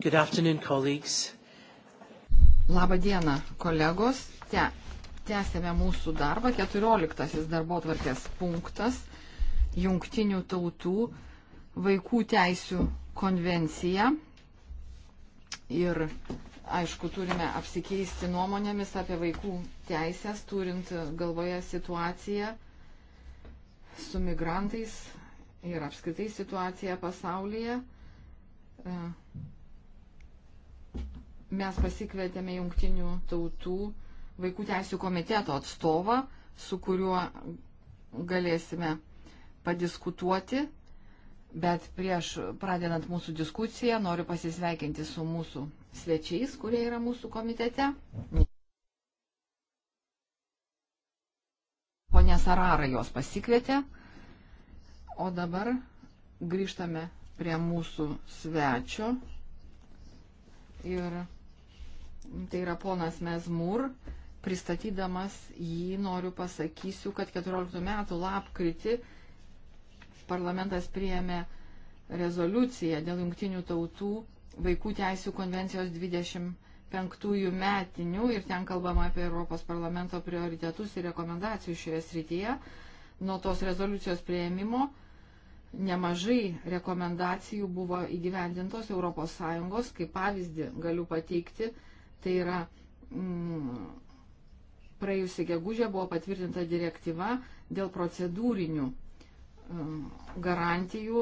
Good afternoon, colleagues. Labą dieną, kolegos. Te, tęsėme mūsų darbą. 14 darbo tvarkės punktas - Jungtinių tautų vaikų teisų konvencija. Ir, aišku, turime apsikeisti nuomonėmis apie vaikų teisės, turint galvoje situaciją su migrantais ir apskritai situaciją pasaulyje. Uh mes pasikvietėme jungtinių tautų vaikų teisų komiteto atstovą, su kuriuo galėsime padiskutuoti. Bet prieš pradedant mūsų diskusiją noriu pasisveikinti su mūsų svečiais, kurie yra mūsų komitete. Pone Sarara jos pasikvietė. O dabar grįžtame prie mūsų svečio. Ir tai yra ponas Mesmur, pristatydamas jį noriu pasakysiu, kad 14 metų lapkritį parlamentas priėmė rezoliuciją dėl jungtinių tautų vaikų teisų konvencijos 25 metinių ir ten kalbama apie Europos parlamento prioritetus ir rekomendacijų šioje srityje. Nuo tos rezoliucijos prieimimo nemažai rekomendacijų buvo įgyvendintos ES, kaip pavyzdį galiu pateikti Tai yra mm, praėjusią gegužę buvo patvirtinta direktyva dėl procedūrinių mm, garantijų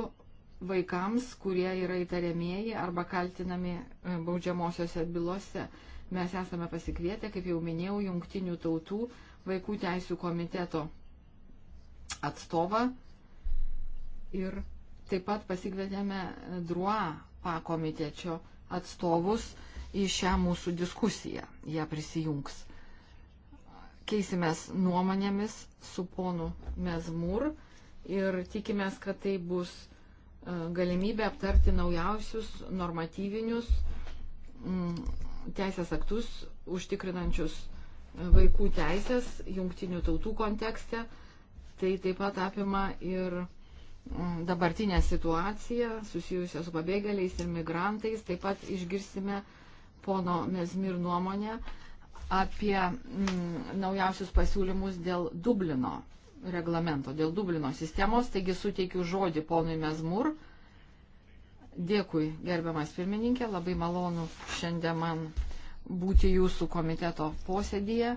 vaikams, kurie yra įtariamieji arba kaltinami mm, baudžiamosiose bylose. Mes esame pasikvietę, kaip jau minėjau, jungtinių tautų vaikų teisų komiteto atstovą ir taip pat pasikvietėme DRUA pakomitečio atstovus, į šią mūsų diskusiją, jie prisijungs. Keisimės nuomonėmis su ponu Mezmur ir tikimės, kad tai bus e, galimybė aptarti naujausius normatyvinius mm, teisės aktus užtikrinančius e, vaikų teisės jungtinių tautų kontekste. Tai taip pat apima ir mm, dabartinę situaciją susijusią su pabėgėliais ir migrantais. Taip pat išgirsime pono Mezmir nuomonę apie mm, naujausius pasiūlymus dėl Dublino reglamento, dėl Dublino sistemos. Taigi suteikiu žodį ponui Mezmur. Dėkui, gerbiamas pirmininkė, labai malonu šiandien man būti jūsų komiteto posėdėje.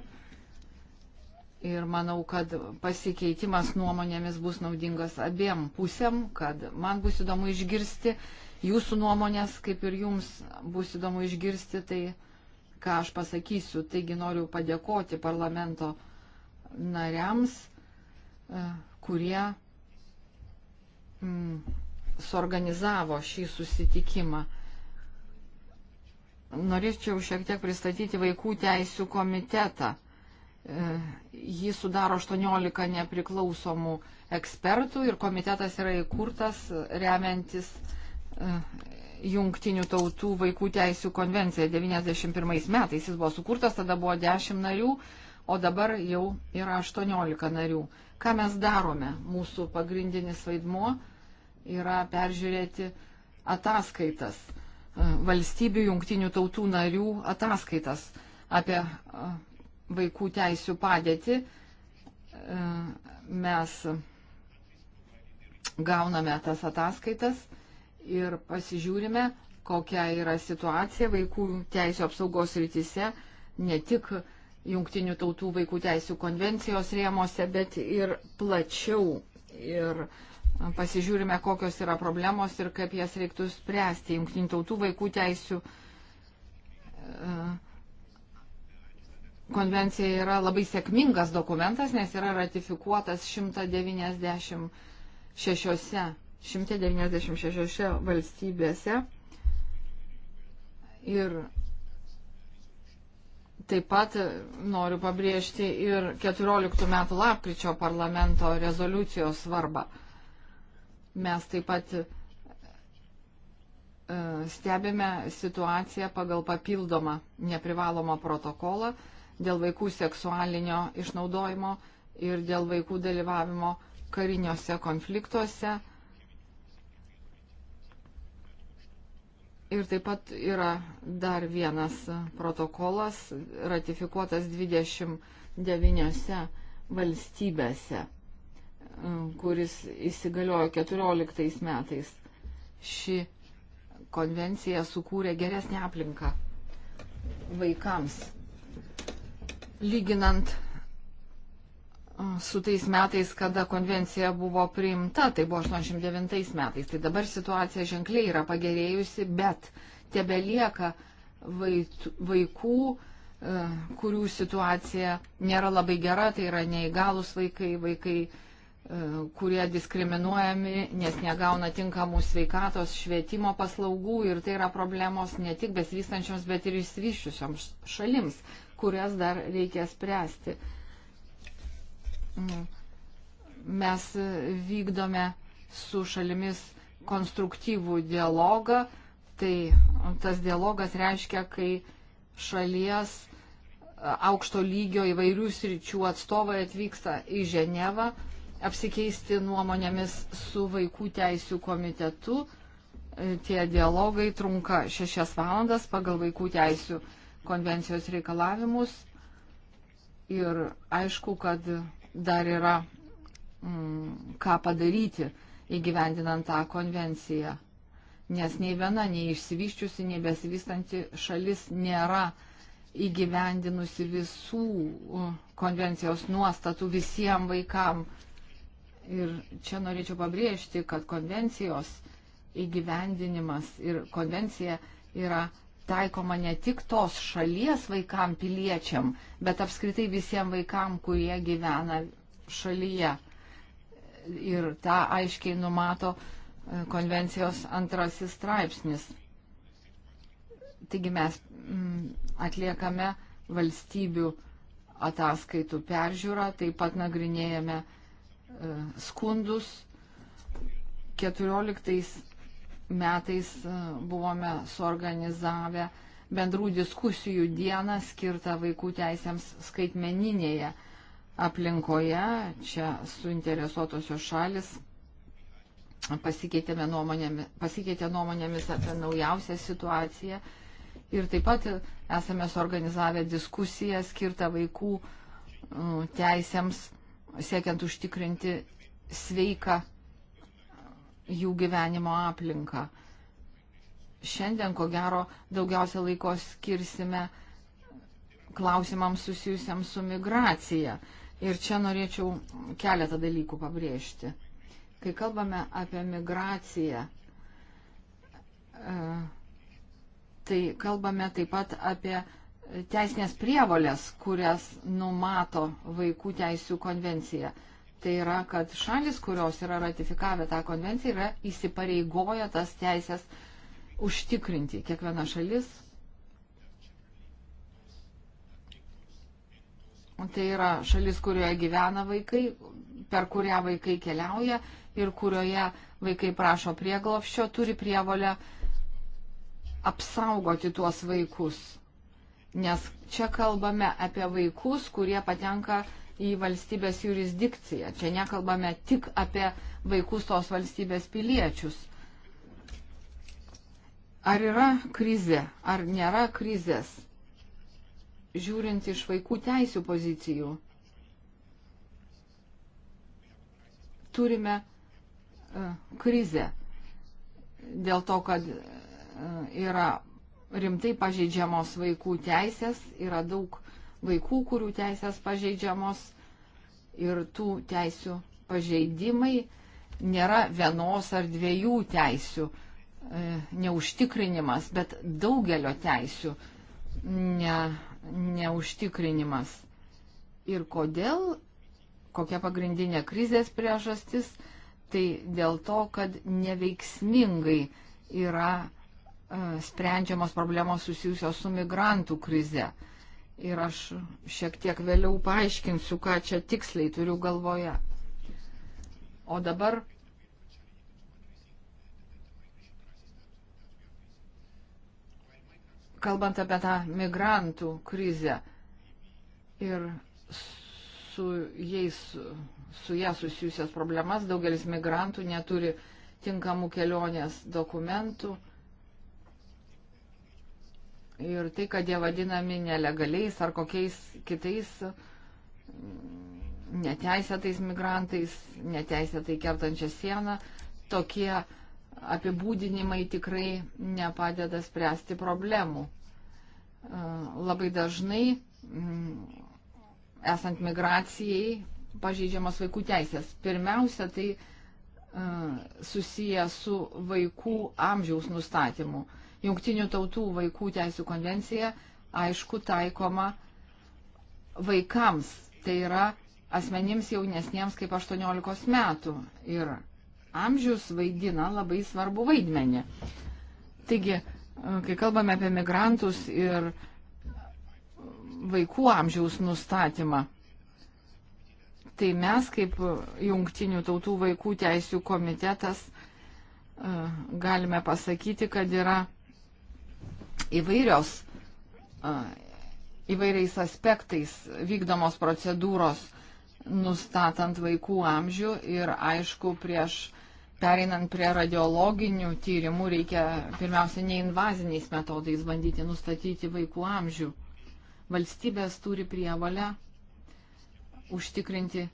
Ir manau, kad pasikeitimas nuomonėmis bus naudingas abiem pusėm, kad man bus įdomu išgirsti jūsų nuomonės, kaip ir jums bus įdomu išgirsti tai, ką aš pasakysiu. Taigi noriu padėkoti parlamento nariams, e, kurie mm, suorganizavo šį susitikimą. Norėčiau šiek tiek pristatyti vaikų teisų komitetą. E, jį sudaro 18 nepriklausomų ekspertų ir komitetas yra įkurtas remiantis Jungtinių tautų vaikų teisų konvencija 91 metais. Jis buvo sukurtas, tada buvo 10 narių, o dabar jau yra 18 narių. Ką mes darome? Mūsų pagrindinis vaidmuo yra peržiūrėti ataskaitas, e, valstybių jungtinių tautų narių ataskaitas apie e, vaikų teisų padėtį. E, mes gauname tas ataskaitas ir pasižiūrime, kokia yra situacija vaikų teisų apsaugos rytise, ne tik Junktinių tautų vaikų teisų konvencijos rėmose, bet ir plačiau. Ir pasižiūrime, kokios yra problemos ir kaip jas reiktų spręsti. Junktinių tautų vaikų teisų e, konvencija yra labai sėkmingas dokumentas, nes yra ratifikuotas 196 196 valstybėse. Ir taip pat noriu pabrėžti ir 14 metų lapkričio parlamento rezoliucijos svarbą. Mes taip pat e, stebime situaciją pagal papildomą neprivalomą protokolą dėl vaikų seksualinio išnaudojimo ir dėl vaikų dalyvavimo kariniuose konfliktuose Ir taip pat yra dar vienas protokolas ratifikuotas 29 valstybėse, kuris įsigaliojo 14 metais. Ši konvencija sukūrė geresnę aplinką vaikams, lyginant su tais metais, kada konvencija buvo priimta, tai buvo 89 metais. Tai dabar situacija ženkliai yra pagerėjusi, bet tebe lieka vaikų, e, kurių situacija nėra labai gera, tai yra neįgalus vaikai, vaikai, e, kurie diskriminuojami, nes negauna tinkamų sveikatos, švietimo paslaugų ir tai yra problemos ne tik besivystančioms, bet ir išsivyščiusioms šalims, kurias dar reikia spręsti. Mes vykdome su šalimis konstruktyvų dialogą. Tai tas dialogas reiškia, kai šalies aukšto lygio įvairių sričių atstovai atvyksta į Ženevą apsikeisti nuomonėmis su vaikų teisų komitetu. Tie dialogai trunka šešias valandas pagal vaikų teisų konvencijos reikalavimus. Ir aišku, kad dar yra mm, ką padaryti įgyvendinant tą konvenciją. Nes nei viena, nei išsivyščiusi, nei besivystanti šalis nėra įgyvendinusi visų konvencijos nuostatų visiems vaikams. Ir čia norėčiau pabrėžti, kad konvencijos įgyvendinimas ir konvencija yra taikoma ne tik tos šalies vaikam piliečiam, bet apskritai visiems vaikam, kurie gyvena šalyje. Ir tą aiškiai numato e, konvencijos antrasis straipsnis. Taigi mes mm, atliekame valstybių ataskaitų peržiūrą, taip pat nagrinėjame e, skundus 14 metais e, buvome suorganizavę bendrų diskusijų dieną skirtą vaikų teisėms skaitmeninėje aplinkoje. Čia suinteresuotosios šalis pasikeitė nuomonėmis, pasikeitė nuomonėmis apie naujausią situaciją. Ir taip pat esame suorganizavę diskusiją skirtą vaikų e, teisėms, siekiant užtikrinti sveiką jų gyvenimo aplinką. Šiandien, ko gero, daugiausia laiko skirsime klausimams susijusiam su migracija. Ir čia norėčiau keletą dalykų pabrėžti. Kai kalbame apie migraciją, e, tai kalbame taip pat apie teisinės prievolės, kurias numato Vaikų teisų konvencija. Tai yra, kad šalis, kurios yra ratifikavę tą konvenciją, yra įsipareigoję tas teisės užtikrinti. Kiekviena šalis. Tai yra šalis, kurioje gyvena vaikai, per kurią vaikai keliauja ir kurioje vaikai prašo prieglopščio, turi prievolę apsaugoti tuos vaikus. Nes čia kalbame apie vaikus, kurie patenka į valstybės jurisdikciją. Čia nekalbame tik apie vaikus tos valstybės piliečius. Ar yra krizė, ar nėra krizės, žiūrint iš vaikų teisų pozicijų? Turime e, krizę dėl to, kad e, yra rimtai pažeidžiamos vaikų teisės, yra daug vaikų, kurių teisės pažeidžiamos ir tų teisių pažeidimai nėra vienos ar dviejų teisių e, neužtikrinimas, bet daugelio teisių ne, neužtikrinimas. Ir kodėl, kokia pagrindinė krizės priežastis, tai dėl to, kad neveiksmingai yra e, sprendžiamos problemos susijusios su migrantų krize. E, ir aš šiek tiek vėliau paaiškinsiu, ką čia tiksliai turiu galvoje. O dabar. Kalbant apie tą migrantų krizę ir su jais, su ją susijusias problemas, daugelis migrantų neturi tinkamų kelionės dokumentų ir tai, kad jie vadinami nelegaliais ar kokiais kitais mm, neteisėtais migrantais, neteisėtai kertančią sieną, tokie apibūdinimai tikrai nepadeda spręsti problemų. E, labai dažnai, mm, esant migracijai, pažeidžiamas vaikų teisės. Pirmiausia, tai e, susiję su vaikų amžiaus nustatymu. Jungtinių tautų vaikų teisų konvencija, aišku, taikoma vaikams, tai yra asmenims jaunesniems kaip 18 metų. Ir amžius vaidina labai svarbu vaidmenį. Taigi, kai kalbame apie migrantus ir vaikų amžiaus nustatymą, tai mes kaip Jungtinių tautų vaikų teisų komitetas e, galime pasakyti, kad yra įvairios, įvairiais aspektais vykdomos procedūros, nustatant vaikų amžių ir aišku, prieš pereinant prie radiologinių tyrimų reikia pirmiausia neinvaziniais metodais bandyti nustatyti vaikų amžių. Valstybės turi prievalę užtikrinti,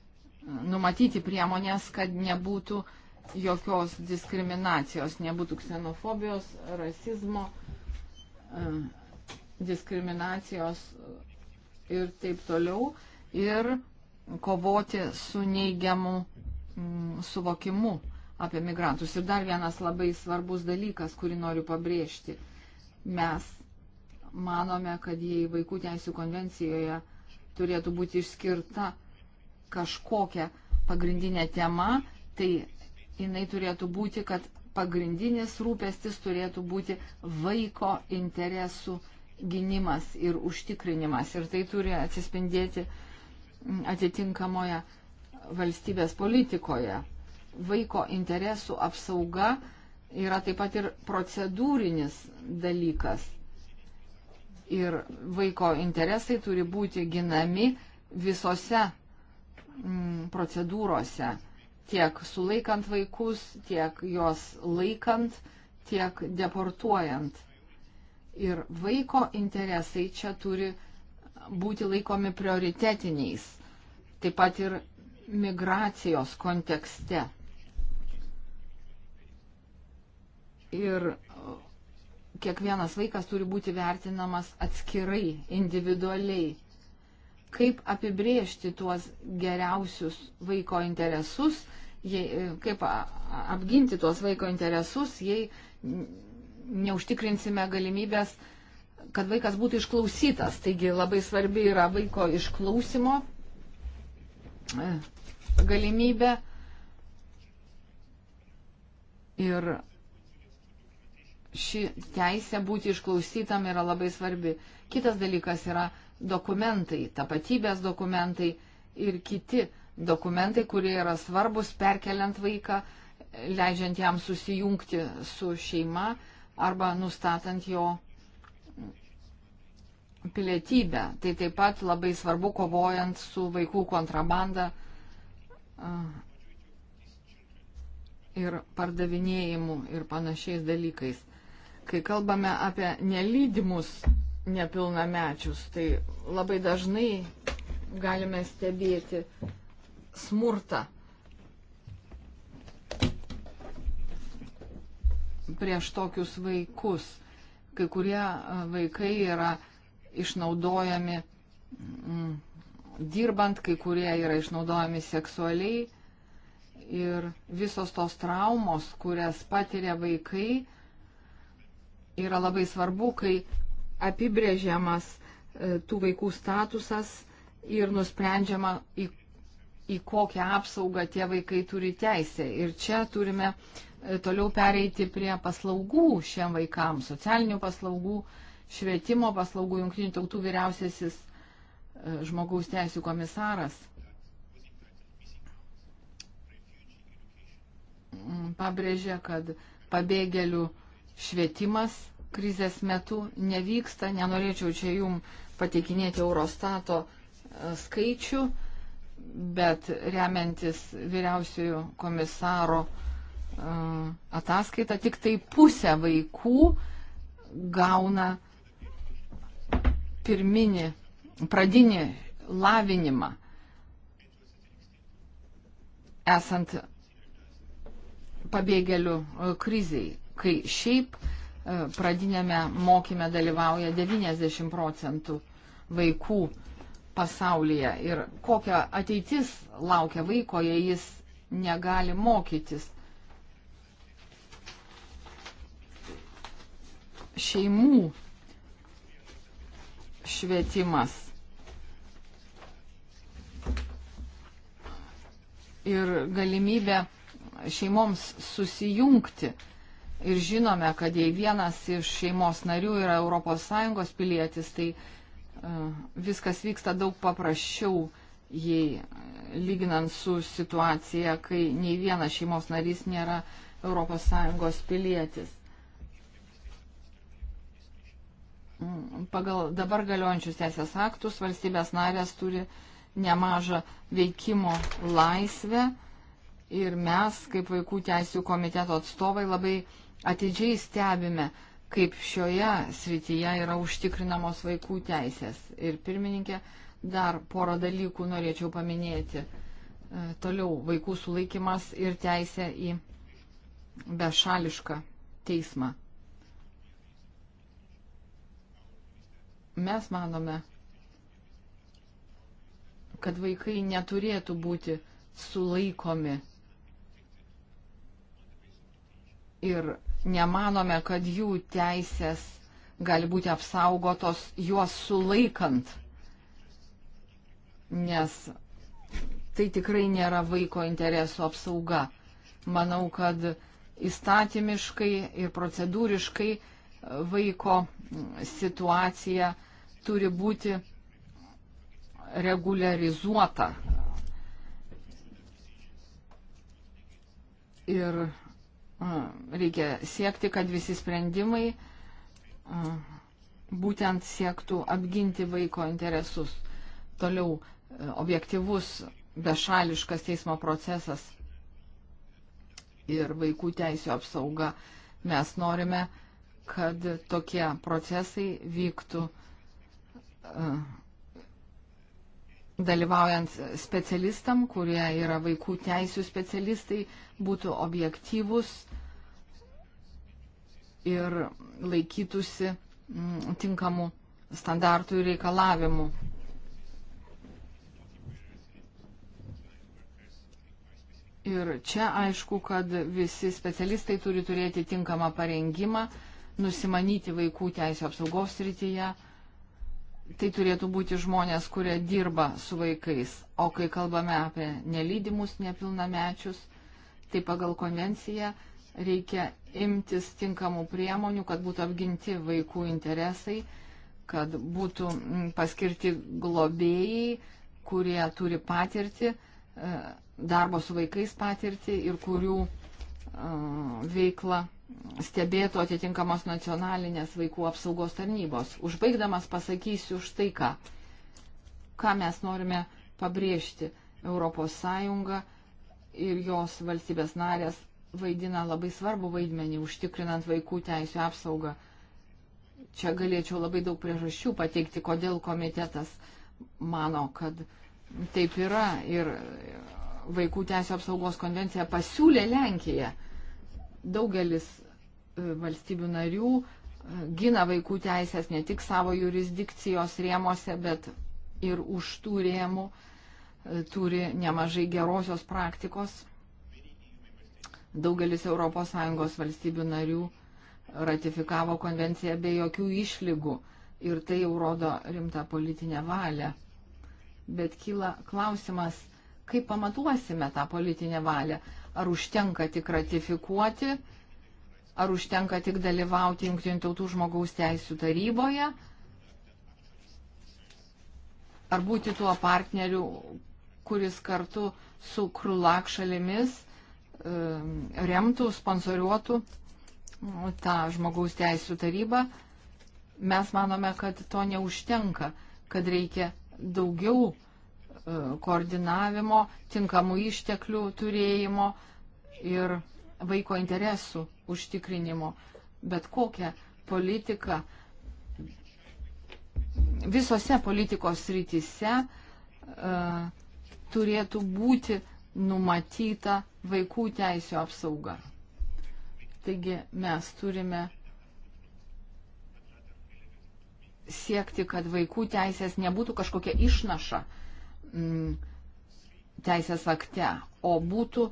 numatyti priemonės, kad nebūtų jokios diskriminacijos, nebūtų ksenofobijos, rasizmo E, diskriminacijos ir taip toliau, ir kovoti su neigiamu mm, suvokimu apie migrantus. Ir dar vienas labai svarbus dalykas, kurį noriu pabrėžti. Mes manome, kad jei vaikų teisų konvencijoje turėtų būti išskirta kažkokia pagrindinė tema, tai jinai turėtų būti, kad pagrindinis rūpestis turėtų būti vaiko interesų gynimas ir užtikrinimas. Ir tai turi atsispindėti mm, atitinkamoje valstybės politikoje. Vaiko interesų apsauga yra taip pat ir procedūrinis dalykas. Ir vaiko interesai turi būti ginami visose mm, procedūrose tiek sulaikant vaikus, tiek juos laikant, tiek deportuojant. Ir vaiko interesai čia turi būti laikomi prioritetiniais, taip pat ir migracijos kontekste. Ir kiekvienas vaikas turi būti vertinamas atskirai, individualiai kaip apibriežti tuos geriausius vaiko interesus, jei, e, kaip apginti tuos vaiko interesus, jei neužtikrinsime galimybės, kad vaikas būtų išklausytas. Taigi labai svarbi yra vaiko išklausimo e, galimybė. Ir ši teisė būti išklausytam yra labai svarbi. Kitas dalykas yra dokumentai, tapatybės dokumentai ir kiti dokumentai, kurie yra svarbus perkeliant vaiką, leidžiant jam susijungti su šeima arba nustatant jo pilietybę. Tai taip pat labai svarbu kovojant su vaikų kontrabanda ir pardavinėjimu ir panašiais dalykais. Kai kalbame apie nelydimus nepilnamečius. Tai labai dažnai galime stebėti smurtą prieš tokius vaikus. Kai kurie vaikai yra išnaudojami m, mm, dirbant, kai kurie yra išnaudojami seksualiai. Ir visos tos traumos, kurias patiria vaikai, yra labai svarbu, kai apibrėžiamas e, tų vaikų statusas ir nusprendžiama, į, į kokią apsaugą tie vaikai turi teisę. Ir čia turime e, toliau pereiti prie paslaugų šiem vaikams, socialinių paslaugų, švietimo paslaugų, jungtinių tautų vyriausiasis e, žmogaus teisų komisaras mm, pabrėžė, kad pabėgėlių švietimas krizės metu nevyksta. Nenorėčiau čia jum pateikinėti Eurostato e, skaičių, bet remiantis vyriausiųjų komisaro e, ataskaita, tik tai pusė vaikų gauna pirminį, pradinį lavinimą. Esant pabėgėlių e, kriziai, kai šiaip E, pradinėme mokyme dalyvauja 90 procentų vaikų pasaulyje. Ir kokia ateitis laukia vaiko, jei jis negali mokytis. Šeimų švietimas. Ir galimybė šeimoms susijungti ir žinome, kad jei vienas iš šeimos narių yra ES pilietis, tai e, viskas vyksta daug paprasčiau, jei lyginant su situacija, kai nei vienas šeimos narys nėra ES pilietis. Pagal dabar galiojančius teisės aktus valstybės narės turi nemažą veikimo laisvę ir mes, kaip vaikų teisų komiteto atstovai, labai atidžiai stebime, kaip šioje srityje yra užtikrinamos vaikų teisės. Ir pirmininkė, dar porą dalykų norėčiau paminėti. E, toliau vaikų sulaikimas ir teisė į bešališką teismą. Mes manome, kad vaikai neturėtų būti sulaikomi ir nemanome, kad jų teisės gali būti apsaugotos juos sulaikant, nes tai tikrai nėra vaiko interesų apsauga. Manau, kad įstatymiškai ir procedūriškai vaiko situacija turi būti reguliarizuota. Ir Mm, reikia siekti, kad visi sprendimai mm, būtent siektų apginti vaiko interesus. Toliau e, objektivus, bešališkas teismo procesas ir vaikų teisų apsauga. Mes norime, kad tokie procesai vyktų e, dalyvaujant specialistam, kurie yra vaikų teisų specialistai, būtų objektyvus ir laikytųsi mm, tinkamų standartų ir reikalavimų. Ir čia aišku, kad visi specialistai turi turėti tinkamą parengimą, nusimanyti vaikų teisų apsaugos srityje tai turėtų būti žmonės, kurie dirba su vaikais. O kai kalbame apie nelydimus nepilnamečius, tai pagal konvenciją reikia imtis tinkamų priemonių, kad būtų apginti vaikų interesai, kad būtų mm, paskirti globėjai, kurie turi patirti, e, darbo su vaikais patirti ir kurių e, veikla stebėtų atitinkamos nacionalinės vaikų apsaugos tarnybos. Užbaigdamas pasakysiu štai ką. Ką mes norime pabrėžti. Europos Sąjunga ir jos valstybės narės vaidina labai svarbu vaidmenį užtikrinant vaikų teisų apsaugą. Čia galėčiau labai daug priežasčių pateikti, kodėl komitetas mano, kad taip yra ir vaikų teisų apsaugos konvencija pasiūlė Lenkiją daugelis e, valstybių narių e, gina vaikų teisės ne tik savo jurisdikcijos rėmose, bet ir už tų rėmų e, turi nemažai gerosios praktikos. Daugelis ES valstybių narių ratifikavo konvenciją be jokių išlygų ir tai jau rodo rimtą politinę valią. Bet kyla klausimas, kaip pamatuosime tą politinę valią. Ar užtenka tik ratifikuoti, ar užtenka tik dalyvauti Junktinių tautų žmogaus teisų taryboje, ar būti tuo partneriu, kuris kartu su Krulak šalimis ehm, remtų, sponsoriuotų mm, tą žmogaus teisų tarybą. Mes manome, kad to neužtenka, kad reikia daugiau E, koordinavimo, tinkamų išteklių turėjimo ir vaiko interesų užtikrinimo. Bet kokią politiką visose politikos rytise uh, e, turėtų būti numatyta vaikų teisų apsauga. Taigi mes turime siekti, kad vaikų teisės nebūtų kažkokia išnaša uh, m, mm, teisės akte, o būtų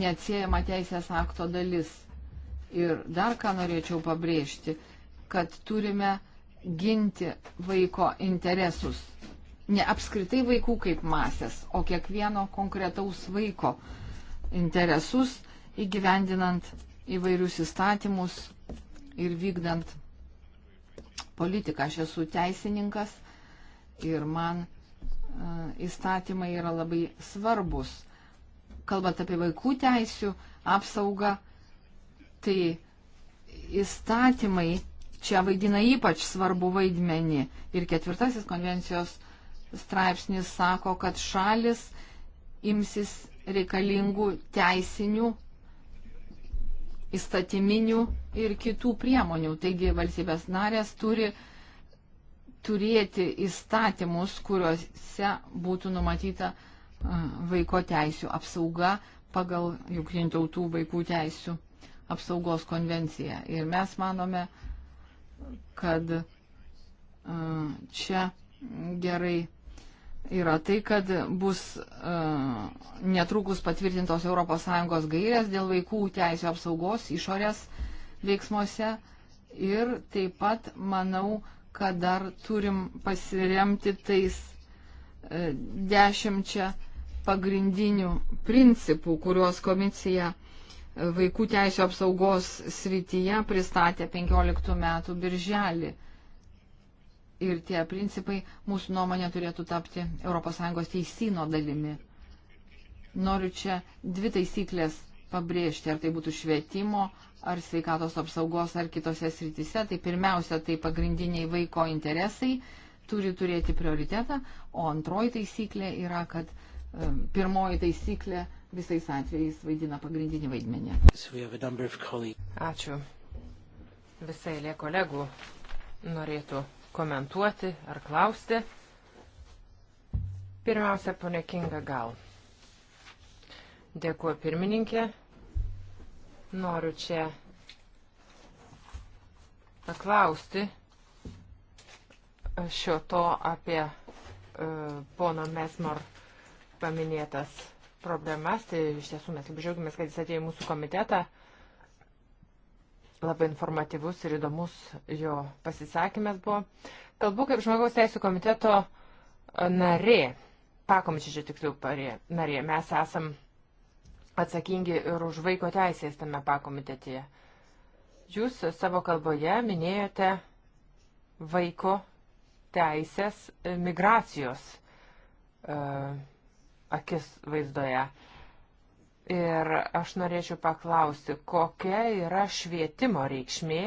neatsiejama teisės akto dalis. Ir dar ką norėčiau pabrėžti, kad turime ginti vaiko interesus. Ne apskritai vaikų kaip masės, o kiekvieno konkretaus vaiko interesus įgyvendinant įvairius įstatymus ir vykdant politiką. Aš esu teisininkas ir man įstatymai yra labai svarbus. Kalbant apie vaikų teisių apsaugą, tai įstatymai čia vaidina ypač svarbu vaidmenį. Ir ketvirtasis konvencijos straipsnis sako, kad šalis imsis reikalingų teisinių, įstatyminių ir kitų priemonių. Taigi valstybės narės turi uh, turėti įstatymus, kuriuose būtų numatyta vaiko teisų apsauga pagal Junktinių tautų vaikų teisų apsaugos konvenciją. Ir mes manome, kad čia gerai yra tai, kad bus netrukus patvirtintos ES gairės dėl vaikų teisų apsaugos išorės veiksmuose ir taip pat, manau, kad dar turim pasiremti tais e, dešimčia pagrindinių principų, kuriuos komisija e, vaikų teisų apsaugos srityje pristatė 15 metų birželį. Ir tie principai mūsų nuomonė turėtų tapti ES teisino dalimi. Noriu čia dvi taisyklės pabrėžti, ar tai būtų švietimo ar sveikatos apsaugos ar kitose srityse, tai pirmiausia, tai pagrindiniai vaiko interesai turi turėti prioritetą, o antroji taisyklė yra, kad pirmoji taisyklė visais atvejais vaidina pagrindinį vaidmenį. Ačiū. Visai lie kolegų norėtų komentuoti ar klausti. Pirmiausia, ponė Kinga Gal. Dėkuoju pirmininkė. Noriu čia paklausti šio to apie e, pono Mesmor paminėtas problemas. Tai iš tiesų mes labai džiaugiamės, kad jis atėjo į mūsų komitetą. Labai informatyvus ir įdomus jo pasisakymas buvo. Kalbu kaip žmogaus teisų komiteto e, narė, pakomičiai čia tiksliau narė. Mes esam atsakingi ir už vaiko teisės tame pakomitetyje. Jūs savo kalboje minėjote vaiko teisės migracijos uh, akis vaizdoje. Ir aš norėčiau paklausti, kokia yra švietimo reikšmė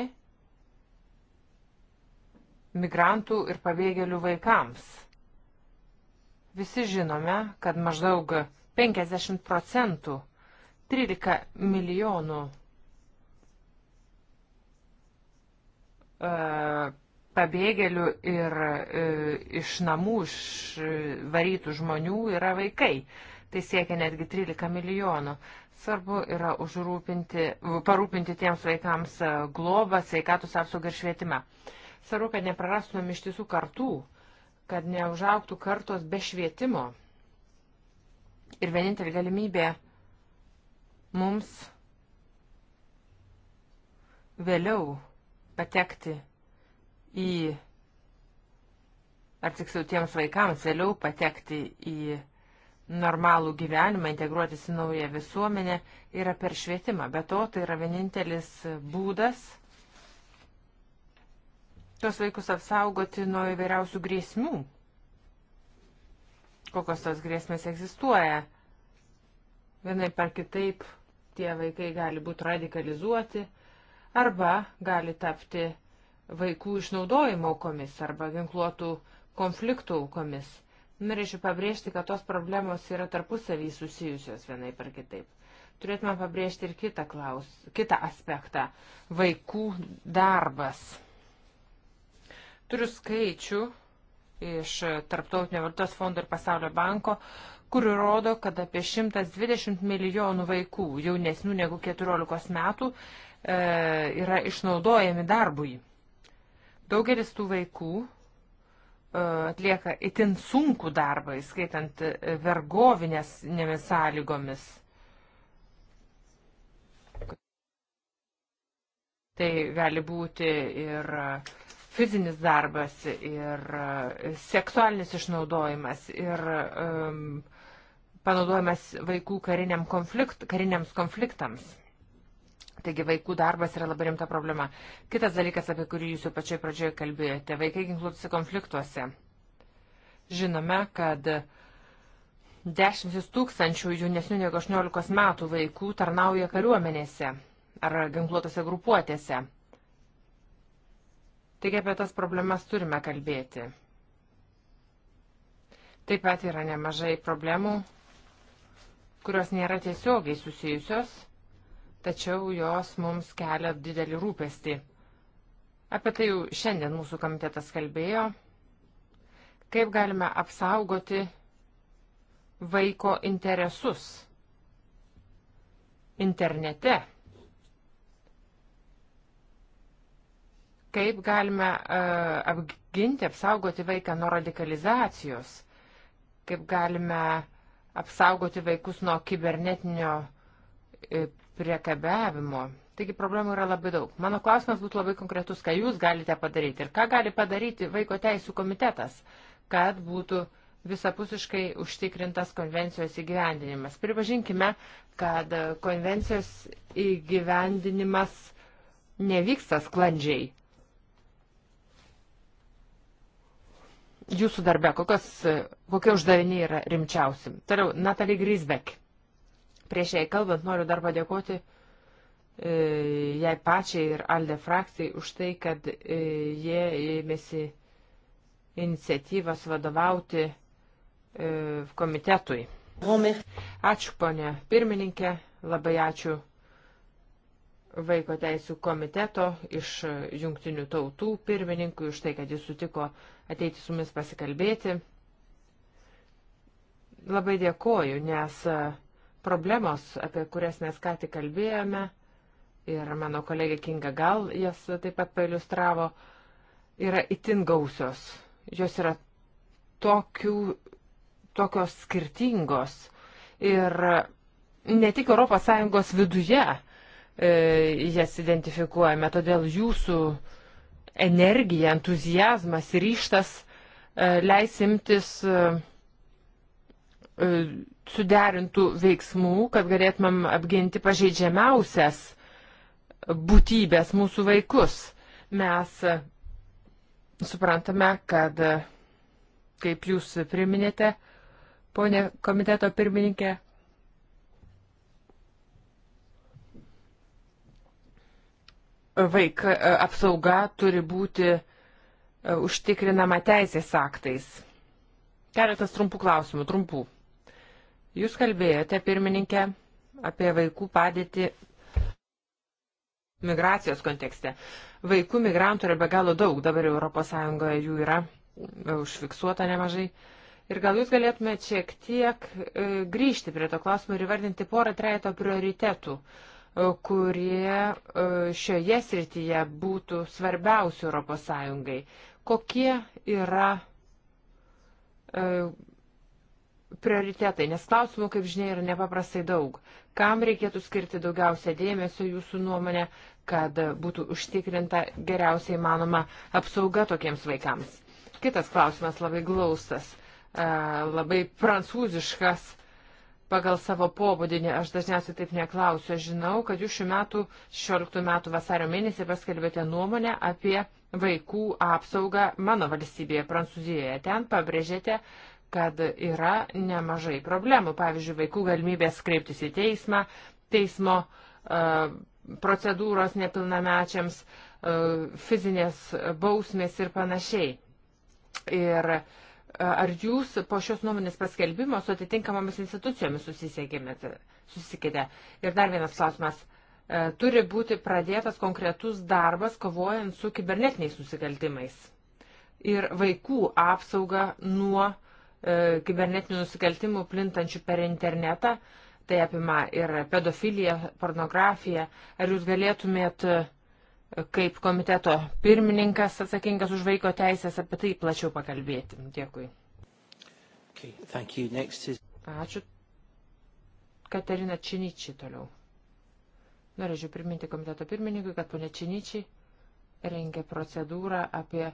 migrantų ir pabėgėlių vaikams. Visi žinome, kad maždaug 50 procentų 13 milijonų e, pabėgėlių ir e, iš namų išvarytų e, žmonių yra vaikai. Tai siekia netgi 13 milijonų. Svarbu yra parūpinti tiems vaikams globą, sveikatus apsaugą ir švietimą. Svarbu, kad neprarastumėm ištisų kartų, kad neužauktų kartos be švietimo. Ir vienintelė galimybė uh, mums vėliau patekti į, ar tiksliau tiems vaikams vėliau patekti į normalų gyvenimą, integruotis į naują visuomenę yra per švietimą. Be to, tai yra vienintelis būdas tuos vaikus apsaugoti nuo įvairiausių grėsmių. Kokios tos grėsmės egzistuoja? Vienai par kitaip tie vaikai gali būti radikalizuoti arba gali tapti vaikų išnaudojimo aukomis arba ginkluotų konfliktų aukomis. Norėčiau pabrėžti, kad tos problemos yra tarpusavį susijusios vienai par kitaip. Turėtume pabrėžti ir kitą, klaus, kitą aspektą - vaikų darbas. Turiu skaičių iš Tarptautinio vartos fondo ir Pasaulio banko, uh, kur rodo, kad apie 120 milijonų vaikų jaunesnių negu 14 metų e, yra išnaudojami darbui. Daugelis tų vaikų e, atlieka itin sunku darbą, įskaitant e, vergovinės sąlygomis. Tai gali būti ir e, fizinis darbas, ir e, seksualinis išnaudojimas, ir um, panaudojamas vaikų kariniam konflikt, kariniams konfliktams. Taigi vaikų darbas yra labai rimta problema. Kitas dalykas, apie kurį jūs jau pačioj pradžioje kalbėjote - vaikai ginkluotųsi konfliktuose. Žinome, kad dešimtis tūkstančių jaunesnių negu 18 metų vaikų tarnauja kariuomenėse ar ginkluotose grupuotėse. Taigi apie tas problemas turime kalbėti. Taip pat yra nemažai problemų kurios nėra tiesiogiai susijusios, tačiau jos mums kelia didelį rūpestį. Apie tai jau šiandien mūsų komitetas kalbėjo. Kaip galime apsaugoti vaiko interesus internete? Kaip galime uh, apginti, apsaugoti vaiką nuo radikalizacijos? Kaip galime uh, apsaugoti vaikus nuo kibernetinio e, priekabiavimo. Taigi problemų yra labai daug. Mano klausimas būtų labai konkretus, ką jūs galite padaryti ir ką gali padaryti vaiko teisų komitetas, kad būtų visapusiškai užtikrintas konvencijos įgyvendinimas. Pripažinkime, kad konvencijos įgyvendinimas nevyksta sklandžiai. jūsų darbe, kokios, kokie uždaviniai yra rimčiausi. Toliau, Natalie Grisbeck. Prieš jai kalbant, noriu dar padėkoti e, jai pačiai ir Alde frakcijai už tai, kad e, jie ėmėsi iniciatyvas vadovauti e, komitetui. Ačiū, ponė pirmininkė, labai ačiū Vaiko teisų komiteto iš jungtinių tautų pirmininkui už tai, kad jis sutiko ateiti su mumis pasikalbėti. Labai dėkoju, nes e, problemos, apie kurias mes ką tik kalbėjome, ir mano kolegė Kinga Gal jas taip pat pailustravo, yra itin gausios. Jos yra tokių, tokios skirtingos. Ir e, ne tik ES viduje e, jas identifikuojame, todėl jūsų e, energija, entuzijazmas ir ryštas e, leis imtis e, e, suderintų veiksmų, kad galėtumėm apginti pažeidžiamiausias būtybės mūsų vaikus. Mes suprantame, kad, kaip jūs priminėte, ponė komiteto pirmininkė, vaika e, apsauga turi būti e, užtikrinama teisės aktais. Keletas trumpų klausimų, trumpų. Jūs kalbėjote, pirmininkė, apie vaikų padėtį migracijos kontekste. Vaikų migrantų yra be galo daug, dabar ES jų yra e, užfiksuota nemažai. Ir gal jūs galėtumėte šiek tiek grįžti prie to klausimo ir įvardinti porą trejato prioritetų. Uh, kurie e, šioje srityje būtų svarbiausi ES. Kokie yra e, prioritetai, nes klausimų, kaip žinia, yra nepaprastai daug. Kam reikėtų skirti daugiausia dėmesio jūsų nuomonė, kad būtų užtikrinta geriausiai manoma apsauga tokiems vaikams? Kitas klausimas labai glaustas, e, labai prancūziškas pagal savo pobūdinį, aš dažniausiai taip neklausiu, aš žinau, kad jūs šių metų, 16 metų vasario mėnesį paskelbėte nuomonę apie vaikų apsaugą mano valstybėje, Prancūzijoje. Ten pabrėžėte, kad yra nemažai problemų, pavyzdžiui, vaikų galimybės kreiptis į teismą, teismo uh, procedūros nepilnamečiams, uh, fizinės bausmės ir panašiai. Ir uh, ar jūs po šios nuomonės paskelbimo su atitinkamomis institucijomis susisikėte? Ir dar vienas klausimas. E, turi būti pradėtas konkretus darbas kovojant su kibernetiniais nusikaltimais ir vaikų apsauga nuo e, kibernetinių nusikaltimų plintančių per internetą. Tai apima ir pedofiliją, pornografiją. Ar jūs galėtumėt e, kaip komiteto pirmininkas atsakingas už vaiko teisės apie tai plačiau pakalbėti. Dėkui. Okay, is... Ačiū. Katerina Činičiai toliau. Norėčiau priminti komiteto pirmininkui, kad ponė Činičiai rengė procedūrą apie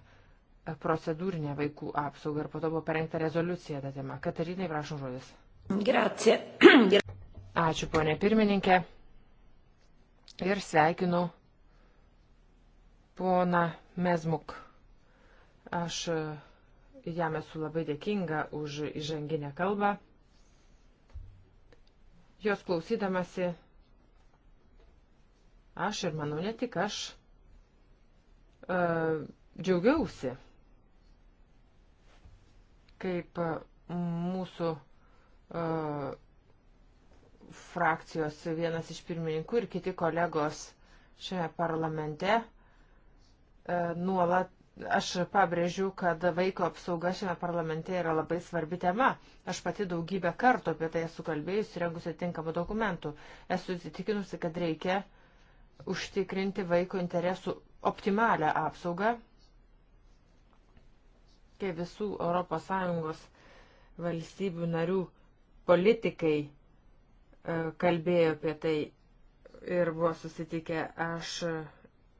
procedūrinę vaikų apsaugą ir po to buvo parengta rezoliucija tą temą. Katarinai, prašom žodis. Gracija. Ačiū, ponė pirmininkė. Ir sveikinu Pona Mezmuk, aš jam esu labai dėkinga už įžanginę kalbą. Jos klausydamasi, aš ir manau ne tik aš, e, džiaugiausi, kaip mūsų e, frakcijos vienas iš pirmininkų ir kiti kolegos šiame parlamente E, nuolat aš pabrėžiu, kad vaiko apsauga šiame parlamente yra labai svarbi tema. Aš pati daugybę kartų apie tai esu kalbėjusi, rengusi tinkamų dokumentų. Esu įsitikinusi, kad reikia užtikrinti vaiko interesų optimalią apsaugą, kai visų ES valstybių narių politikai e, kalbėjo apie tai ir buvo susitikę aš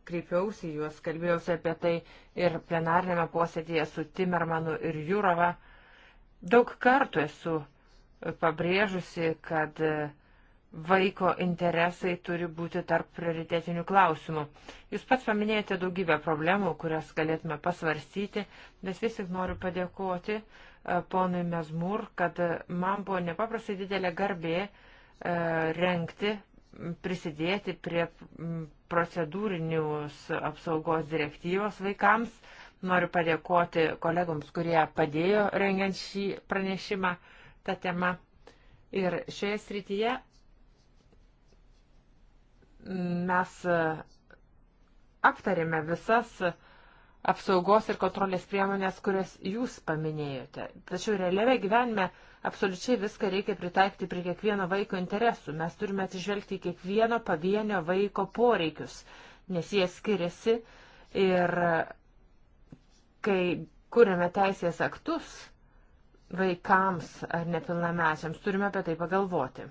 kreipiausi juos, kalbėjausi apie tai ir plenarnėme posėdėje su Timermanu ir Jurova. Daug kartų esu pabrėžusi, kad vaiko interesai turi būti tarp prioritetinių klausimų. Jūs pats paminėjote daugybę problemų, kurias galėtume pasvarstyti, bet vis tik noriu padėkoti e, ponui Mesmur, kad man buvo nepaprastai didelė garbė e, renkti prisidėti prie procedūrinius apsaugos direktyvos vaikams. Noriu padėkoti kolegoms, kurie padėjo rengiant šį pranešimą tą temą. Ir šioje srityje mes e, aptarėme visas uh, apsaugos ir kontrolės priemonės, kurias jūs paminėjote. Tačiau realiame gyvenime absoliučiai viską reikia pritaikyti prie kiekvieno vaiko interesų. Mes turime atsižvelgti į kiekvieno pavienio vaiko poreikius, nes jie skiriasi ir kai kūrėme teisės aktus vaikams ar nepilnamečiams, turime apie tai pagalvoti.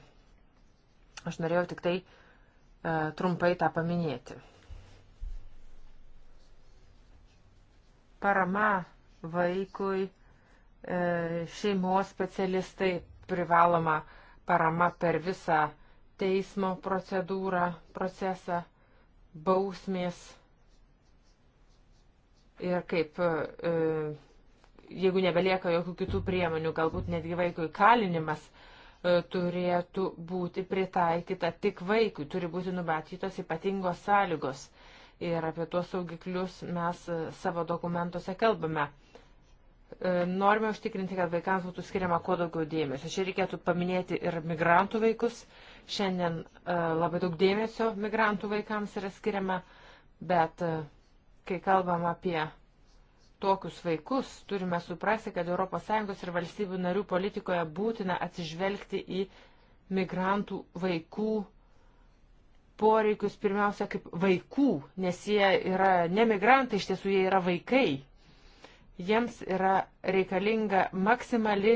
Aš norėjau tik tai uh, trumpai tą paminėti. Parama vaikui, e, šeimos specialistai, privaloma parama per visą teismo procedūrą, procesą, bausmės. Ir kaip, e, jeigu nebelieka jokių kitų priemonių, galbūt netgi vaikui kalinimas e, turėtų būti pritaikyta tik vaikui, turi būti numatytos ypatingos sąlygos ir apie tuos saugiklius mes e, savo dokumentuose kalbame. E, norime užtikrinti, kad vaikams būtų skiriama kuo daugiau dėmesio. Čia reikėtų paminėti ir migrantų vaikus. Šiandien e, labai daug dėmesio migrantų vaikams yra skiriama, bet kai kalbam apie tokius vaikus, turime suprasti, kad ES ir valstybių narių politikoje būtina atsižvelgti į migrantų vaikų poreikius pirmiausia kaip vaikų, nes jie yra ne migrantai, iš tiesų jie yra vaikai. Jiems yra reikalinga maksimali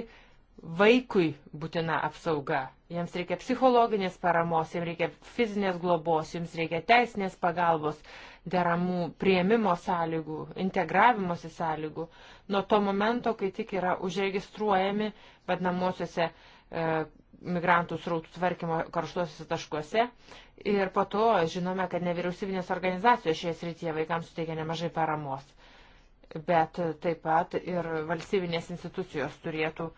vaikui būtina apsauga. Jiems reikia psichologinės paramos, jiems reikia fizinės globos, jiems reikia teisinės pagalbos, deramų prieimimo sąlygų, integravimosi sąlygų. Nuo to momento, kai tik yra užregistruojami vadinamosiose e, migrantų srautų tvarkymo karštuosiuose taškuose. Ir po to žinome, kad nevyriausybinės organizacijos šioje srityje vaikams suteikia nemažai paramos. Bet taip pat ir valstybinės institucijos turėtų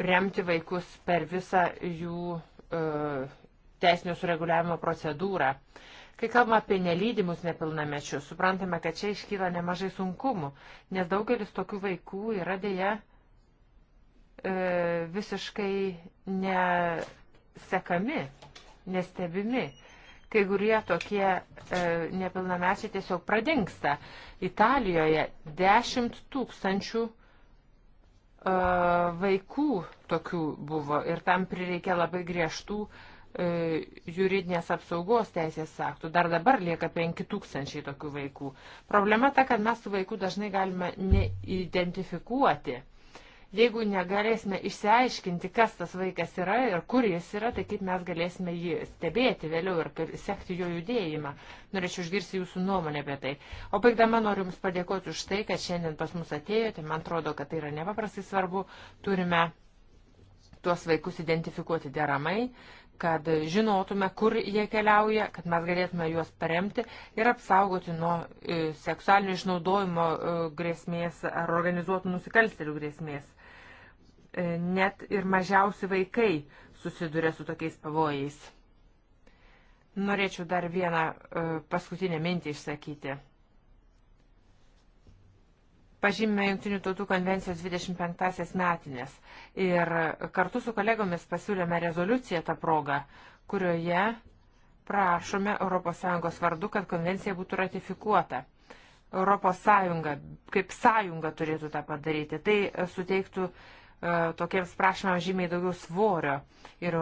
remti vaikus per visą jų e, teisinio sureguliavimo procedūrą. Kai kalbame apie nelydimus nepilnamečius, suprantame, kad čia iškyla nemažai sunkumų, nes daugelis tokių vaikų yra dėja. Deja E, visiškai nesekami, nestebimi. Kai kurie tokie e, nepilnamečiai tiesiog pradingsta. Italijoje 10 tūkstančių e, vaikų tokių buvo ir tam prireikė labai griežtų e, juridinės apsaugos teisės aktų. Dar dabar lieka 5000 tokių vaikų. Problema ta, kad mes tų vaikų dažnai galime neidentifikuoti. Jeigu negalėsime išsiaiškinti, kas tas vaikas yra ir kur jis yra, tai kaip mes galėsime jį stebėti vėliau ir sekti jo judėjimą. Norėčiau išgirsti jūsų nuomonę apie tai. O baigdama noriu Jums padėkoti už tai, kad šiandien pas mus atėjote. Man atrodo, kad tai yra nepaprastai svarbu. Turime tuos vaikus identifikuoti deramai, kad žinotume, kur jie keliauja, kad mes galėtume juos paremti ir apsaugoti nuo e, seksualinio išnaudojimo e, grėsmės ar organizuotų nusikalstelių grėsmės. E, net ir mažiausi vaikai susiduria su tokiais pavojais. Norėčiau dar vieną e, paskutinę mintį išsakyti. Pažymime Junktinių tautų konvencijos 25-asias metinės ir kartu su kolegomis pasiūlėme rezoliuciją tą progą, kurioje prašome ES vardu, kad konvencija būtų ratifikuota. ES kaip sąjunga turėtų tą padaryti. Tai suteiktų E, tokiems prašymams žymiai daugiau svorio ir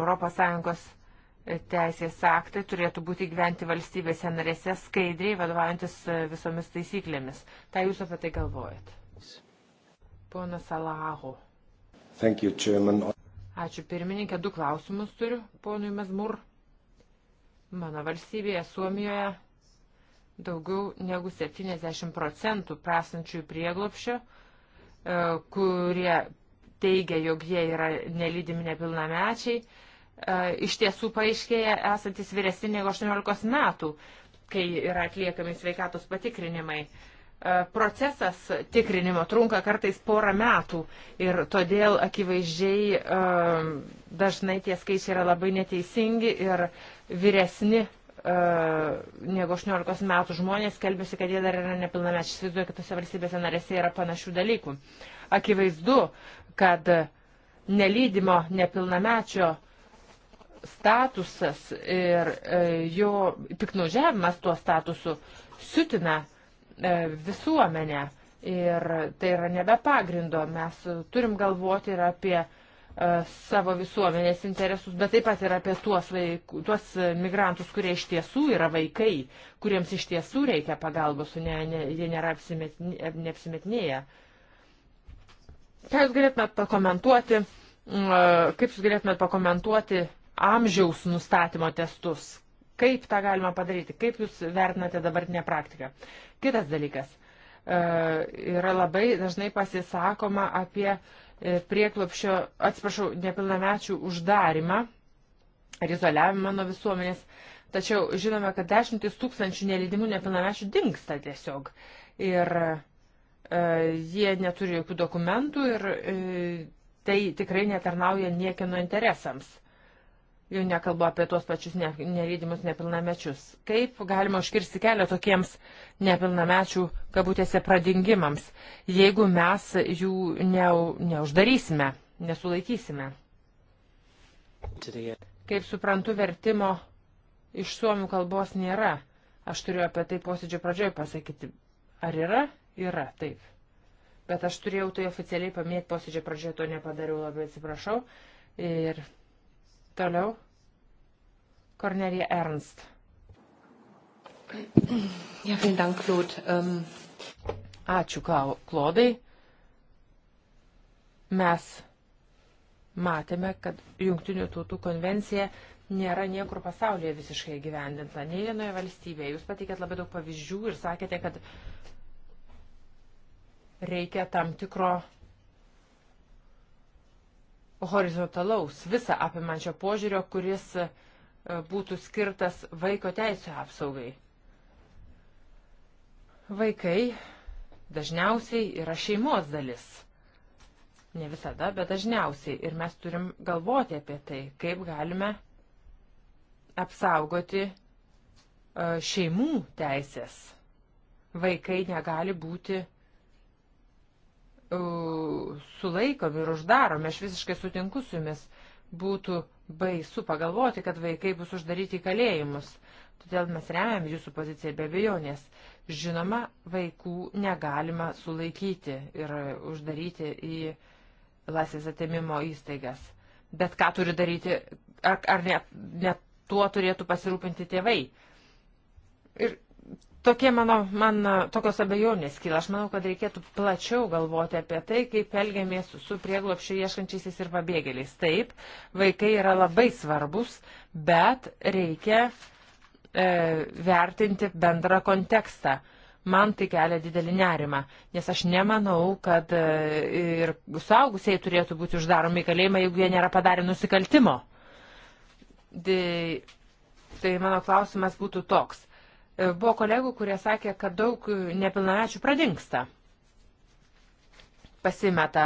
ES teisės aktai turėtų būti gyventi valstybėse narėse skaidriai, vadovaujantis e, visomis taisyklėmis. Ta jūs apie tai galvojat? Ponas Alaho. Ačiū pirmininkė, du klausimus turiu ponui Mesmur. Mano valstybėje, Suomijoje, daugiau negu 70 procentų prasančiųjų prieglopščio, e, kurie teigia, jog jie yra nelydimi nepilnamečiai, e, iš tiesų paaiškėja esantis vyresni negu 18 metų, kai yra atliekami sveikatos patikrinimai. E, procesas tikrinimo trunka kartais porą metų ir todėl akivaizdžiai e, dažnai tie skaičiai yra labai neteisingi ir vyresni negu 18 metų žmonės kelbiasi, kad jie dar yra nepilnamečiai. Įsivaizduoju, kad tose valstybėse narėse yra panašių dalykų. Uh, Akivaizdu, kad nelydimo nepilnamečio statusas ir e, jo piknaužiavimas tuo statusu siutina e, visuomenę. Ir tai yra nebe pagrindo. Mes turim galvoti ir apie e, savo visuomenės interesus, bet taip pat ir apie tuos, vaikų, tuos migrantus, kurie iš tiesų yra vaikai, kuriems iš tiesų reikia pagalbos, ne, ne, jie nėra apsimet, neapsimetinėję. Ne Ką Jūs galėtumėt pakomentuoti, kaip Jūs galėtumėt pakomentuoti amžiaus nustatymo testus? Kaip tą galima padaryti? Kaip Jūs vertinate dabartinę praktiką? Kitas dalykas. E, yra labai dažnai pasisakoma apie e, prieklopšio, atsiprašau, nepilnamečių uždarimą ar izoliavimą nuo visuomenės. Tačiau žinome, kad dešimtis tūkstančių nelydimų nepilnamečių dinksta tiesiog. Ir uh, E, jie neturi jokių dokumentų ir e, tai tikrai netarnauja niekino interesams. Jau nekalbu apie tuos pačius ne, nerydimus nepilnamečius. Kaip galima užkirsti kelią tokiems nepilnamečių, kabutėse, pradingimams, jeigu mes jų ne, neuždarysime, nesulaikysime? Kaip suprantu, vertimo iš suomių kalbos nėra. Aš turiu apie tai posėdžio pradžioje pasakyti. Ar yra Yra, taip. Bet aš turėjau tai oficialiai pamėti posėdžio pradžioje, to nepadariau, labai atsiprašau. Ir toliau. Kornelija Ernst. Ja, vielen Dank, Claude. Um... Ačiū, Klodai. Mes matėme, kad Junktinių tautų konvencija nėra niekur pasaulyje visiškai gyvendinta, nei vienoje valstybėje. Jūs pateikėt labai daug pavyzdžių ir sakėte, kad reikia tam tikro horizontalaus, visą apimančio požiūrio, kuris e, būtų skirtas vaiko teisų apsaugai. Vaikai dažniausiai yra šeimos dalis. Ne visada, bet dažniausiai. Ir mes turim galvoti apie tai, kaip galime apsaugoti e, šeimų teisės. Vaikai negali būti uh, E, sulaikomi ir uždaromi. Aš visiškai sutinku su jumis. Būtų baisu pagalvoti, kad vaikai bus uždaryti į kalėjimus. Todėl mes remiam jūsų poziciją be abejonės. Žinoma, vaikų negalima sulaikyti ir uždaryti į laisvės atėmimo įstaigas. Bet ką turi daryti, ar, ar net ne tuo turėtų pasirūpinti tėvai. Ir Tokie mano, man tokios abejonės kyla. Aš manau, kad reikėtų plačiau galvoti apie tai, kaip elgiamės su prieglopščių ieškančiais ir pabėgėliais. Taip, vaikai yra labai svarbus, bet reikia e, vertinti bendrą kontekstą. Man tai kelia didelį nerimą, nes aš nemanau, kad e, ir suaugusiai turėtų būti uždaromi į kalėjimą, jeigu jie nėra padarę nusikaltimo. De, tai mano klausimas būtų toks E, buvo kolegų, kurie sakė, kad daug nepilnamečių pradingsta. Pasimeta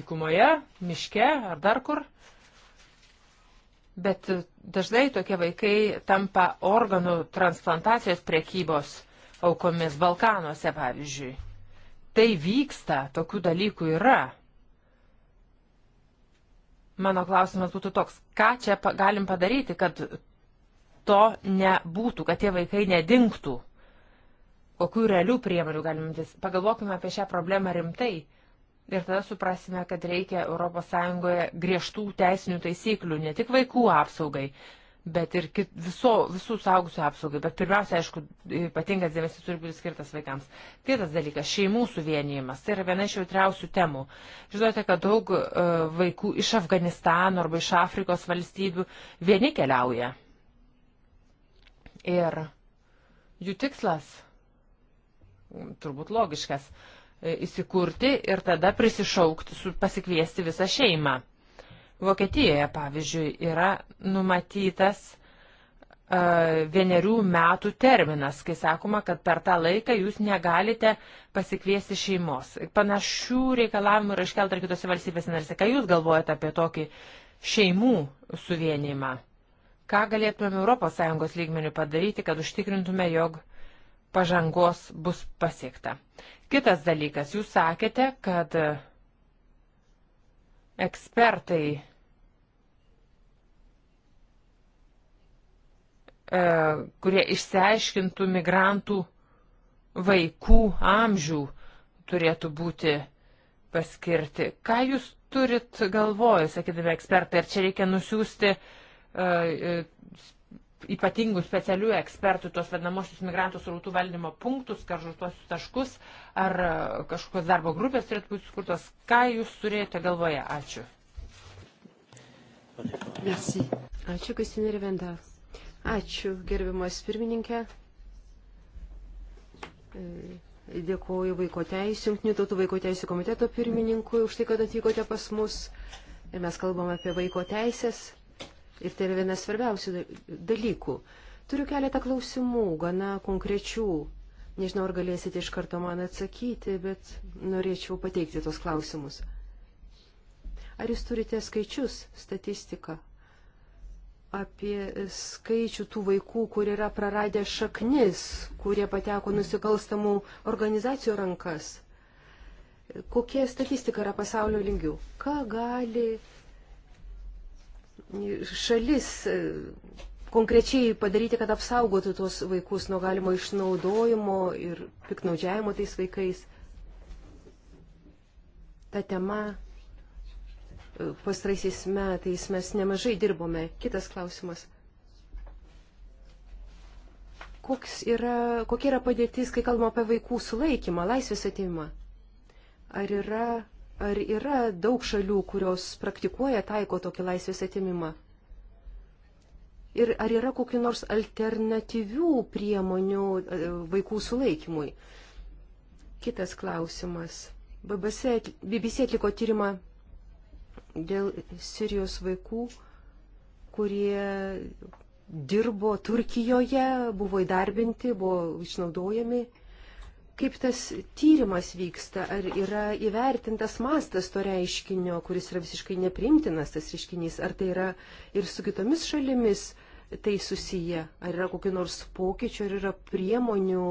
dykumoje, miške ar dar kur. Bet dažnai tokie vaikai tampa organų transplantacijos priekybos aukomis Balkanuose, pavyzdžiui. Tai vyksta, tokių dalykų yra. Mano klausimas būtų toks, ką čia galim padaryti, kad to nebūtų, kad tie vaikai nedingtų. Kokių realių priemonių galime imtis? Pagalvokime apie šią problemą rimtai. Ir tada suprasime, kad reikia ES griežtų teisinių taisyklių, ne tik vaikų apsaugai, bet ir kit, viso, visų saugusių apsaugai. Bet pirmiausia, aišku, ypatingas dėmesys turi būti skirtas vaikams. Kitas dalykas - šeimų suvienijimas. Tai yra viena iš jautriausių temų. Žinote, kad daug uh, vaikų iš Afganistano arba iš Afrikos valstybių vieni keliauja. Ir jų tikslas, mm, turbūt logiškas, e, įsikurti ir tada prisišaukti, pasikviesti visą šeimą. Vokietijoje, pavyzdžiui, yra numatytas uh, vienerių metų terminas, kai sakoma, kad per tą laiką jūs negalite pasikviesti šeimos. Panašių reikalavimų yra iškelta ir kitose valstybėse narse. Ką jūs galvojate apie tokį šeimų suvienimą? Ką galėtumėm ES lygmenių padaryti, kad užtikrintume, jog pažangos bus pasiekta? Kitas dalykas, jūs sakėte, kad ekspertai e, kurie išsiaiškintų migrantų vaikų amžių turėtų būti paskirti. Ką jūs turit galvoj, sakydami ekspertai, ar čia reikia nusiųsti uh, E, e, ypatingų specialių ekspertų, tos vadinamosius migrantų srautų valdymo punktus, karžutuosius taškus, ar e, kažkokios darbo grupės turėtų būti skurtos. Ką jūs turėjote galvoje? Ačiū. Merci. Ačiū, Kristina Rivenda. Ačiū, gerbiamas pirmininkė. Dėkuoju vaiko teisų, Junktinių tautų vaiko teisų komiteto pirmininkui už tai, kad atvykote pas mus. Ir mes kalbam apie vaiko teisės. Ir tai yra vienas svarbiausių dalykų. Turiu keletą klausimų, gana konkrečių. Nežinau, ar galėsite iš karto man atsakyti, bet norėčiau pateikti tos klausimus. Ar jūs turite skaičius, statistiką apie skaičių tų vaikų, kur yra praradę šaknis, kurie pateko nusikalstamų organizacijų rankas? Kokia statistika yra pasaulio lygių? Ką gali šalis e, konkrečiai padaryti, kad apsaugotų tuos vaikus nuo galimo išnaudojimo ir piknaudžiavimo tais vaikais. Ta tema e, pastraisiais metais mes nemažai dirbome. Kitas klausimas. Koks yra, kokia yra padėtis, kai kalbama apie vaikų sulaikymą, laisvės atimą? Ar yra Ar yra daug šalių, kurios praktikuoja, taiko tokį laisvės atimimą? Ir ar yra kokiu nors alternatyvių priemonių e, vaikų sulaikymui? Kitas klausimas. BBC, BBC atliko tyrimą dėl Sirijos vaikų, kurie dirbo Turkijoje, buvo įdarbinti, buvo išnaudojami kaip tas tyrimas vyksta, ar yra įvertintas mastas to reiškinio, kuris yra visiškai neprimtinas tas reiškinys, ar tai yra ir su kitomis šalimis tai susiję, ar yra kokiu nors pokyčiu, ar yra priemonių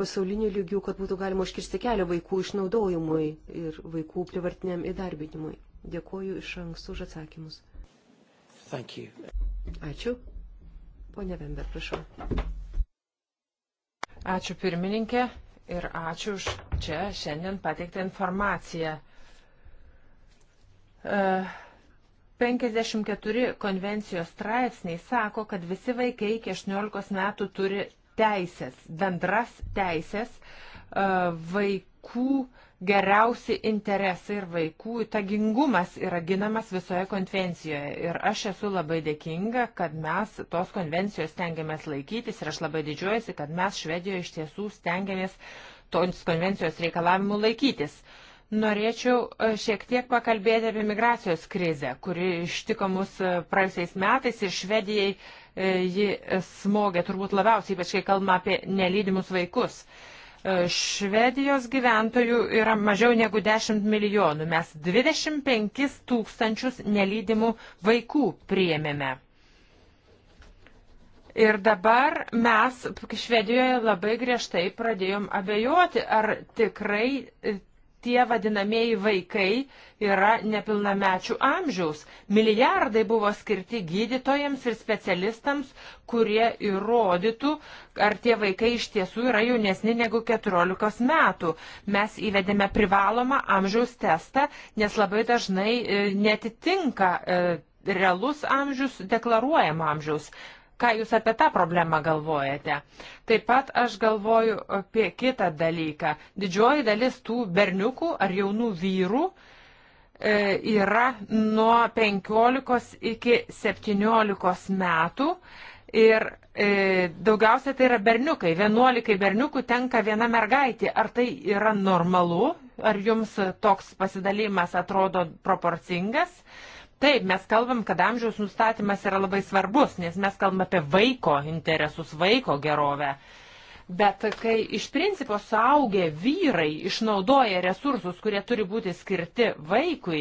pasaulinių lygių, kad būtų galima užkirsti kelią vaikų išnaudojimui ir vaikų privartiniam įdarbinimui. Dėkoju iš anksto už atsakymus. Ačiū. Pone Vember, prašau. Ačiū pirmininkė ir ačiū už čia šiandien pateiktą informaciją. 54 e, konvencijos straipsniai sako, kad visi vaikai iki 18 metų turi teisės, bendras teisės e, vaikų geriausi interesai ir vaikų tagingumas yra ginamas visoje konvencijoje. Ir aš esu labai dėkinga, kad mes tos konvencijos stengiamės laikytis ir aš labai didžiuojasi, kad mes Švedijoje iš tiesų stengiamės tos konvencijos reikalavimų laikytis. Norėčiau e, šiek tiek pakalbėti apie migracijos krizę, kuri ištiko mus e, praėjusiais metais ir Švedijai e, ji smogė turbūt labiausiai, ypač kai kalbame apie nelydimus vaikus. Uh, E, Švedijos gyventojų yra mažiau negu 10 milijonų. Mes 25 tūkstančius nelydimų vaikų priėmėme. Ir dabar mes Švedijoje labai griežtai pradėjom abejoti, ar tikrai tie vadinamieji vaikai yra nepilnamečių amžiaus. Milijardai buvo skirti gydytojams ir specialistams, kurie įrodytų, ar tie vaikai iš tiesų yra jaunesni negu 14 metų. Mes įvedėme privalomą amžiaus testą, nes labai dažnai e, netitinka e, realus amžius deklaruojama amžiaus. Ką Jūs apie tą problemą galvojate? Taip pat aš galvoju apie kitą dalyką. Didžioji dalis tų berniukų ar jaunų vyrų e, yra nuo 15 iki 17 metų ir e, daugiausia tai yra berniukai. 11 berniukų tenka viena mergaitė. Ar tai yra normalu? Ar jums toks pasidalymas atrodo proporcingas? Taip, mes kalbam, kad amžiaus nustatymas yra labai svarbus, nes mes kalbam apie vaiko interesus, vaiko gerovę. Bet kai iš principo suaugę vyrai išnaudoja resursus, kurie turi būti skirti vaikui,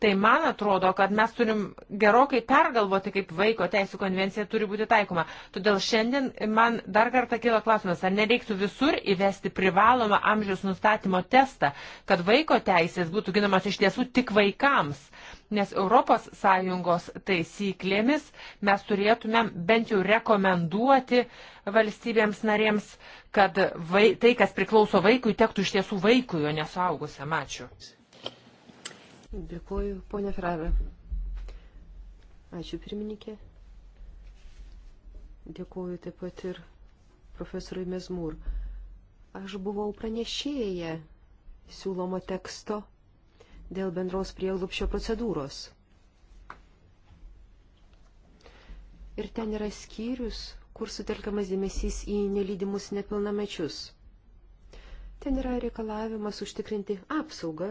tai man atrodo, kad mes turim gerokai pergalvoti, kaip vaiko teisų konvencija turi būti taikoma. Todėl šiandien man dar kartą kila klausimas, ar nereiktų visur įvesti privalomą amžiaus nustatymo testą, kad vaiko teisės būtų ginamas iš tiesų tik vaikams nes ES taisyklėmis mes turėtumėm bent jau rekomenduoti valstybėms narėms, kad vai, tai, kas priklauso vaikui, tektų iš tiesų vaikui, o nesuaugusiam. Ačiū. Dėkuoju, ponia Ferrara. Ačiū, pirmininkė. Dėkuoju taip pat ir profesoriui Mezmūr. Aš buvau pranešėję siūlomo teksto dėl bendros prieglupščio procedūros. Ir ten yra skyrius, kur sutelkiamas dėmesys į nelydimus nepilnamečius. Ten yra reikalavimas užtikrinti apsaugą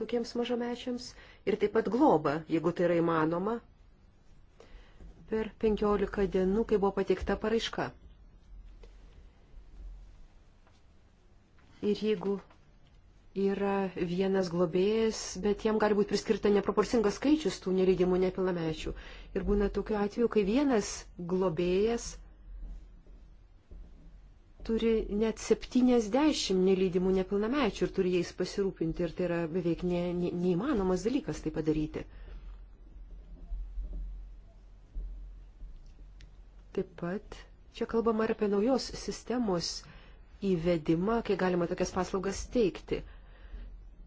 tokiems mažamečiams ir taip pat globą, jeigu tai yra įmanoma, per 15 dienų, kai buvo pateikta paraiška. Ir jeigu yra vienas globėjas, bet jam gali būti priskirta neproporcingas skaičius tų nelydimų nepilnamečių. Ir būna tokiu atveju, kai vienas globėjas turi net 70 nelydimų nepilnamečių ir turi jais pasirūpinti ir tai yra beveik ne, ne, neįmanomas dalykas tai padaryti. Taip pat čia kalbama ir apie naujos sistemos įvedimą, kai galima tokias paslaugas teikti –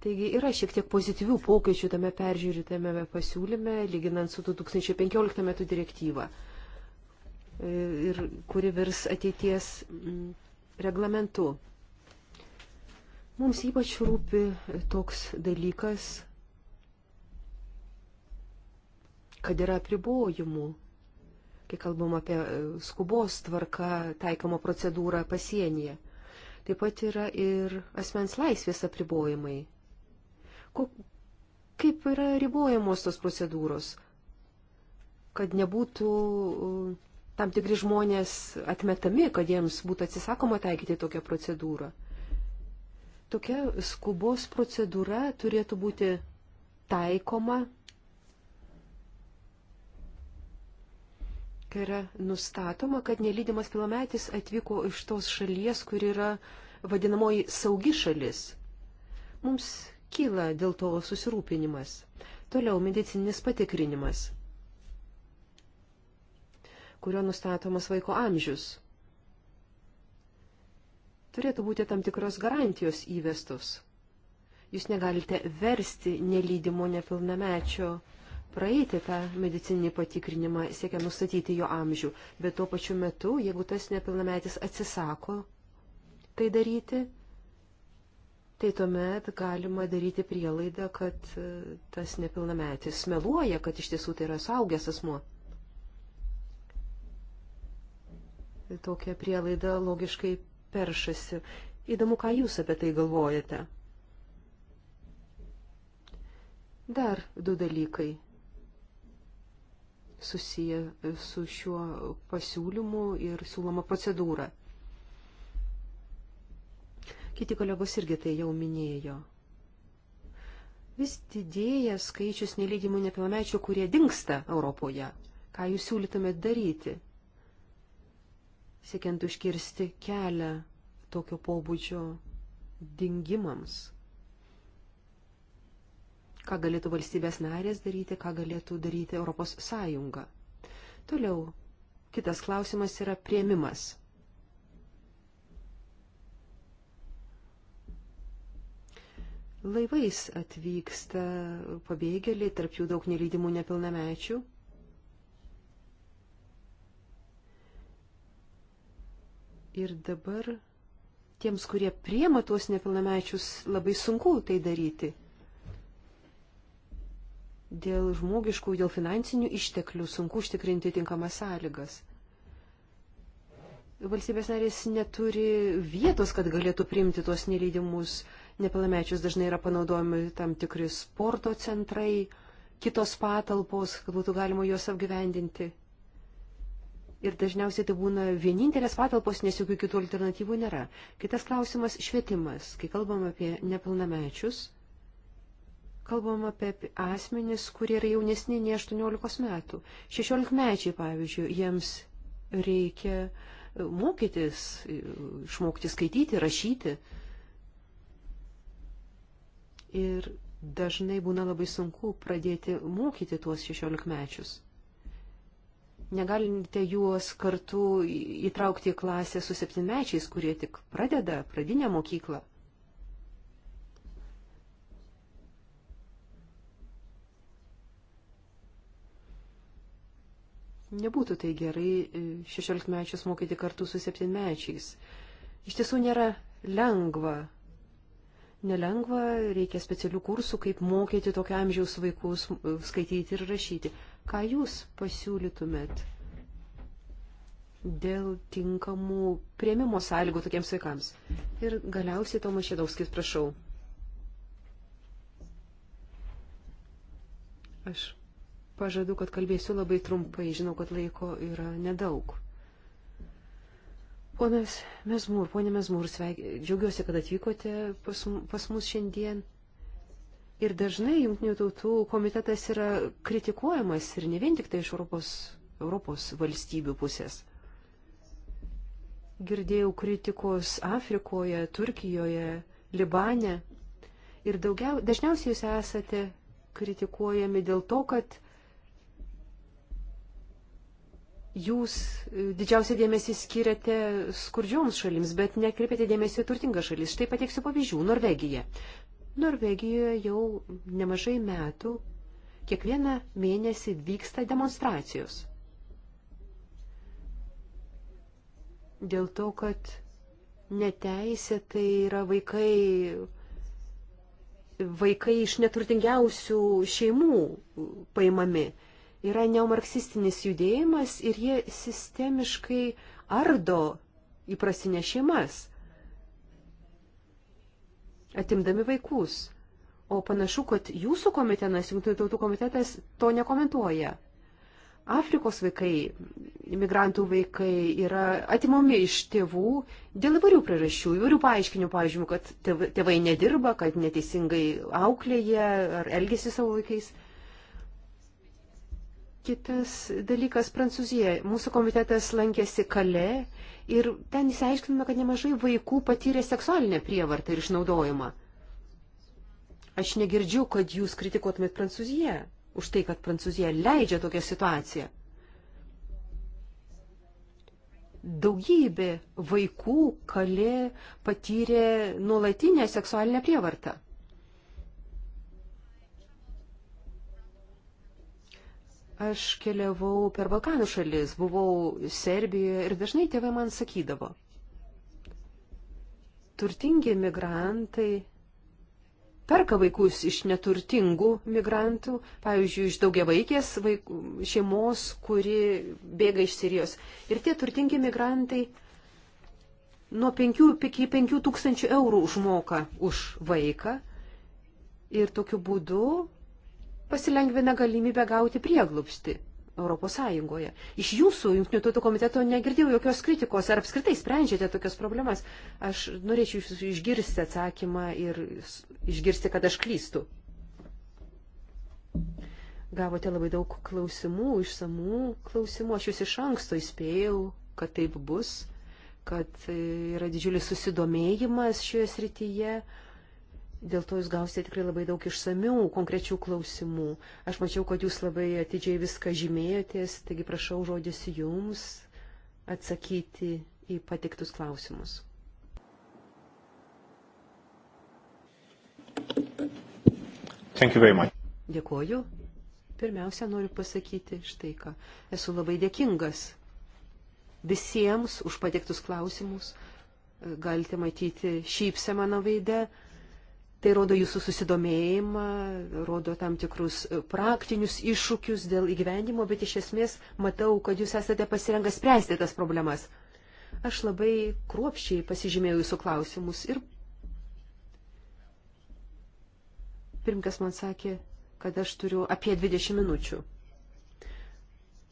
Taigi yra šiek tiek pozityvių pokyčių tame peržiūrėtame pasiūlyme, lyginant su 2015 metų direktyva, e, ir kuri virs ateities reglamentu. Mums ypač rūpi toks dalykas, kad yra apribojimų, kai kalbam apie e, skubos tvarką taikomą procedūrą pasienyje. Taip pat yra ir asmens laisvės apribojimai. Kaip yra ribojamos tos procedūros, kad nebūtų uh, tam tikri žmonės atmetami, kad jiems būtų atsisakoma taikyti tokią procedūrą. Tokia skubos procedūra turėtų būti taikoma, kai yra nustatoma, kad nelydimas kilometis atvyko iš tos šalies, kur yra vadinamoji saugi šalis. Mums kyla dėl to susirūpinimas. Toliau medicininis patikrinimas, kurio nustatomas vaiko amžius. Turėtų būti tam tikros garantijos įvestos. Jūs negalite versti nelydimo nepilnamečio praeiti tą medicininį patikrinimą, siekia nustatyti jo amžių, bet tuo pačiu metu, jeigu tas nepilnametis atsisako tai daryti, tai tuomet galima daryti prielaidą, kad e, tas nepilnametis meluoja, kad iš tiesų tai yra saugęs asmuo. Tokia prielaida logiškai peršasi. Įdomu, ką jūs apie tai galvojate. Dar du dalykai susiję su šiuo pasiūlymu ir siūloma procedūra. Kiti kolegos irgi tai jau minėjo. Vis didėja skaičius nelydimų nepilnamečių, kurie dinksta Europoje. Ką jūs siūlytumėt daryti, siekiant užkirsti kelią tokio pobūdžio dingimams? Ką galėtų valstybės narės daryti, ką galėtų daryti Europos Sąjunga? Toliau, kitas klausimas yra prieimimas. Laivais atvyksta pabėgėliai, tarp jų daug nelydimų nepilnamečių. Ir dabar tiems, kurie priema tuos nepilnamečius, labai sunku tai daryti. Dėl žmogiškų, dėl finansinių išteklių sunku užtikrinti tinkamas sąlygas valstybės narės neturi vietos, kad galėtų priimti tuos neleidimus nepilnamečius dažnai yra panaudojami tam tikri sporto centrai, kitos patalpos, kad būtų galima juos apgyvendinti. Ir dažniausiai tai būna vienintelės patalpos, nes jokių kitų alternatyvų nėra. Kitas klausimas - švietimas. Kai kalbam apie nepilnamečius, kalbam apie asmenis, kurie yra jaunesni nei 18 metų. 16 mečiai, pavyzdžiui, jiems reikia mokytis, išmokti skaityti, rašyti. Ir dažnai būna labai sunku pradėti mokyti tuos 16-mečius. Negalite juos kartu įtraukti į klasę su septynmečiais, kurie tik pradeda pradinę mokyklą. Nebūtų tai gerai 16-mečius e, mokyti kartu su septynmečiais. Iš tiesų nėra lengva nelengva, reikia specialių kursų, kaip mokyti tokio amžiaus vaikus skaityti ir rašyti. Ką jūs pasiūlytumėt dėl tinkamų prieimimo sąlygų tokiems vaikams? Ir galiausiai Tomas Šėdauskis, prašau. Aš pažadu, kad kalbėsiu labai trumpai, žinau, kad laiko yra nedaug. Ponas Mesmur, ponė Mesmur, sveik... džiaugiuosi, kad atvykote pas, pas mus šiandien. Ir dažnai Junktinių tautų komitetas yra kritikuojamas ir ne vien tik tai iš Europos, Europos valstybių pusės. Girdėjau kritikos Afrikoje, Turkijoje, Libane. Ir daugiau, dažniausiai jūs esate kritikuojami dėl to, kad jūs e, didžiausią dėmesį skiriate skurdžioms šalims, bet nekreipiate dėmesio į turtingas šalis. Štai pateiksiu pavyzdžių. Norvegija. Norvegijoje jau nemažai metų kiekvieną mėnesį vyksta demonstracijos. Dėl to, kad neteisė tai yra vaikai, vaikai iš neturtingiausių šeimų paimami yra neomarksistinis judėjimas ir jie sistemiškai ardo įprasinės šeimas, atimdami vaikus. O panašu, kad jūsų komitetas, Junktinių tautų komitetas, to nekomentuoja. Afrikos vaikai, imigrantų vaikai yra atimami iš tėvų dėl įvairių priežasčių, įvairių paaiškinių, pavyzdžiui, kad tėvai nedirba, kad neteisingai auklėje ar elgesi savo vaikais. Kitas dalykas - Prancūzija. Mūsų komitetas lankėsi Kale ir ten įsiaiškinome, kad nemažai vaikų patyrė seksualinę prievartą ir išnaudojimą. Aš negirdžiu, kad jūs kritikuotumėt Prancūziją už tai, kad Prancūzija leidžia tokią situaciją. Daugybė vaikų kalė patyrė nuolatinę seksualinę prievartą. Aš keliavau per Balkanų šalis, buvau Serbijoje ir dažnai tėvai man sakydavo, turtingi migrantai perka vaikus iš neturtingų migrantų, pavyzdžiui, iš daugiavaikės vaikų, šeimos, kuri bėga iš Sirijos. Ir tie turtingi migrantai nuo 5 iki 5 tūkstančių eurų užmoka už vaiką ir tokiu būdu pasilengvina galimybę gauti prieglupsti Europos Sąjungoje. Iš jūsų jungtinių tautų komiteto negirdėjau jokios kritikos, ar apskritai sprendžiate tokias problemas. Aš norėčiau jūsų išgirsti atsakymą ir išgirsti, kad aš klystu. Gavote labai daug klausimų, išsamų klausimų. Aš jūs iš anksto įspėjau, kad taip bus, kad e, yra didžiulis susidomėjimas šioje srityje. Uh, Dėl to jūs gausite tikrai labai daug išsamių, konkrečių klausimų. Aš mačiau, kad jūs labai atidžiai viską žymėjotės, taigi prašau žodis jums atsakyti į patiktus klausimus. Dėkuoju. Pirmiausia, noriu pasakyti štai ką. Esu labai dėkingas visiems už patiktus klausimus. Galite matyti šypsę mano veidę Tai rodo jūsų susidomėjimą, rodo tam tikrus e, praktinius iššūkius dėl įgyvendimo, bet iš esmės matau, kad jūs esate pasirengę spręsti tas problemas. Aš labai kruopščiai pasižymėjau jūsų klausimus ir pirmkas man sakė, kad aš turiu apie 20 minučių.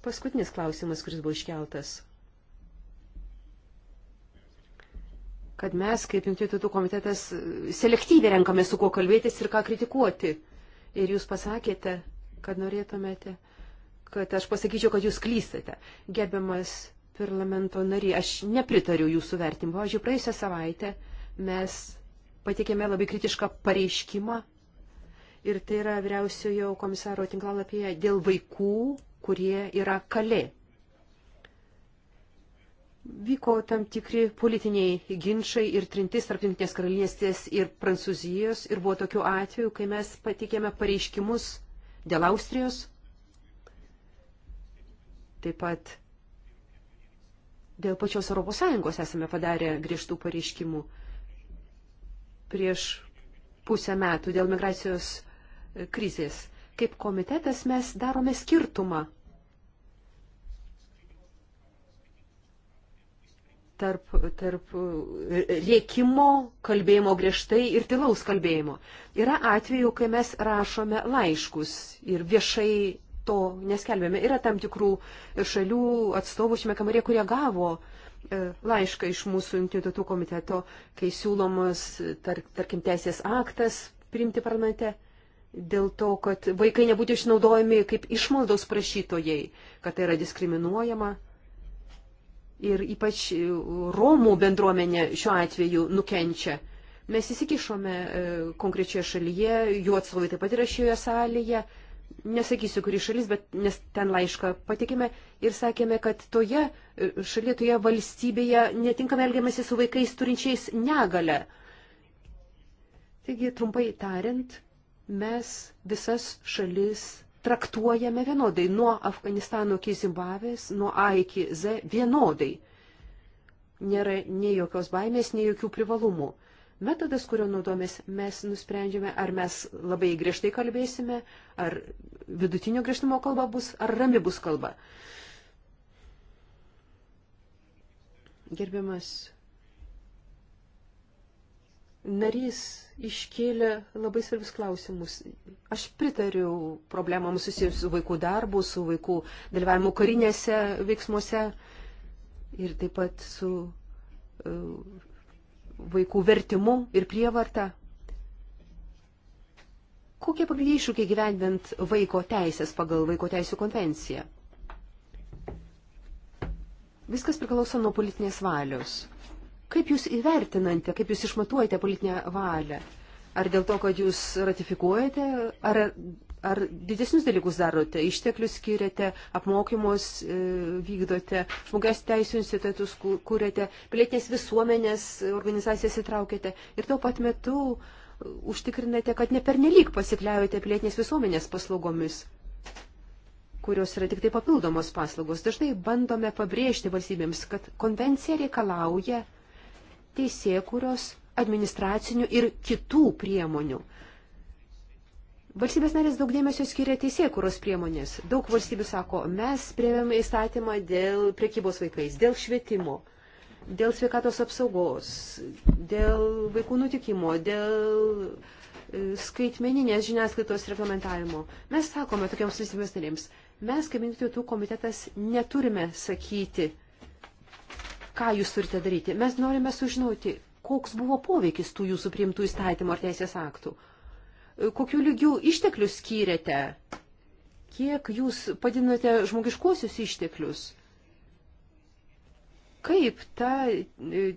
Paskutinis klausimas, kuris buvo iškeltas. kad mes, kaip Junktinių tautų komitetas, selektyviai renkame su kuo kalbėtis ir ką kritikuoti. Ir jūs pasakėte, kad norėtumėte, kad aš pasakyčiau, kad jūs klystate. Gerbiamas parlamento nariai, aš nepritariu jūsų vertimu. Pavyzdžiui, praėjusią savaitę mes patikėme labai kritišką pareiškimą ir tai yra vyriausiojo komisaro tinklalapyje dėl vaikų, kurie yra kalė. Vyko tam tikri politiniai ginčiai ir trintis tarp Junktinės karalystės ir Prancūzijos ir buvo tokių atvejų, kai mes patikėme pareiškimus dėl Austrijos, taip pat dėl pačios ES esame padarę griežtų pareiškimų prieš pusę metų dėl migracijos krizės. Kaip komitetas mes darome skirtumą tarp, tarp riekimo, e, kalbėjimo griežtai ir tylaus kalbėjimo. Yra atvejų, kai mes rašome laiškus ir viešai to neskelbėme. Yra tam tikrų šalių atstovų šiame kamarė, kurie gavo e, laišką iš mūsų jungtinių tautų komiteto, kai siūlomas, tar, tarkim, teisės aktas priimti parlamente dėl to, kad vaikai nebūtų išnaudojami kaip išmaldos prašytojai, kad tai yra diskriminuojama ir ypač Romų bendruomenė šiuo atveju nukenčia. Mes įsikišome e, konkrečioje šalyje, jų atstovai taip pat yra šioje salėje, nesakysiu, kuri šalis, bet nes ten laišką patikime ir sakėme, kad toje e, šalyje, toje valstybėje netinkamai elgiamasi su vaikais turinčiais negalę. Taigi, trumpai tariant, mes visas šalis traktuojame vienodai nuo Afganistano iki Zimbabvės, nuo A iki Z vienodai. Nėra nei jokios baimės, nei jokių privalumų. Metodas, kurio naudomis mes nusprendžiame, ar mes labai griežtai kalbėsime, ar vidutinio griežtumo kalba bus, ar rami bus kalba. Gerbiamas narys iškėlė labai svarbius klausimus. Aš pritariu problemams susijusiu su vaikų darbu, su vaikų dalyvavimu karinėse veiksmuose ir taip pat su e, vaikų vertimu ir prievarta. Kokie pagrindiniai iššūkiai gyvendint vaiko teisės pagal vaiko teisų konvenciją? Viskas priklauso nuo politinės valios. Kaip jūs įvertinate, kaip jūs išmatuojate politinę valią? Ar dėl to, kad jūs ratifikuojate, ar, ar didesnius dalykus darote, išteklius skiriate, apmokymus e, vykdote, žmogas teisų institutus kūrėte, pilietinės visuomenės organizacijas įtraukėte ir tuo pat metu užtikrinate, kad nepernelyg pasikliaujate pilietinės visuomenės paslaugomis kurios yra tik tai papildomos paslaugos. Dažnai bandome pabrėžti valstybėms, kad konvencija reikalauja teisėkuros, administracinių ir kitų priemonių. Valstybės narės daug dėmesio skiria teisėkuros priemonės. Daug valstybių sako, mes priėmėme įstatymą dėl priekybos vaikais, dėl švietimo, dėl sveikatos apsaugos, dėl vaikų nutikimo, dėl e, skaitmeninės žiniasklaidos reglamentavimo. Mes sakome tokiams valstybės narėms, mes kaip jungtinių tautų komitetas neturime sakyti ką jūs turite daryti. Mes norime sužinoti, koks buvo poveikis tų jūsų priimtų įstatymų ar teisės aktų. Kokiu lygiu išteklių skyrėte? Kiek jūs padinote žmogiškuosius išteklius? Kaip ta e,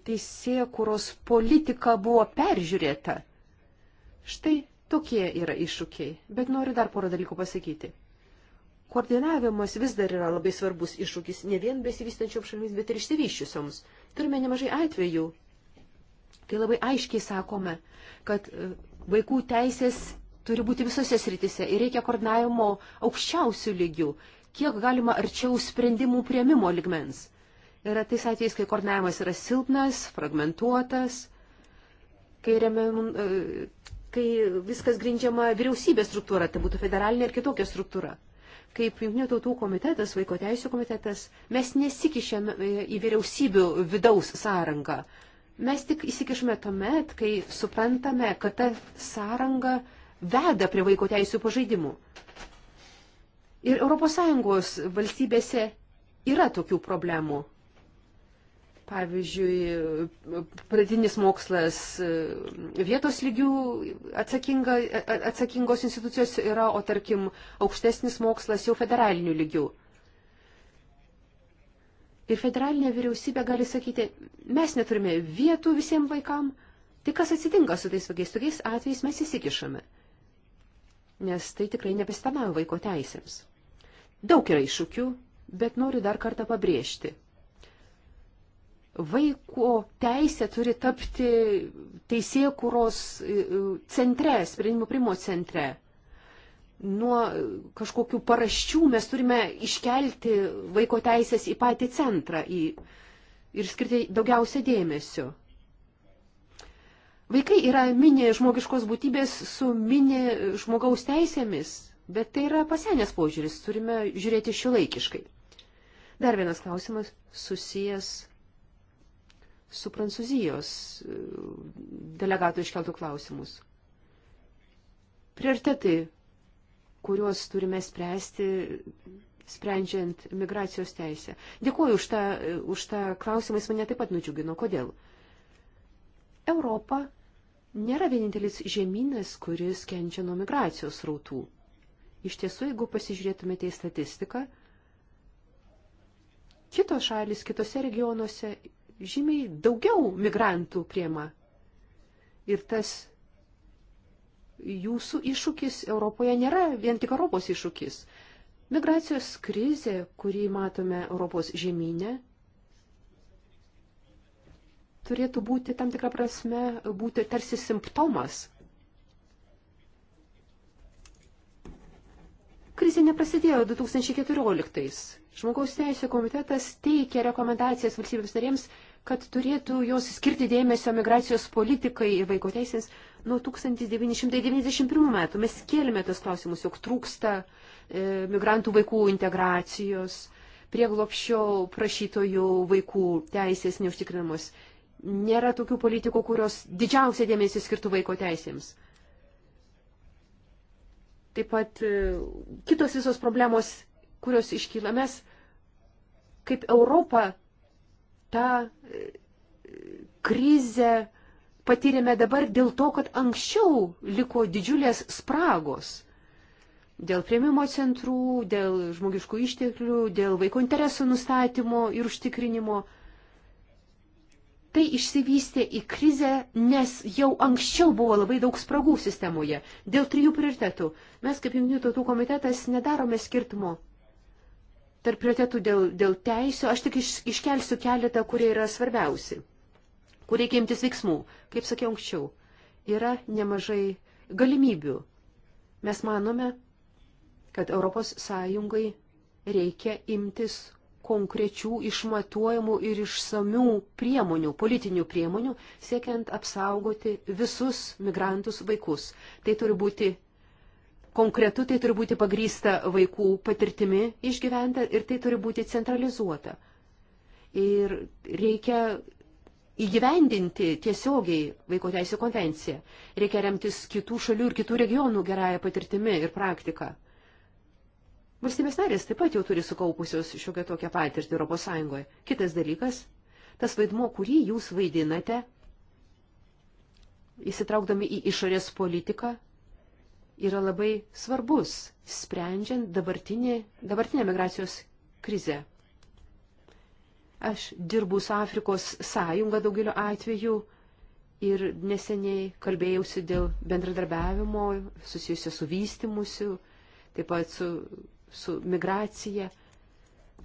teisėkuros politika buvo peržiūrėta? Štai tokie yra iššūkiai, bet noriu dar porą dalykų pasakyti. Koordinavimas vis dar yra labai svarbus iššūkis ne vien besivystančioms šalims, bet ir išsivyščiusioms. Turime nemažai atvejų, kai labai aiškiai sakome, kad e, vaikų teisės turi būti visose sritise ir reikia koordinavimo aukščiausių lygių, kiek galima arčiau sprendimų prieimimo ligmens. Yra tais atvejais, kai koordinavimas yra silpnas, fragmentuotas, kai, remiam, e, kai viskas grindžiama vyriausybės struktūra, tai būtų federalinė ir kitokia struktūra kaip Junktinių tautų komitetas, vaiko teisų komitetas, mes nesikišėme e, į vyriausybių vidaus sąrangą. Mes tik įsikišame tuomet, kai suprantame, kad ta sąranga veda prie vaiko teisų pažeidimų. Ir ES valstybėse yra tokių problemų pavyzdžiui, pradinis mokslas e, vietos lygių atsakinga, e, e, atsakingos institucijos yra, o tarkim, aukštesnis mokslas jau federalinių lygių. Ir federalinė vyriausybė gali sakyti, mes neturime vietų visiems vaikams, tai kas atsitinka su tais vaikais, tokiais atvejais mes įsikišame. Nes tai tikrai nepasitamavo vaiko teisėms. Daug yra iššūkių, bet noriu dar kartą pabrėžti, Vaiko teisė turi tapti teisėkuros e, e, centre, sprendimų primo centre. Nuo kažkokių paraščių mes turime iškelti vaiko teisės į patį centrą į, ir skirti daugiausia dėmesio. Vaikai yra mini žmogiškos būtybės su mini žmogaus teisėmis, bet tai yra pasenęs požiūris, turime žiūrėti šilaikiškai. Dar vienas klausimas susijęs su Prancūzijos e, delegatų iškeltų klausimus. Prioritetai, kuriuos turime spręsti, sprendžiant migracijos teisę. Dėkuoju už tą, už tą klausimą, jis mane taip pat nudžiugino. Kodėl? Europa nėra vienintelis žemynas, kuris kenčia nuo migracijos rautų. Iš tiesų, jeigu pasižiūrėtumėte į statistiką, kitos šalis, kitose regionuose žymiai daugiau migrantų priema. Ir tas jūsų iššūkis Europoje nėra vien tik Europos iššūkis. Migracijos krizė, kurį matome Europos žemynė, turėtų būti tam tikrą prasme, būti tarsi simptomas. Krizė neprasidėjo 2014. Žmogaus teisų komitetas teikia rekomendacijas valstybėms narėms kad turėtų jos skirti dėmesio migracijos politikai ir vaiko teisės nuo 1991 metų. Mes kėlėme tas klausimus, jog trūksta e, migrantų vaikų integracijos, prieglopščio prašytojų vaikų teisės neužtikrinamos. Nėra tokių politikų, kurios didžiausia dėmesį skirtų vaiko teisėms. Taip pat e, kitos visos problemos, kurios iškyla mes, kaip Europa tą e, krizę patyrėme dabar dėl to, kad anksčiau liko didžiulės spragos. Dėl prieimimo centrų, dėl žmogiškų išteklių, dėl vaiko interesų nustatymo ir užtikrinimo. Tai išsivystė į krizę, nes jau anksčiau buvo labai daug spragų sistemoje. Dėl trijų prioritetų. Mes kaip Junktinių tautų komitetas nedarome skirtumo tarp prioritėtų dėl, dėl teisų, aš tik iš, iškelsiu keletą, kurie yra svarbiausi, kur reikia imtis veiksmų. Kaip sakiau anksčiau, yra nemažai galimybių. Mes manome, kad ES reikia imtis konkrečių išmatuojamų ir išsamių priemonių, politinių priemonių, siekiant apsaugoti visus migrantus vaikus. Tai turi būti konkretu tai turi būti pagrysta vaikų patirtimi išgyventa ir tai turi būti centralizuota. Ir reikia įgyvendinti tiesiogiai vaiko teisų konvenciją. Reikia remtis kitų šalių ir kitų regionų gerąją patirtimi ir praktiką. Valstybės narės taip pat jau turi sukaupusios šiokią tokią patirtį ES. Kitas dalykas - tas vaidmo, kurį jūs vaidinate, įsitraukdami į išorės politiką yra labai svarbus, sprendžiant dabartinį, dabartinę migracijos krizę. Aš dirbu su Afrikos sąjunga daugeliu atveju ir neseniai kalbėjausi dėl bendradarbiavimo susijusio su vystimusiu, taip pat su, su migracija.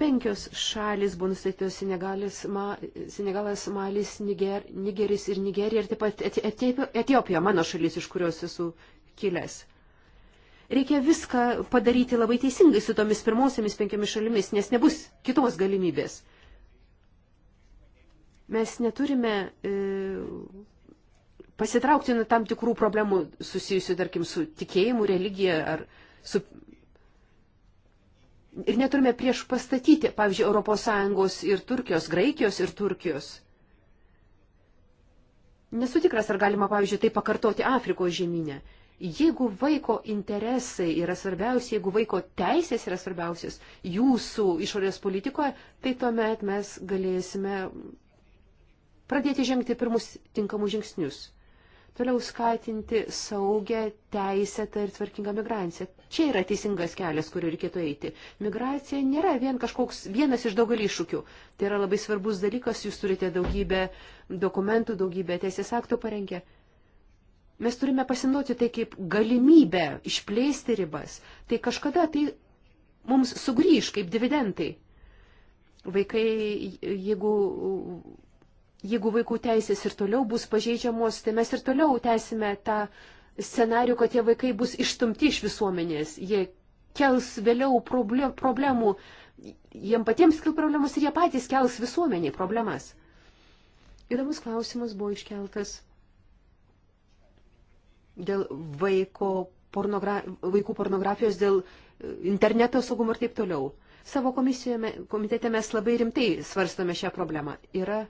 Penkios šalis buvo nustatytos Senegalis, Ma, Senegalas, Malis, Niger, Nigeris ir Nigerija ir taip pat Etiopija, mano šalis, iš kurios esu kilęs. Reikia viską padaryti labai teisingai su tomis pirmosiamis penkiamis šalimis, nes nebus kitos galimybės. Mes neturime e, pasitraukti nuo tam tikrų problemų susijusių, tarkim, su tikėjimu, religija ar su ir neturime prieš pastatyti, pavyzdžiui, ES ir Turkijos, Graikijos ir Turkijos. Nesu tikras, ar galima, pavyzdžiui, tai pakartoti Afrikos žemynę. Jeigu vaiko interesai yra svarbiausi, jeigu vaiko teisės yra svarbiausios jūsų išorės politikoje, tai tuomet mes galėsime pradėti žengti pirmus tinkamus žingsnius. Toliau skatinti saugę, teisėtą ir tvarkingą migraciją. Čia yra teisingas kelias, kuriuo reikėtų eiti. Migracija nėra vien kažkoks vienas iš daugelį iššūkių. Tai yra labai svarbus dalykas, jūs turite daugybę dokumentų, daugybę teisės aktų parengę. Mes turime pasinaudoti tai kaip galimybę išplėsti ribas. Tai kažkada tai mums sugrįž kaip dividendai. Vaikai, jeigu, jeigu vaikų teisės ir toliau bus pažeidžiamos, tai mes ir toliau tęsime tą scenarių, kad tie vaikai bus ištumti iš visuomenės. Jie kels vėliau problemų, jiem patiems kil problemas ir jie patys kels visuomeniai problemas. Įdomus klausimas buvo iškeltas dėl vaiko pornogra vaikų pornografijos, dėl e, interneto saugumo ir taip toliau. Savo komisijoje, komitete mes labai rimtai svarstome šią problemą. Yra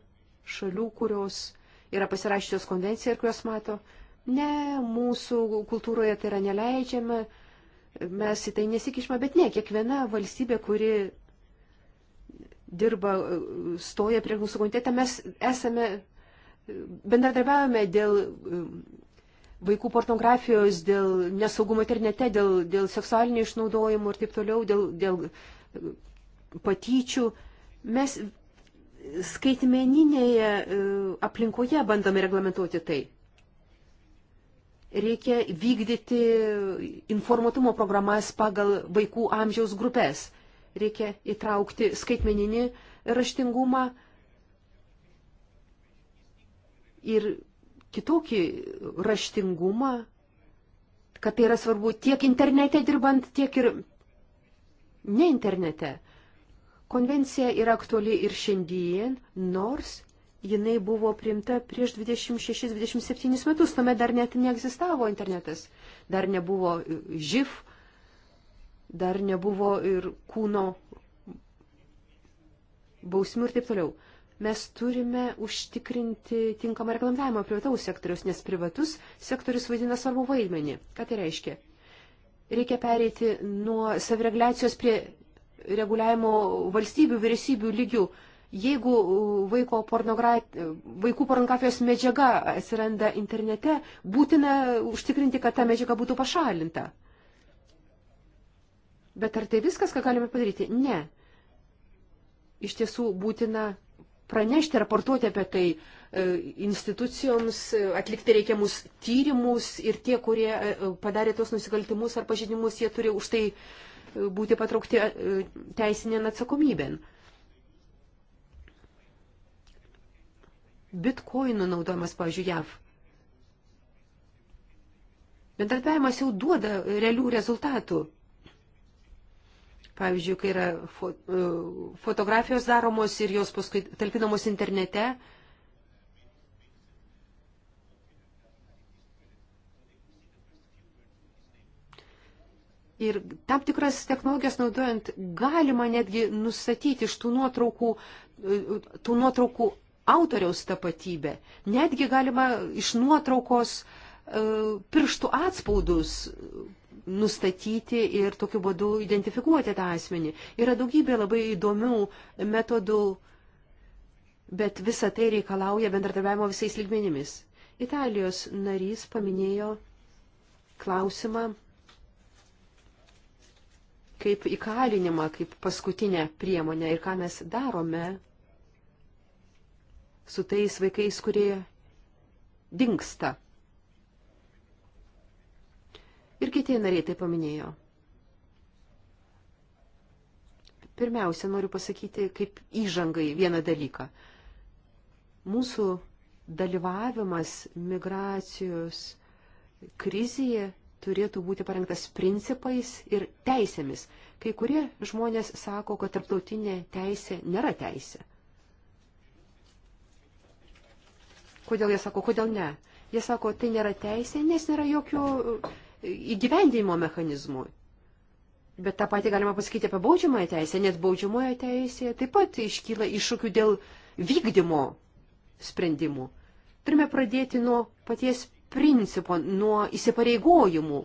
šalių, kurios yra pasirašytos konvenciją ir kurios mato, ne, mūsų kultūroje tai yra neleidžiama, mes į tai nesikišma, bet ne, kiekviena valstybė, kuri dirba, e, stoja prie mūsų komitetą, mes esame, e, bendradarbiavome dėl vaikų pornografijos, dėl nesaugumo internete, dėl, dėl seksualinio išnaudojimo ir taip toliau, dėl, dėl e, patyčių. Mes skaitmeninėje e, aplinkoje bandome reglamentuoti tai. Reikia vykdyti informuotumo programas pagal vaikų amžiaus grupės. Reikia įtraukti skaitmeninį raštingumą ir kitokį raštingumą, kad tai yra svarbu tiek internete dirbant, tiek ir ne internete. Konvencija yra aktuali ir šiandien, nors jinai buvo priimta prieš 26-27 metus, tuomet dar net neegzistavo internetas, dar nebuvo živ, dar nebuvo ir kūno bausmių ir taip toliau mes turime užtikrinti tinkamą reglamentavimą privataus sektoriaus, nes privatus sektorius vaidina svarbu vaidmenį. Ką tai reiškia? Reikia pereiti nuo savireguliacijos prie reguliavimo valstybių, vyriausybių lygių. Jeigu uh, vaiko pornogra... vaikų pornografijos medžiaga atsiranda internete, būtina užtikrinti, kad ta medžiaga būtų pašalinta. Bet ar tai viskas, ką galime padaryti? Ne. Iš tiesų būtina pranešti, raportuoti apie tai e, institucijoms, e, atlikti reikiamus tyrimus ir tie, kurie e, padarė tos nusikaltimus ar pažinimus, jie turi už tai būti patraukti teisinėn atsakomybėn. Bitcoinų naudojimas, pavyzdžiui, JAV. Bendradarbiavimas jau duoda realių rezultatų. Pavyzdžiui, kai yra fo, e, fotografijos daromos ir jos paskui talpinamos internete. Ir tam tikras technologijas naudojant galima netgi nustatyti iš tų nuotraukų, e, tų nuotraukų autoriaus tapatybę. Netgi galima iš nuotraukos e, pirštų atspaudus nustatyti ir tokiu būdu identifikuoti tą asmenį. Yra daugybė labai įdomių metodų, bet visa tai reikalauja bendradarbiavimo visais lygmenimis. Italijos narys paminėjo klausimą kaip įkalinimą, kaip paskutinę priemonę ir ką mes darome su tais vaikais, kurie dinksta. Ir kiti nariai tai paminėjo. Pirmiausia, noriu pasakyti kaip įžangai vieną dalyką. Mūsų dalyvavimas migracijos krizėje turėtų būti parengtas principais ir teisėmis. Kai kurie žmonės sako, kad tarptautinė teisė nėra teisė. Kodėl jie sako, kodėl ne? Jie sako, tai nėra teisė, nes nėra jokio įgyvendinimo mechanizmui. Bet tą patį galima pasakyti apie baudžiamąją teisę, net baudžiamoje teisėje taip pat iškyla iššūkių dėl vykdymo sprendimų. Turime pradėti nuo paties principo, nuo įsipareigojimų.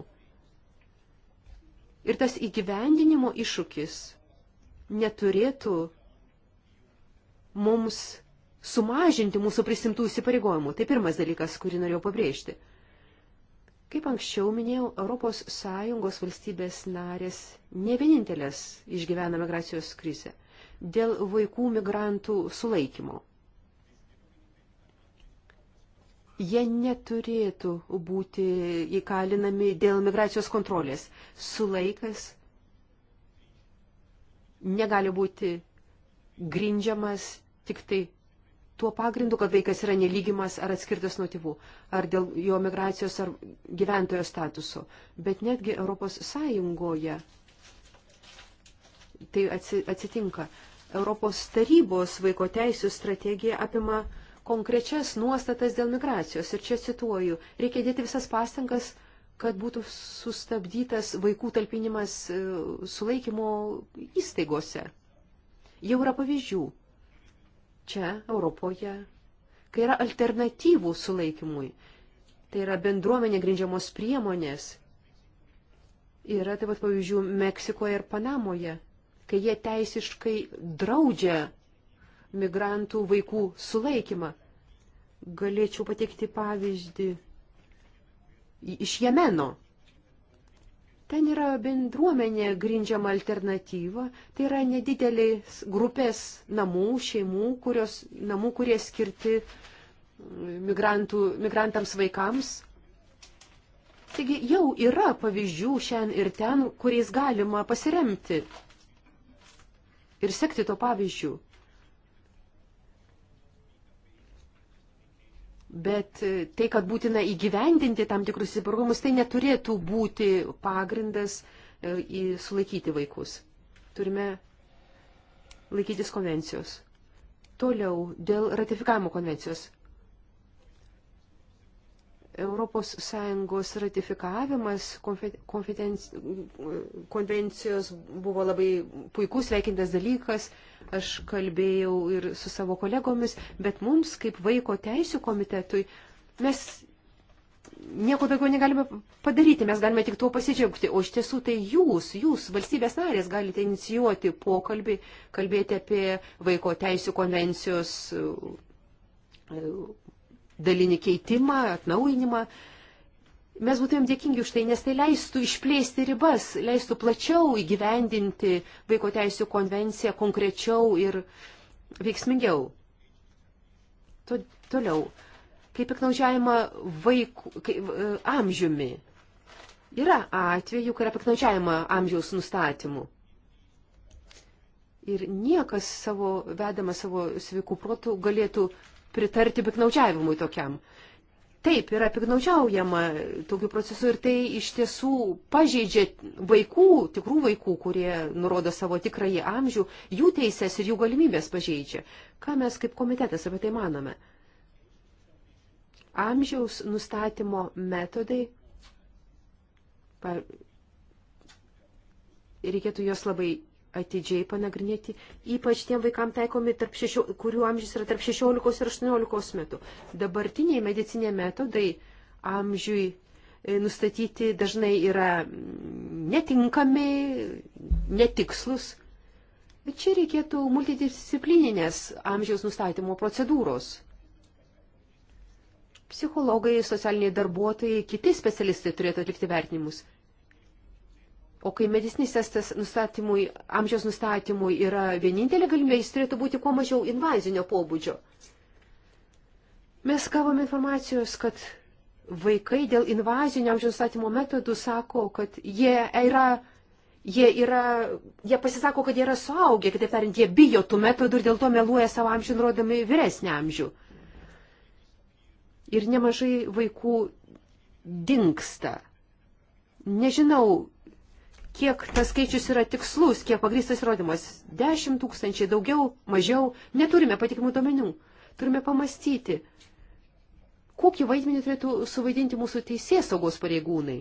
Ir tas įgyvendinimo iššūkis neturėtų mums sumažinti mūsų prisimtų įsipareigojimų. Tai pirmas dalykas, kurį norėjau pabrėžti. Kaip anksčiau minėjau, ES valstybės narės ne vienintelės išgyvena migracijos krizę dėl vaikų migrantų sulaikymo. Jie neturėtų būti įkalinami dėl migracijos kontrolės. Sulaikas negali būti grindžiamas tik tai tuo pagrindu, kad vaikas yra nelygimas ar atskirtas nuo tėvų, ar dėl jo migracijos ar gyventojo statuso. Bet netgi Europos Sąjungoje tai atsitinka. Europos tarybos vaiko teisų strategija apima konkrečias nuostatas dėl migracijos. Ir čia cituoju, reikia dėti visas pastangas, kad būtų sustabdytas vaikų talpinimas e, sulaikymo įstaigose. Jau yra pavyzdžių čia, Europoje, kai yra alternatyvų sulaikymui. Tai yra bendruomenė grindžiamos priemonės. Yra taip pat pavyzdžių Meksikoje ir Panamoje, kai jie teisiškai draudžia migrantų vaikų sulaikymą. Galėčiau pateikti pavyzdį iš Jemeno. Ten yra bendruomenė grindžiama alternatyva, tai yra nedidelės grupės namų, šeimų, kurios, namų, kurie skirti mm, migrantų, migrantams vaikams. Taigi jau yra pavyzdžių šiandien ir ten, kuriais galima pasiremti ir sekti to pavyzdžių. Bet e, tai, kad būtina įgyvendinti tam tikrus įsipareigojimus, tai neturėtų būti pagrindas e, sulaikyti vaikus. Turime laikytis konvencijos. Toliau dėl ratifikavimo konvencijos. ES ratifikavimas konvencijos buvo labai puikus, veikintas dalykas. Aš kalbėjau ir su savo kolegomis, bet mums, kaip vaiko teisų komitetui, mes nieko daugiau negalime padaryti, mes galime tik tuo pasidžiaugti. O iš tiesų tai jūs, jūs, valstybės narės, galite inicijuoti pokalbį, kalbėti apie vaiko teisų konvencijos dalinį keitimą, atnauinimą, mes būtumėm dėkingi už tai, nes tai leistų išplėsti ribas, leistų plačiau įgyvendinti vaiko teisų konvenciją konkrečiau ir veiksmingiau. To, toliau, kaip piknaudžiavimą vaikų kaip, e, amžiumi. Yra atvejų, kai yra piknaudžiavimą amžiaus nustatymu. Ir niekas savo, vedama savo sveikų protų galėtų pritarti piknaučiavimui tokiam. Taip, yra piknaučiaujama tokiu procesu ir tai iš tiesų pažeidžia vaikų, tikrų vaikų, kurie nurodo savo tikrąjį amžių, jų teises ir jų galimybės pažeidžia. Ką mes kaip komitetas apie tai manome? Amžiaus nustatymo metodai, pa, reikėtų juos labai atidžiai panagrinėti, ypač tiem vaikam taikomi, šešio, kurių amžius yra tarp 16 ir 18 metų. Dabartiniai medicinė metodai amžiui e, nustatyti dažnai yra mm, netinkami, netikslus. Bet čia reikėtų multidisciplininės amžiaus nustatymo procedūros. Psichologai, socialiniai darbuotojai, kiti specialistai turėtų atlikti vertinimus. O kai medicinis testas nustatymui, amžiaus nustatymui yra vienintelė galimybė, jis turėtų būti kuo mažiau invazinio pobūdžio. Mes gavom informacijos, kad vaikai dėl invazinio amžiaus nustatymo metodų sako, kad jie yra, jie yra, jie pasisako, kad jie yra suaugę, kitaip tariant, jie bijo tų metodų ir dėl to meluoja savo amžių, nurodami vyresnį amžių. Ir nemažai vaikų dinksta. Nežinau, kiek tas skaičius yra tikslus, kiek pagrįstas įrodymas. 10 tūkstančiai, daugiau, mažiau, neturime patikimų duomenų. Turime pamastyti, kokį vaidmenį turėtų suvaidinti mūsų teisės saugos pareigūnai.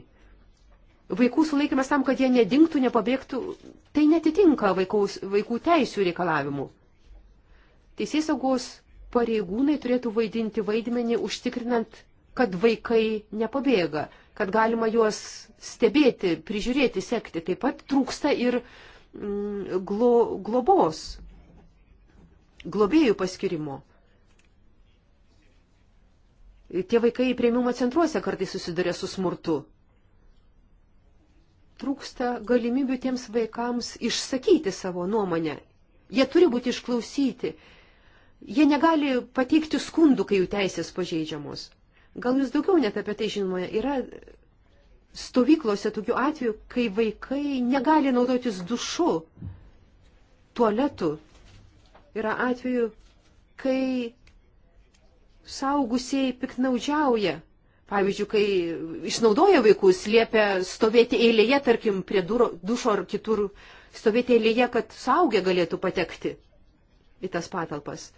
Vaikų sulaikimas tam, kad jie nedingtų, nepabėgtų, tai netitinka vaikaus, vaikų teisų reikalavimų. Teisės saugos pareigūnai turėtų vaidinti vaidmenį užtikrinant, kad vaikai nepabėga, kad galima juos stebėti, prižiūrėti, sekti. Taip pat trūksta ir mm, glo, globos, globėjų paskirimo. Tie vaikai prieimimo centruose kartai susiduria su smurtu. Trūksta galimybių tiems vaikams išsakyti savo nuomonę. Jie turi būti išklausyti. Jie negali pateikti skundų, kai jų teisės pažeidžiamos. Gal jūs daugiau net apie tai žinote? Yra stovyklose tokių atvejų, kai vaikai negali naudotis dušu, tualetu. Yra atvejų, kai saugusiai piknaudžiauja. Pavyzdžiui, kai išnaudoja vaikus, liepia stovėti eilėje, tarkim, prie duro, dušo ar kitur, stovėti eilėje, kad saugė galėtų patekti į tas patalpas.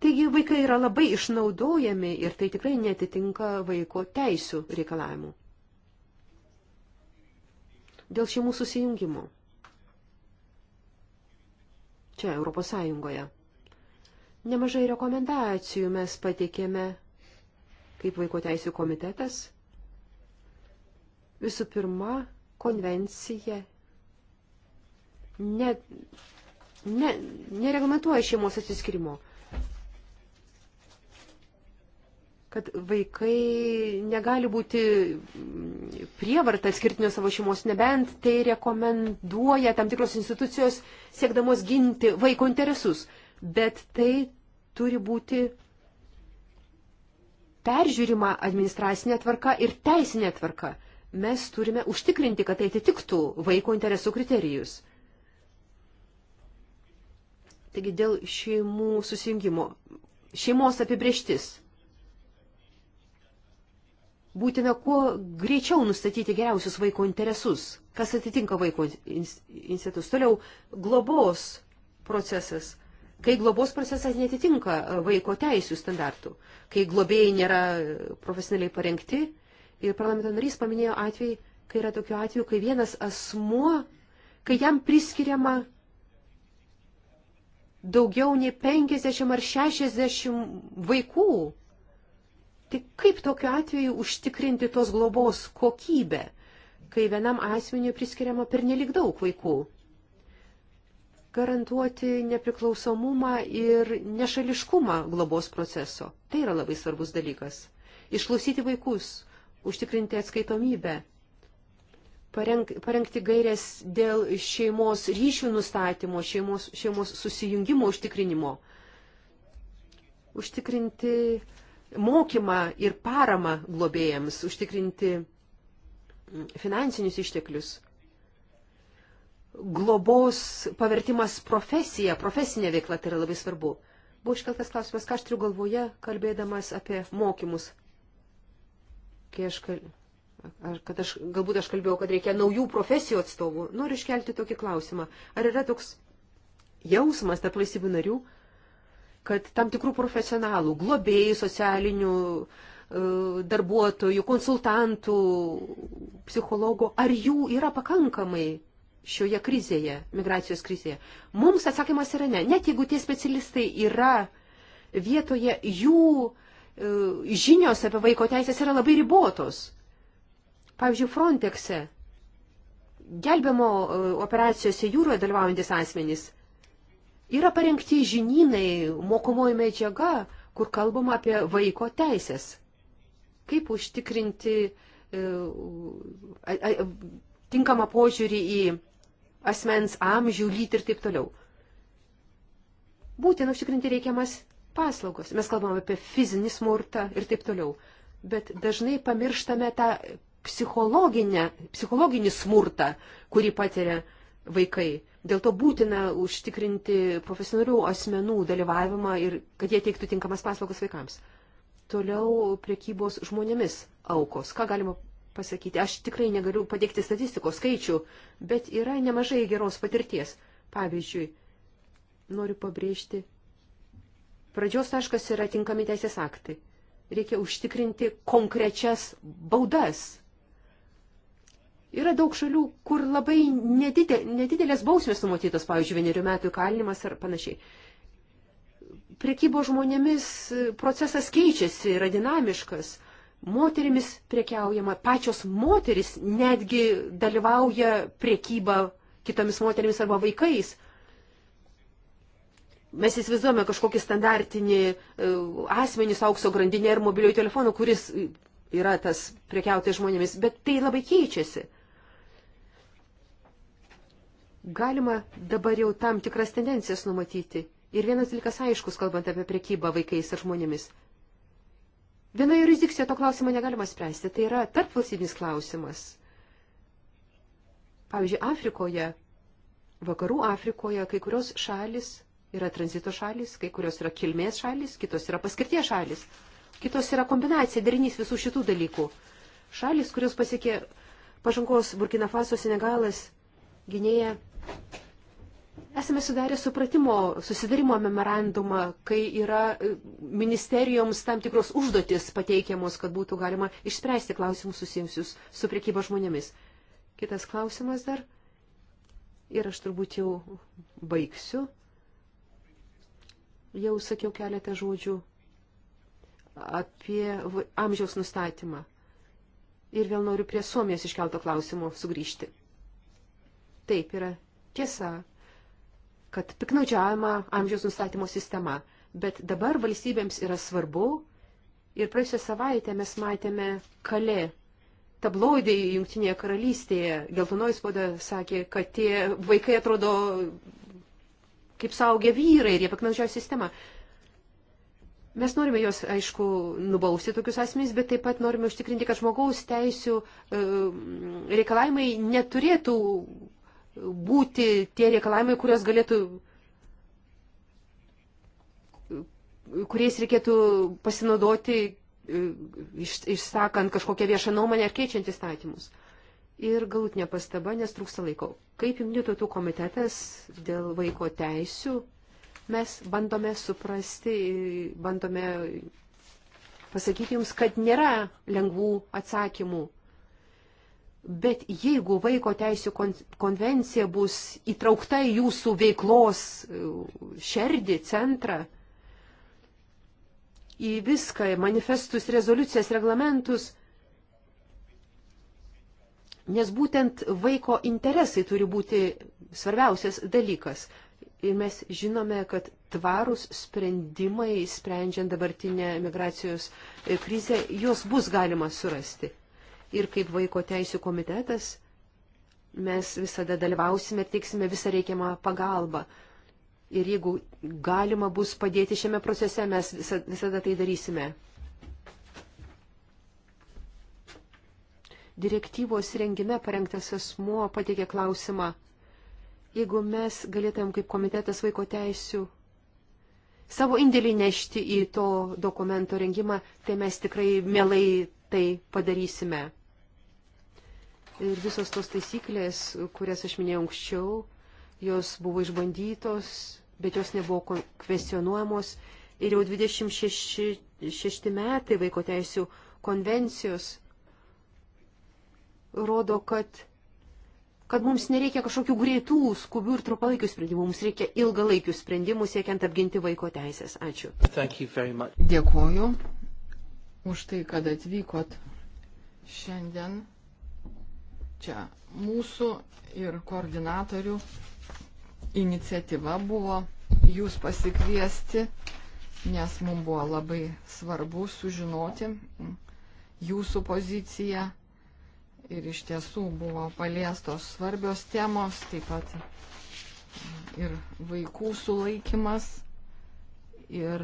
Taigi vaikai yra labai išnaudojami ir tai tikrai netitinka vaiko teisų reikalavimų. Dėl šeimų susijungimo. Čia Europos Sąjungoje. Nemažai rekomendacijų mes pateikėme kaip vaiko teisų komitetas. Visų pirma, konvencija ne, ne, nereglamentuoja šeimos atsiskirimo. kad vaikai negali būti prievarta skirti nuo savo šeimos, nebent tai rekomenduoja tam tikros institucijos siekdamos ginti vaiko interesus. Bet tai turi būti peržiūrima administracinė tvarka ir teisinė tvarka. Mes turime užtikrinti, kad tai atitiktų vaiko interesų kriterijus. Taigi dėl šeimų susijungimo. Šeimos apibrieštis būtina kuo greičiau nustatyti geriausius vaiko interesus, kas atitinka vaiko institus. Toliau globos procesas. Kai globos procesas netitinka e, vaiko teisų standartų, kai globėjai nėra profesionaliai parengti ir parlamento narys paminėjo atvejį, kai yra tokiu atveju, kai vienas asmuo, kai jam priskiriama daugiau nei 50 ar 60 vaikų Tai kaip tokiu atveju užtikrinti tos globos kokybę, kai vienam asmeniu priskiriama per nelik daug vaikų? Garantuoti nepriklausomumą ir nešališkumą globos proceso. Tai yra labai svarbus dalykas. Išklausyti vaikus, užtikrinti atskaitomybę, pareng, parengti gairės dėl šeimos ryšių nustatymo, šeimos, šeimos susijungimo užtikrinimo, užtikrinti uh, mokymą ir paramą globėjams, užtikrinti finansinius išteklius. Globos pavertimas profesija, profesinė veikla tai yra labai svarbu. Buvo iškeltas klausimas, ką aš turiu galvoje, kalbėdamas apie mokymus. Kai aš kalbėjau kad aš, galbūt aš kalbėjau, kad reikia naujų profesijų atstovų, noriu iškelti tokį klausimą. Ar yra toks jausmas tarp valstybių narių, kad tam tikrų profesionalų, globėjų, socialinių e, darbuotojų, konsultantų, psichologų, ar jų yra pakankamai šioje krizėje, migracijos krizėje? Mums atsakymas yra ne. Net jeigu tie specialistai yra vietoje, jų e, žinios apie vaiko teisės yra labai ribotos. Pavyzdžiui, Frontexe gelbėmo e, operacijose jūroje dalyvaujantis asmenys Yra parengti žinynai, mokomoji medžiaga, kur kalbama apie vaiko teisės. Kaip užtikrinti e, tinkamą požiūrį į asmens amžių, lytį ir taip toliau. Būtina užtikrinti reikiamas paslaugos. Mes kalbame apie fizinį smurtą ir taip toliau. Bet dažnai pamirštame tą psichologinį smurtą, kurį patiria vaikai. Dėl to būtina užtikrinti profesionalių asmenų dalyvavimą ir kad jie teiktų tinkamas paslaugas vaikams. Toliau priekybos žmonėmis aukos. Ką galima pasakyti? Aš tikrai negaliu padėkti statistikos skaičių, bet yra nemažai geros patirties. Pavyzdžiui, noriu pabrėžti, pradžios taškas yra tinkami teisės aktai. Reikia užtikrinti konkrečias baudas Yra daug šalių, kur labai nedidė, nedidelės bausmės numatytos, pavyzdžiui, vienerių metų įkalinimas ar panašiai. Prekybo žmonėmis procesas keičiasi, yra dinamiškas. Moterimis prekiaujama, pačios moteris netgi dalyvauja prekyba kitomis moterimis arba vaikais. Mes įsivaizduojame kažkokį standartinį e, asmenį su aukso grandinė ir mobiliojų telefonų, kuris yra tas prekiautai žmonėmis, bet tai labai keičiasi galima dabar jau tam tikras tendencijas numatyti. Ir vienas dalykas aiškus, kalbant apie prekybą vaikais ar žmonėmis. Viena jurisdikcija to klausimo negalima spręsti, tai yra tarpvalstybinis klausimas. Pavyzdžiui, Afrikoje, vakarų Afrikoje, kai kurios šalis yra tranzito šalis, kai kurios yra kilmės šalis, kitos yra paskirties šalis, kitos yra kombinacija, derinys visų šitų dalykų. Šalis, kurios pasiekė pažangos Burkina Faso, Senegalas, Gynėja, Esame sudarę supratimo, susidarimo memorandumą, kai yra e, ministerijoms tam tikros užduotis pateikiamos, kad būtų galima išspręsti klausimus susijusius su priekyba žmonėmis. Kitas klausimas dar. Ir aš turbūt jau baigsiu. Jau sakiau keletą žodžių apie amžiaus nustatymą. Ir vėl noriu prie Suomijos iškelto klausimo sugrįžti. Taip, yra tiesa, kad piknaudžiavama amžiaus nustatymo sistema, bet dabar valstybėms yra svarbu ir praėjusią savaitę mes matėme kalė. Tabloidai Junktinėje karalystėje, geltonoji spauda sakė, kad tie vaikai atrodo kaip saugia vyrai ir jie paknaudžiauja sistemą. Mes norime juos, aišku, nubausti tokius asmenys, bet taip pat norime užtikrinti, kad žmogaus teisų e, reikalavimai neturėtų būti tie reikalavimai, kurios galėtų kuriais reikėtų pasinaudoti, e, išsakant kažkokią viešą nuomonę ar keičiant įstatymus. Ir galutinė pastaba, nes trūksta laiko. Kaip jungtinių tautų komitetas dėl vaiko teisių, mes bandome suprasti, bandome pasakyti jums, kad nėra lengvų atsakymų Bet jeigu vaiko teisų konvencija bus įtraukta į jūsų veiklos e, šerdį, centrą, į viską, manifestus, rezoliucijas, reglamentus, nes būtent vaiko interesai turi būti svarbiausias dalykas. Ir mes žinome, kad tvarūs sprendimai, sprendžiant dabartinę migracijos e, krizę, juos bus galima surasti ir kaip vaiko teisų komitetas mes visada dalyvausime ir teiksime visą reikiamą pagalbą. Ir jeigu galima bus padėti šiame procese, mes visada, visada tai darysime. Direktyvos rengime parengtas asmuo pateikė klausimą, jeigu mes galėtumėm kaip komitetas vaiko teisų savo indėlį nešti į to dokumento rengimą, tai mes tikrai mielai tai padarysime. Ir visos tos taisyklės, kurias aš minėjau anksčiau, jos buvo išbandytos, bet jos nebuvo kvestionuojamos. Ir jau 26 metai vaiko teisų konvencijos rodo, kad kad mums nereikia kažkokių greitų, skubių ir trumpalaikių sprendimų, mums reikia ilgalaikių sprendimų siekiant apginti vaiko teisės. Ačiū. Dėkuoju už tai, kad atvykot šiandien čia mūsų ir koordinatorių iniciatyva buvo jūs pasikviesti, nes mums buvo labai svarbu sužinoti jūsų poziciją ir iš tiesų buvo paliestos svarbios temos, taip pat ir vaikų sulaikimas. Ir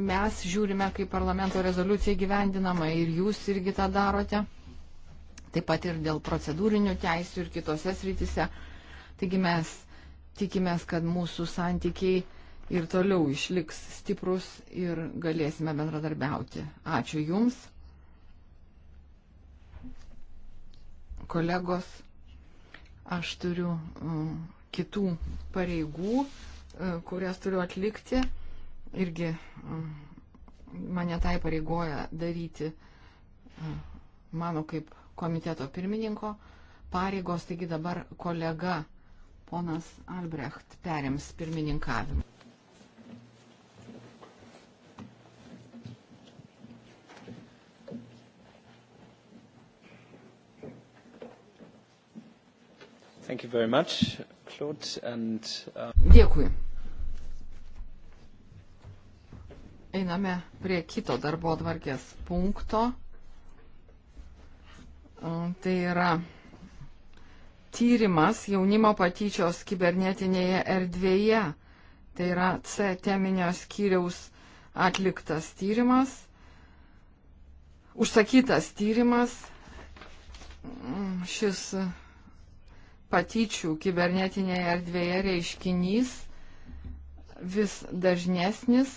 mes žiūrime, kaip parlamento rezoliucija gyvendinama ir jūs irgi tą darote taip pat ir dėl procedūrinių teisų ir kitose srityse. Taigi mes tikimės, kad mūsų santykiai ir toliau išliks stiprus ir galėsime bendradarbiauti. Ačiū Jums, kolegos. Aš turiu uh, kitų pareigų, uh, kurias turiu atlikti. Irgi uh, mane tai pareigoja daryti e, mano kaip komiteto pirmininko pareigos, taigi dabar kolega ponas Albrecht perims pirmininkavimą. Thank you very much, Claude, and, uh... Dėkui. Einame prie kito darbo atvarkės punkto. Tai yra tyrimas jaunimo patyčios kibernetinėje erdvėje. Tai yra C teminio skyriaus atliktas tyrimas, užsakytas tyrimas. Šis patyčių kibernetinėje erdvėje reiškinys vis dažnesnis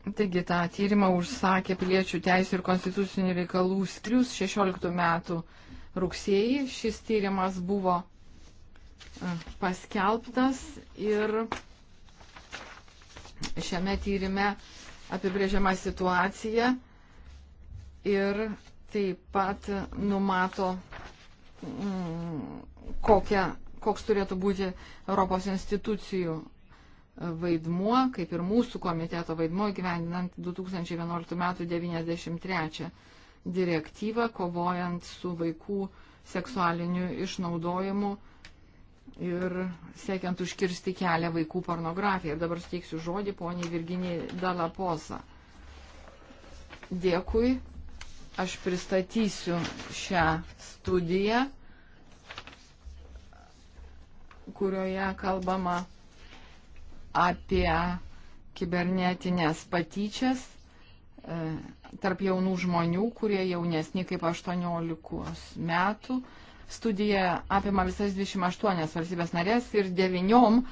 Taigi tą tyrimą užsakė Piliečių teisų ir konstitucinių reikalų skyrius 16 metų rugsėjį. Šis tyrimas buvo e, paskelbtas ir šiame tyrime apibrėžiama situacija ir taip pat numato, mm, kokia, koks turėtų būti Europos institucijų vaidmuo, kaip ir mūsų komiteto vaidmuo gyvendinant 2011 m. 93 direktyvą, kovojant su vaikų seksualiniu išnaudojimu ir siekiant užkirsti kelią vaikų pornografiją. Ir dabar steiksiu žodį poniai Virginijai Dalaposa. Dėkui, aš pristatysiu šią studiją, kurioje kalbama apie kibernetinės patyčias e, tarp jaunų žmonių, kurie jaunesni kaip 18 metų. Studija apima visas 28 valstybės narės ir 9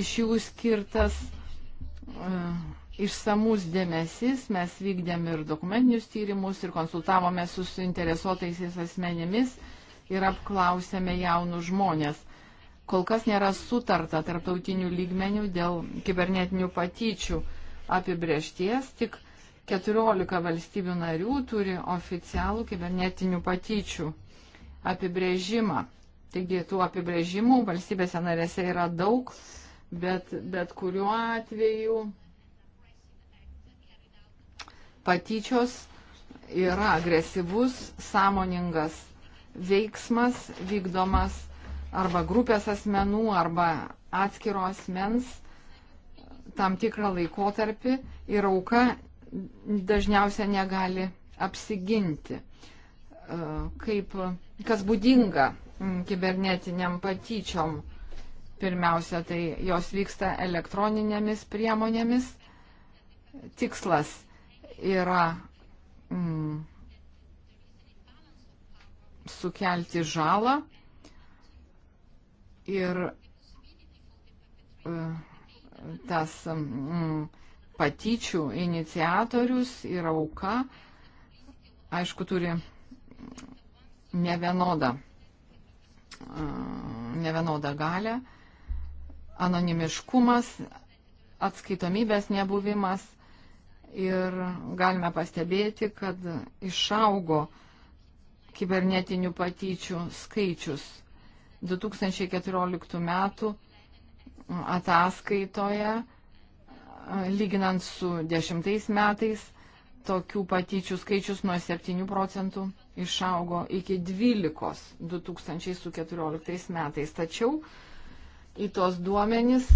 iš jų skirtas uh, išsamus dėmesys. Mes vykdėm ir dokumentinius tyrimus ir konsultavome su suinteresuotaisiais asmenimis ir apklausėme jaunus žmonės kol kas nėra sutarta tarptautinių lygmenių dėl kibernetinių patyčių apibriešties, tik 14 valstybių narių turi oficialų kibernetinių patyčių apibrėžimą. Taigi tų apibrėžimų valstybėse narėse yra daug, bet, bet kuriuo atveju patyčios yra agresyvus, sąmoningas veiksmas vykdomas arba grupės asmenų, arba atskiro asmens tam tikrą laikotarpį ir auka dažniausiai negali apsiginti, e, kaip, kas būdinga mm, kibernetiniam patyčiom. Pirmiausia, tai jos vyksta elektroninėmis priemonėmis. Tikslas yra mm, sukelti žalą ir e, tas patyčių iniciatorius ir auka, aišku, turi nevienodą, e, nevienodą galę, anonimiškumas, atskaitomybės nebuvimas ir galime pastebėti, kad išaugo kibernetinių patyčių skaičius 2014 metų ataskaitoje, lyginant su 10 metais, tokių patyčių skaičius nuo 7 procentų išaugo iki 12 2014 metais. Tačiau į tos duomenys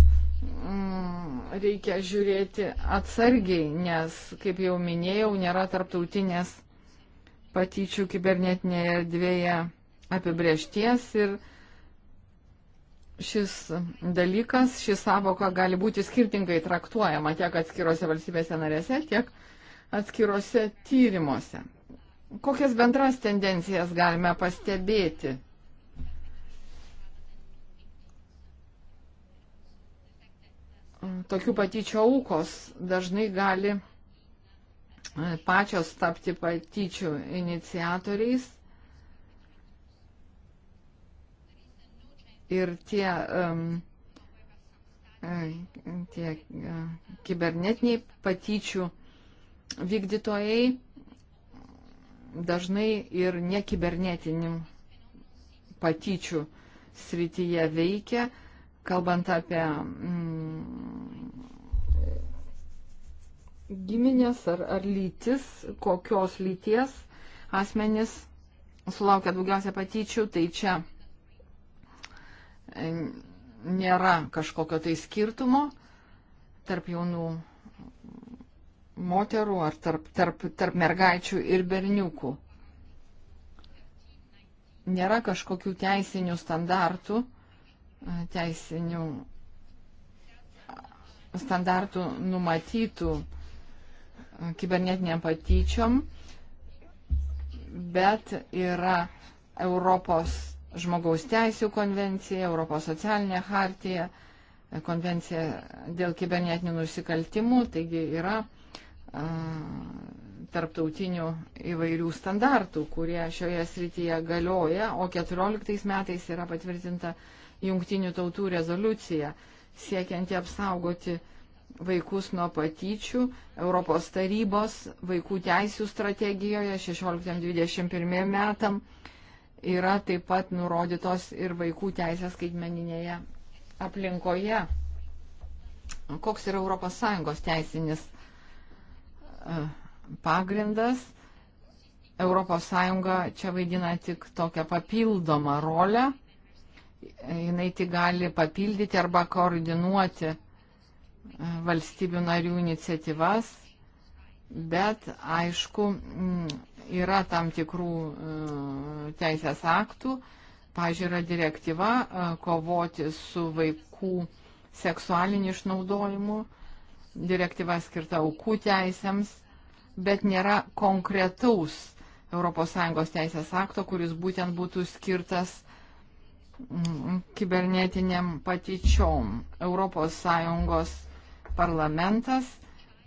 mm, reikia žiūrėti atsargiai, nes, kaip jau minėjau, nėra tarptautinės patyčių kibernetinėje erdvėje apibriešties ir šis dalykas, ši savoka gali būti skirtingai traktuojama tiek atskirose valstybėse narėse, tiek atskirose tyrimuose. Kokias bendras tendencijas galime pastebėti? Tokių patyčių aukos dažnai gali pačios tapti patyčių iniciatoriais ir tie, um, tie e, kibernetiniai patyčių vykdytojai dažnai ir nekibernetinių patyčių srityje veikia, kalbant apie mm, giminės ar, ar lytis, kokios lyties asmenys sulaukia daugiausia patyčių, tai čia nėra kažkokio tai skirtumo tarp jaunų moterų ar tarp, tarp, tarp mergaičių ir berniukų. Nėra kažkokių teisinių standartų, teisinių standartų numatytų kibernetiniam patyčiom, bet yra Europos žmogaus teisų konvencija, Europos socialinė hartija, konvencija dėl kibernetinių nusikaltimų, taigi yra a, tarptautinių įvairių standartų, kurie šioje srityje galioja, o 14 metais yra patvirtinta jungtinių tautų rezoliucija siekianti apsaugoti vaikus nuo patyčių Europos tarybos vaikų teisų strategijoje 16-21 metam yra taip pat nurodytos ir vaikų teisės skaitmeninėje aplinkoje. Koks yra ES teisinis e, pagrindas? ES čia vaidina tik tokią papildomą rolę. Jis tik gali papildyti arba koordinuoti e, valstybių narių iniciatyvas, bet aišku, yra tam tikrų e, teisės aktų, pažiūrė direktyva e, kovoti su vaikų seksualiniu išnaudojimu, direktyva skirta aukų teisėms, bet nėra konkretaus ES teisės akto, kuris būtent būtų skirtas mm, kibernetiniam patyčiom. ES parlamentas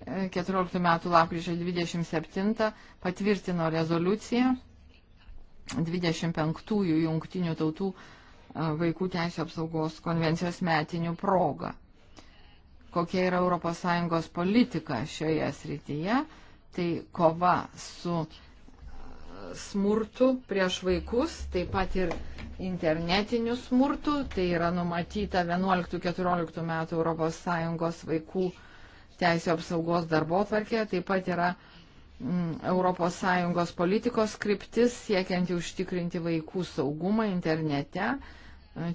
14 metų lapkričio 27 patvirtino rezoliuciją 25-ųjų jungtinių tautų vaikų teisų apsaugos konvencijos metinių progą. Kokia yra ES politika šioje srityje, tai kova su smurtu prieš vaikus, taip pat ir internetiniu smurtu, tai yra numatyta 11-14 metų ES vaikų teisų apsaugos darbo tvarkė, taip pat yra mm, ES politikos skriptis siekianti užtikrinti vaikų saugumą internete.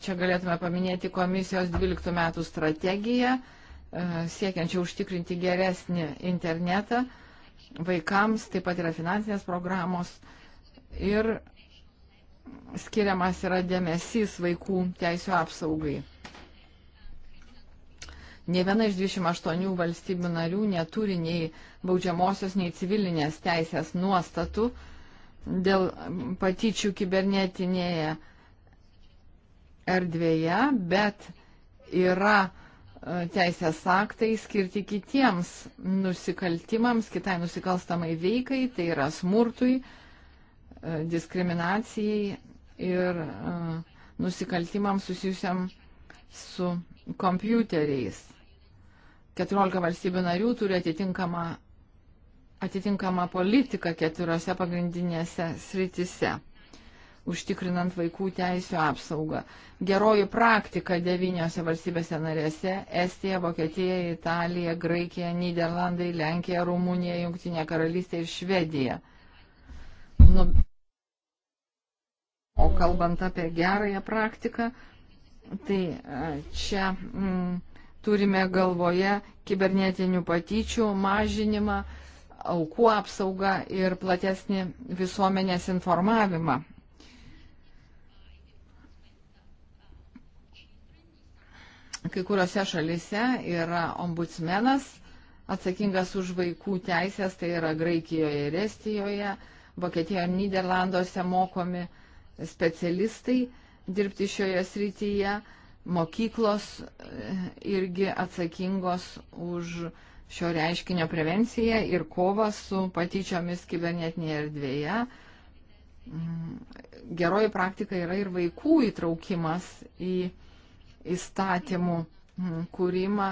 Čia galėtume paminėti komisijos 12 metų strategiją e, siekiančią užtikrinti geresnį internetą vaikams, taip pat yra finansinės programos ir skiriamas yra dėmesys vaikų teisų apsaugai. Ne viena iš 28 valstybių narių neturi nei baudžiamosios, nei civilinės teisės nuostatų dėl patyčių kibernetinėje erdvėje, bet yra e, teisės aktai skirti kitiems nusikaltimams, kitai nusikalstamai veikai, tai yra smurtui, e, diskriminacijai ir e, nusikaltimams susijusiam su kompiuteriais. 14 valstybių narių turi atitinkamą, atitinkamą politiką keturiose pagrindinėse sritise, užtikrinant vaikų teisų apsaugą. Geroji praktika devyniose valstybėse narėse - Estija, Vokietija, Italija, Graikija, Niderlandai, Lenkija, Rumunija, Junktinė karalystė ir Švedija. Nu, o kalbant apie gerąją praktiką, tai čia. Mm, turime galvoje kibernetinių patyčių mažinimą, aukų apsaugą ir platesnį visuomenės informavimą. Kai kuriuose šalise yra ombudsmenas atsakingas už vaikų teisės, tai yra Graikijoje ir Estijoje, Vokietijoje ir Niderlanduose mokomi specialistai dirbti šioje srityje mokyklos e, irgi atsakingos už šio reiškinio prevenciją ir kovą su patyčiomis kibernetinėje erdvėje. Mm, geroji praktika yra ir vaikų įtraukimas į įstatymų mm, kūrimą.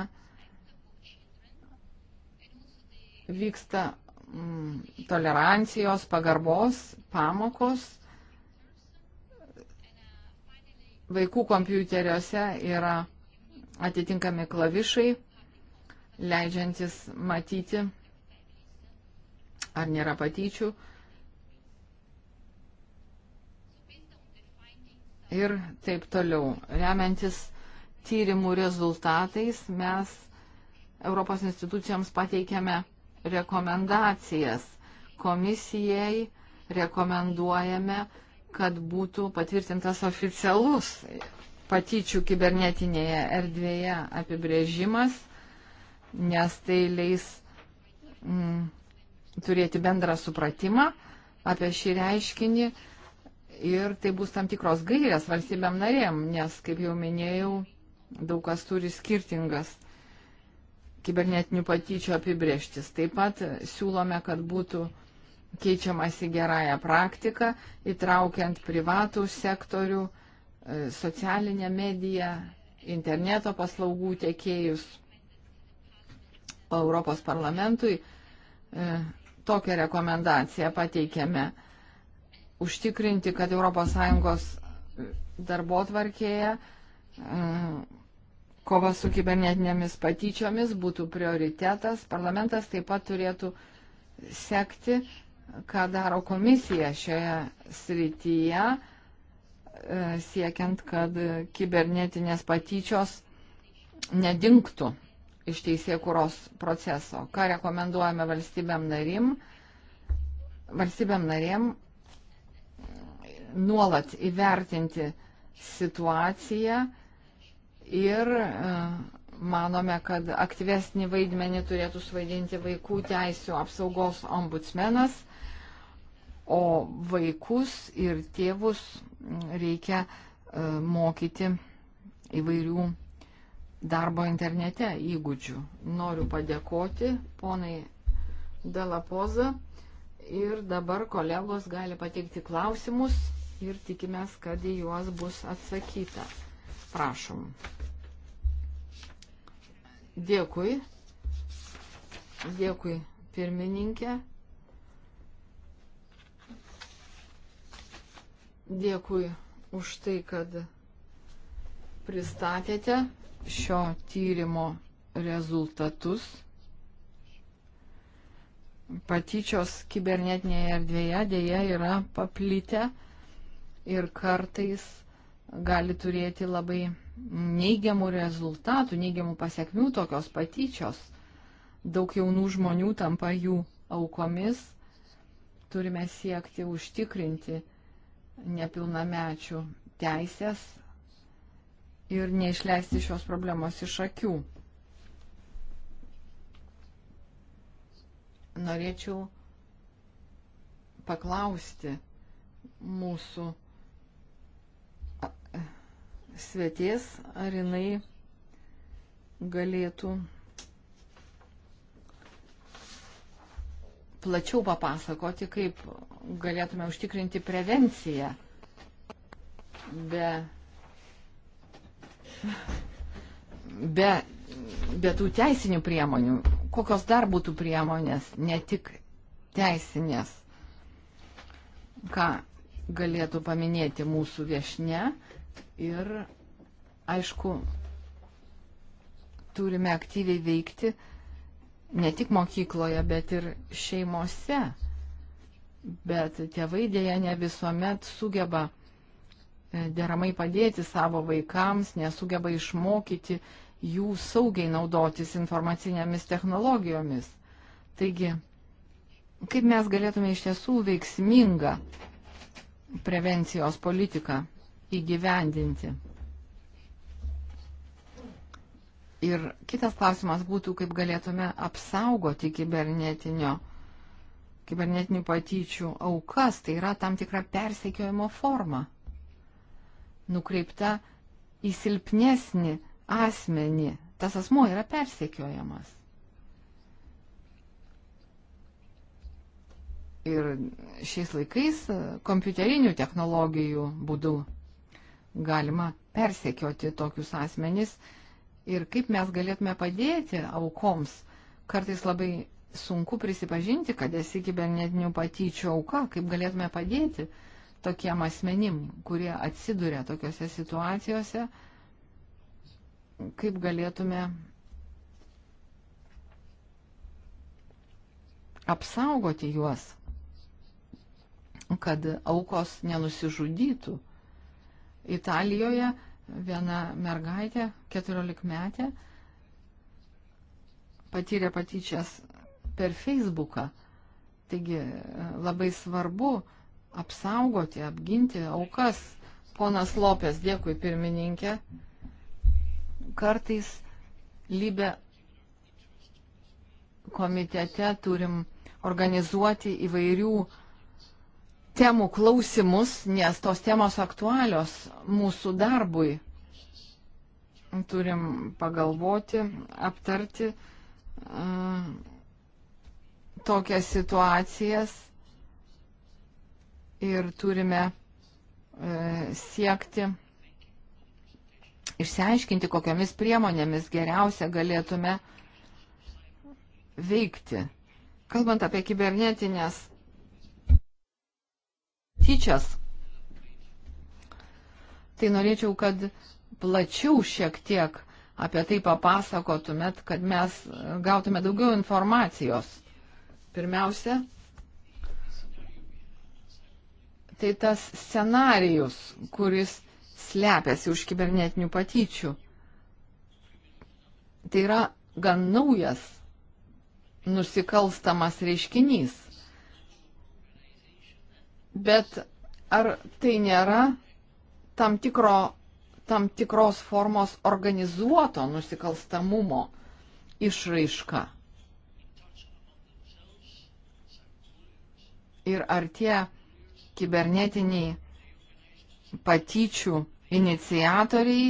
Vyksta mm, tolerancijos, pagarbos pamokos Vaikų kompiuteriuose yra atitinkami klavišai, leidžiantis matyti, ar nėra patyčių. ir taip toliau. Remiantis tyrimų rezultatais mes Europos institucijoms pateikėme rekomendacijas. Komisijai rekomenduojame kad būtų patvirtintas oficialus patyčių kibernetinėje erdvėje apibrėžimas, nes tai leis mm, turėti bendrą supratimą apie šį reiškinį ir tai bus tam tikros gairės valstybėm narėm, nes, kaip jau minėjau, daug kas turi skirtingas kibernetinių patyčių apibrieštis. Taip pat siūlome, kad būtų mm, keičiamasi gerąją praktiką, įtraukiant privatų sektorių, e, socialinę mediją, interneto paslaugų tiekėjus. O Europos parlamentui e, tokią rekomendaciją pateikėme užtikrinti, kad ES darbo tvarkėje e, kova su kibernetinėmis patyčiomis būtų prioritetas. Parlamentas taip pat turėtų sekti ką daro komisija šioje srityje, e, siekiant, kad kibernetinės patyčios nedingtų iš teisėkuros proceso. Ką rekomenduojame valstybėm narim? Valstybėm narėm nuolat įvertinti situaciją ir e, manome, kad aktyvesnį vaidmenį turėtų suvaidinti vaikų teisų apsaugos ombudsmenas – O vaikus ir tėvus reikia e, mokyti įvairių darbo internete įgūdžių. Noriu padėkoti ponai Delapoza ir dabar kolegos gali pateikti klausimus ir tikimės, kad į juos bus atsakyta. Prašom. Dėkui. Dėkui pirmininkė. Dėkui už tai, kad pristatėte šio tyrimo rezultatus. Patyčios kibernetinėje erdvėje dėja yra paplitę ir kartais gali turėti labai neigiamų rezultatų, neigiamų pasiekmių tokios patyčios. Daug jaunų žmonių tampa jų aukomis. Turime siekti užtikrinti nepilnamečių teisės ir neišleisti šios problemos iš akių. Norėčiau paklausti mūsų svetės, ar jinai galėtų plačiau papasakoti, kaip galėtume užtikrinti prevenciją be, be, be tų teisinių priemonių. Kokios dar būtų priemonės, ne tik teisinės, ką galėtų paminėti mūsų viešne ir, aišku, turime aktyviai veikti, ne tik mokykloje, bet ir šeimose. Bet tėvai dėja ne visuomet sugeba e, deramai padėti savo vaikams, nesugeba išmokyti jų saugiai naudotis informacinėmis technologijomis. Taigi, kaip mes galėtume iš tiesų veiksmingą prevencijos politiką įgyvendinti? Ir kitas klausimas būtų, kaip galėtume apsaugoti kibernetinio, kibernetinių patyčių aukas, tai yra tam tikra persekiojimo forma, nukreipta į silpnesnį asmenį. Tas asmo yra persekiojamas. Ir šiais laikais kompiuterinių technologijų būdu galima persekioti tokius asmenys, ir kaip mes galėtume padėti aukoms. Kartais labai sunku prisipažinti, kad esi kibernetinių patyčių auka, kaip galėtume padėti tokiem asmenim, kurie atsiduria tokiuose situacijose, kaip galėtume apsaugoti juos, kad aukos nenusižudytų. Italijoje viena mergaitė, 14 metė, patyrė patyčias per Facebooką. Taigi e, labai svarbu apsaugoti, apginti aukas. Ponas Lopės, dėkui pirmininkė. Kartais lybė komitete turim organizuoti įvairių uh, temų klausimus, nes tos temos aktualios mūsų darbui. Turim pagalvoti, aptarti uh, tokias situacijas ir turime uh, siekti išsiaiškinti, kokiamis priemonėmis geriausia galėtume veikti. Kalbant apie kibernetinės tyčias. Tai norėčiau, kad plačiau šiek tiek apie tai papasakotumėt, kad mes gautume daugiau informacijos. Pirmiausia, tai tas scenarijus, kuris slepiasi už kibernetinių patyčių. Tai yra gan naujas nusikalstamas reiškinys. Bet ar tai nėra tam, tikro, tam tikros formos organizuoto nusikalstamumo išraiška? Ir ar tie kibernetiniai patyčių iniciatoriai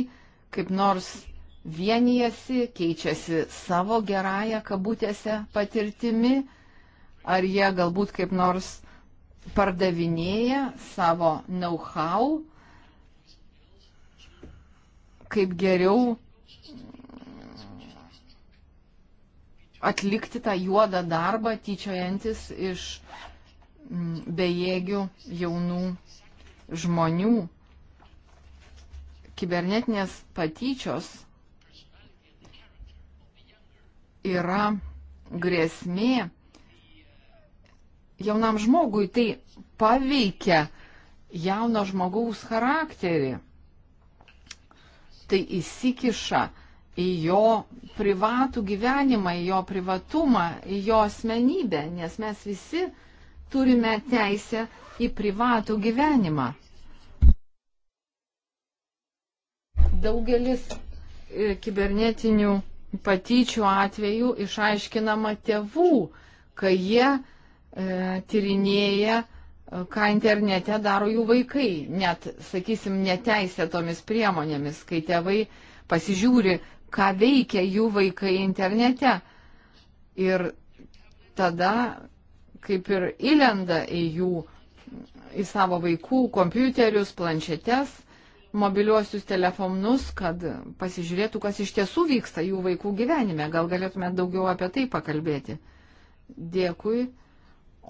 kaip nors vienijasi, keičiasi savo gerąją kabutėse patirtimi, ar jie galbūt kaip nors pardavinėja savo know-how, kaip geriau atlikti tą juodą darbą, tyčiojantis iš mm, bejėgių jaunų žmonių. Kibernetinės patyčios yra grėsmė jaunam žmogui tai paveikia jauno žmogaus charakterį. Tai įsikiša į jo privatų gyvenimą, į jo privatumą, į jo asmenybę, nes mes visi turime teisę į privatų gyvenimą. Daugelis e, kibernetinių patyčių atvejų išaiškinama tėvų, kai jie E, tyrinėja, e, ką internete daro jų vaikai, net, sakysim, neteisėtomis priemonėmis, kai tėvai pasižiūri, ką veikia jų vaikai internete. Ir tada kaip ir įlenda į jų, į savo vaikų kompiuterius, planšetes, mobiliuosius telefonus, kad pasižiūrėtų, kas iš tiesų vyksta jų vaikų gyvenime. Gal galėtume daugiau apie tai pakalbėti. Dėkui.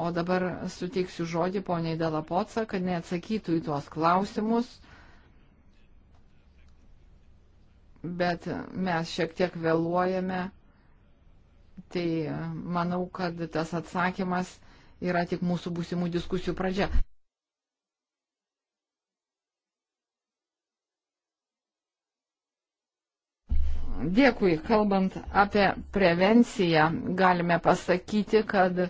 O dabar suteiksiu žodį poniai Delapoca, kad neatsakytų į tuos klausimus. Bet mes šiek tiek vėluojame. Tai manau, kad tas atsakymas yra tik mūsų būsimų diskusijų pradžia. Dėkui, kalbant apie prevenciją, galime pasakyti, kad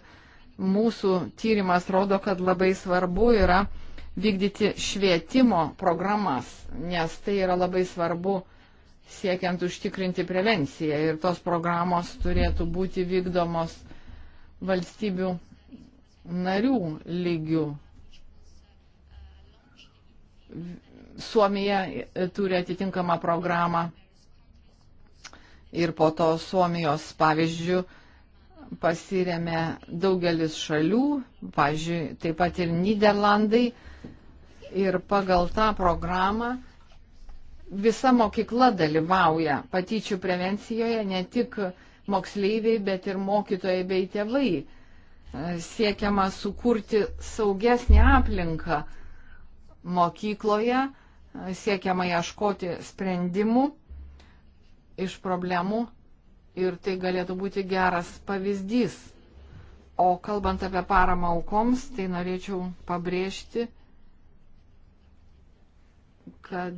mūsų tyrimas rodo, kad labai svarbu yra vykdyti švietimo programas, nes tai yra labai svarbu siekiant užtikrinti prevenciją ir tos programos turėtų būti vykdomos valstybių narių lygių. Suomija turi atitinkamą programą ir po to Suomijos pavyzdžių pasiremė daugelis šalių, pavyzdžiui, taip pat ir Niderlandai. Ir pagal tą programą visa mokykla dalyvauja patyčių prevencijoje, ne tik moksleiviai, bet ir mokytojai bei tėvai. Siekiama sukurti saugesnį aplinką mokykloje, siekiama ieškoti sprendimų iš problemų ir tai galėtų būti geras pavyzdys. O kalbant apie paramą aukoms, tai norėčiau pabrėžti, kad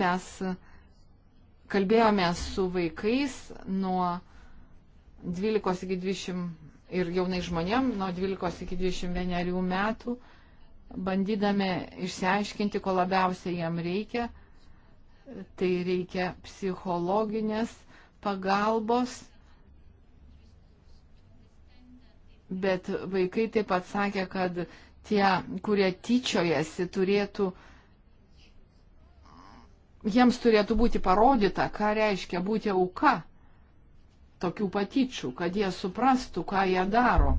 mes kalbėjome su vaikais nuo 12 iki 20 ir jaunai žmonėm nuo 12 iki 21 metų, bandydami išsiaiškinti, ko labiausiai jam reikia. Tai reikia psichologinės pagalbos, bet vaikai taip pat sakė, kad tie, kurie tyčiojasi, turėtų, jiems turėtų būti parodyta, ką reiškia būti auka tokių patyčių, kad jie suprastų, ką jie daro.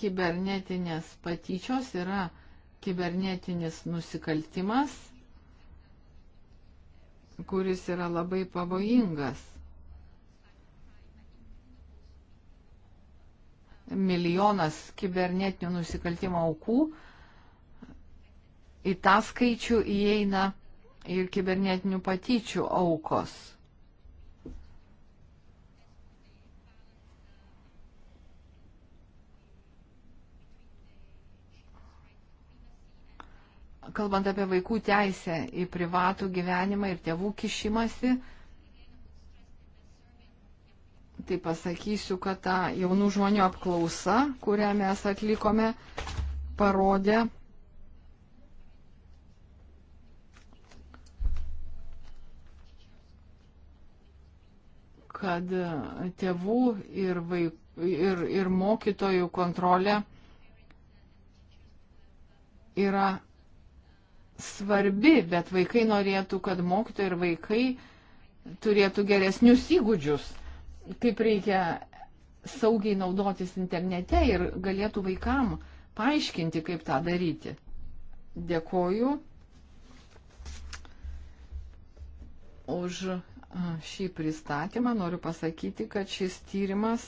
Kibernetinės patyčios yra kibernetinis nusikaltimas kuris yra labai pavojingas. Milijonas kibernetinių nusikaltimo aukų į tą skaičių įeina ir kibernetinių patyčių aukos. kalbant apie vaikų teisę į privatų gyvenimą ir tėvų kišimasi, tai pasakysiu, kad ta jaunų žmonių apklausa, kurią mes atlikome, parodė, kad tėvų ir, vaik, ir, ir mokytojų kontrolė yra svarbi, bet vaikai norėtų, kad mokytojai ir vaikai turėtų geresnius įgūdžius, kaip reikia saugiai naudotis internete ir galėtų vaikam paaiškinti, kaip tą daryti. Dėkoju už šį pristatymą. Noriu pasakyti, kad šis tyrimas,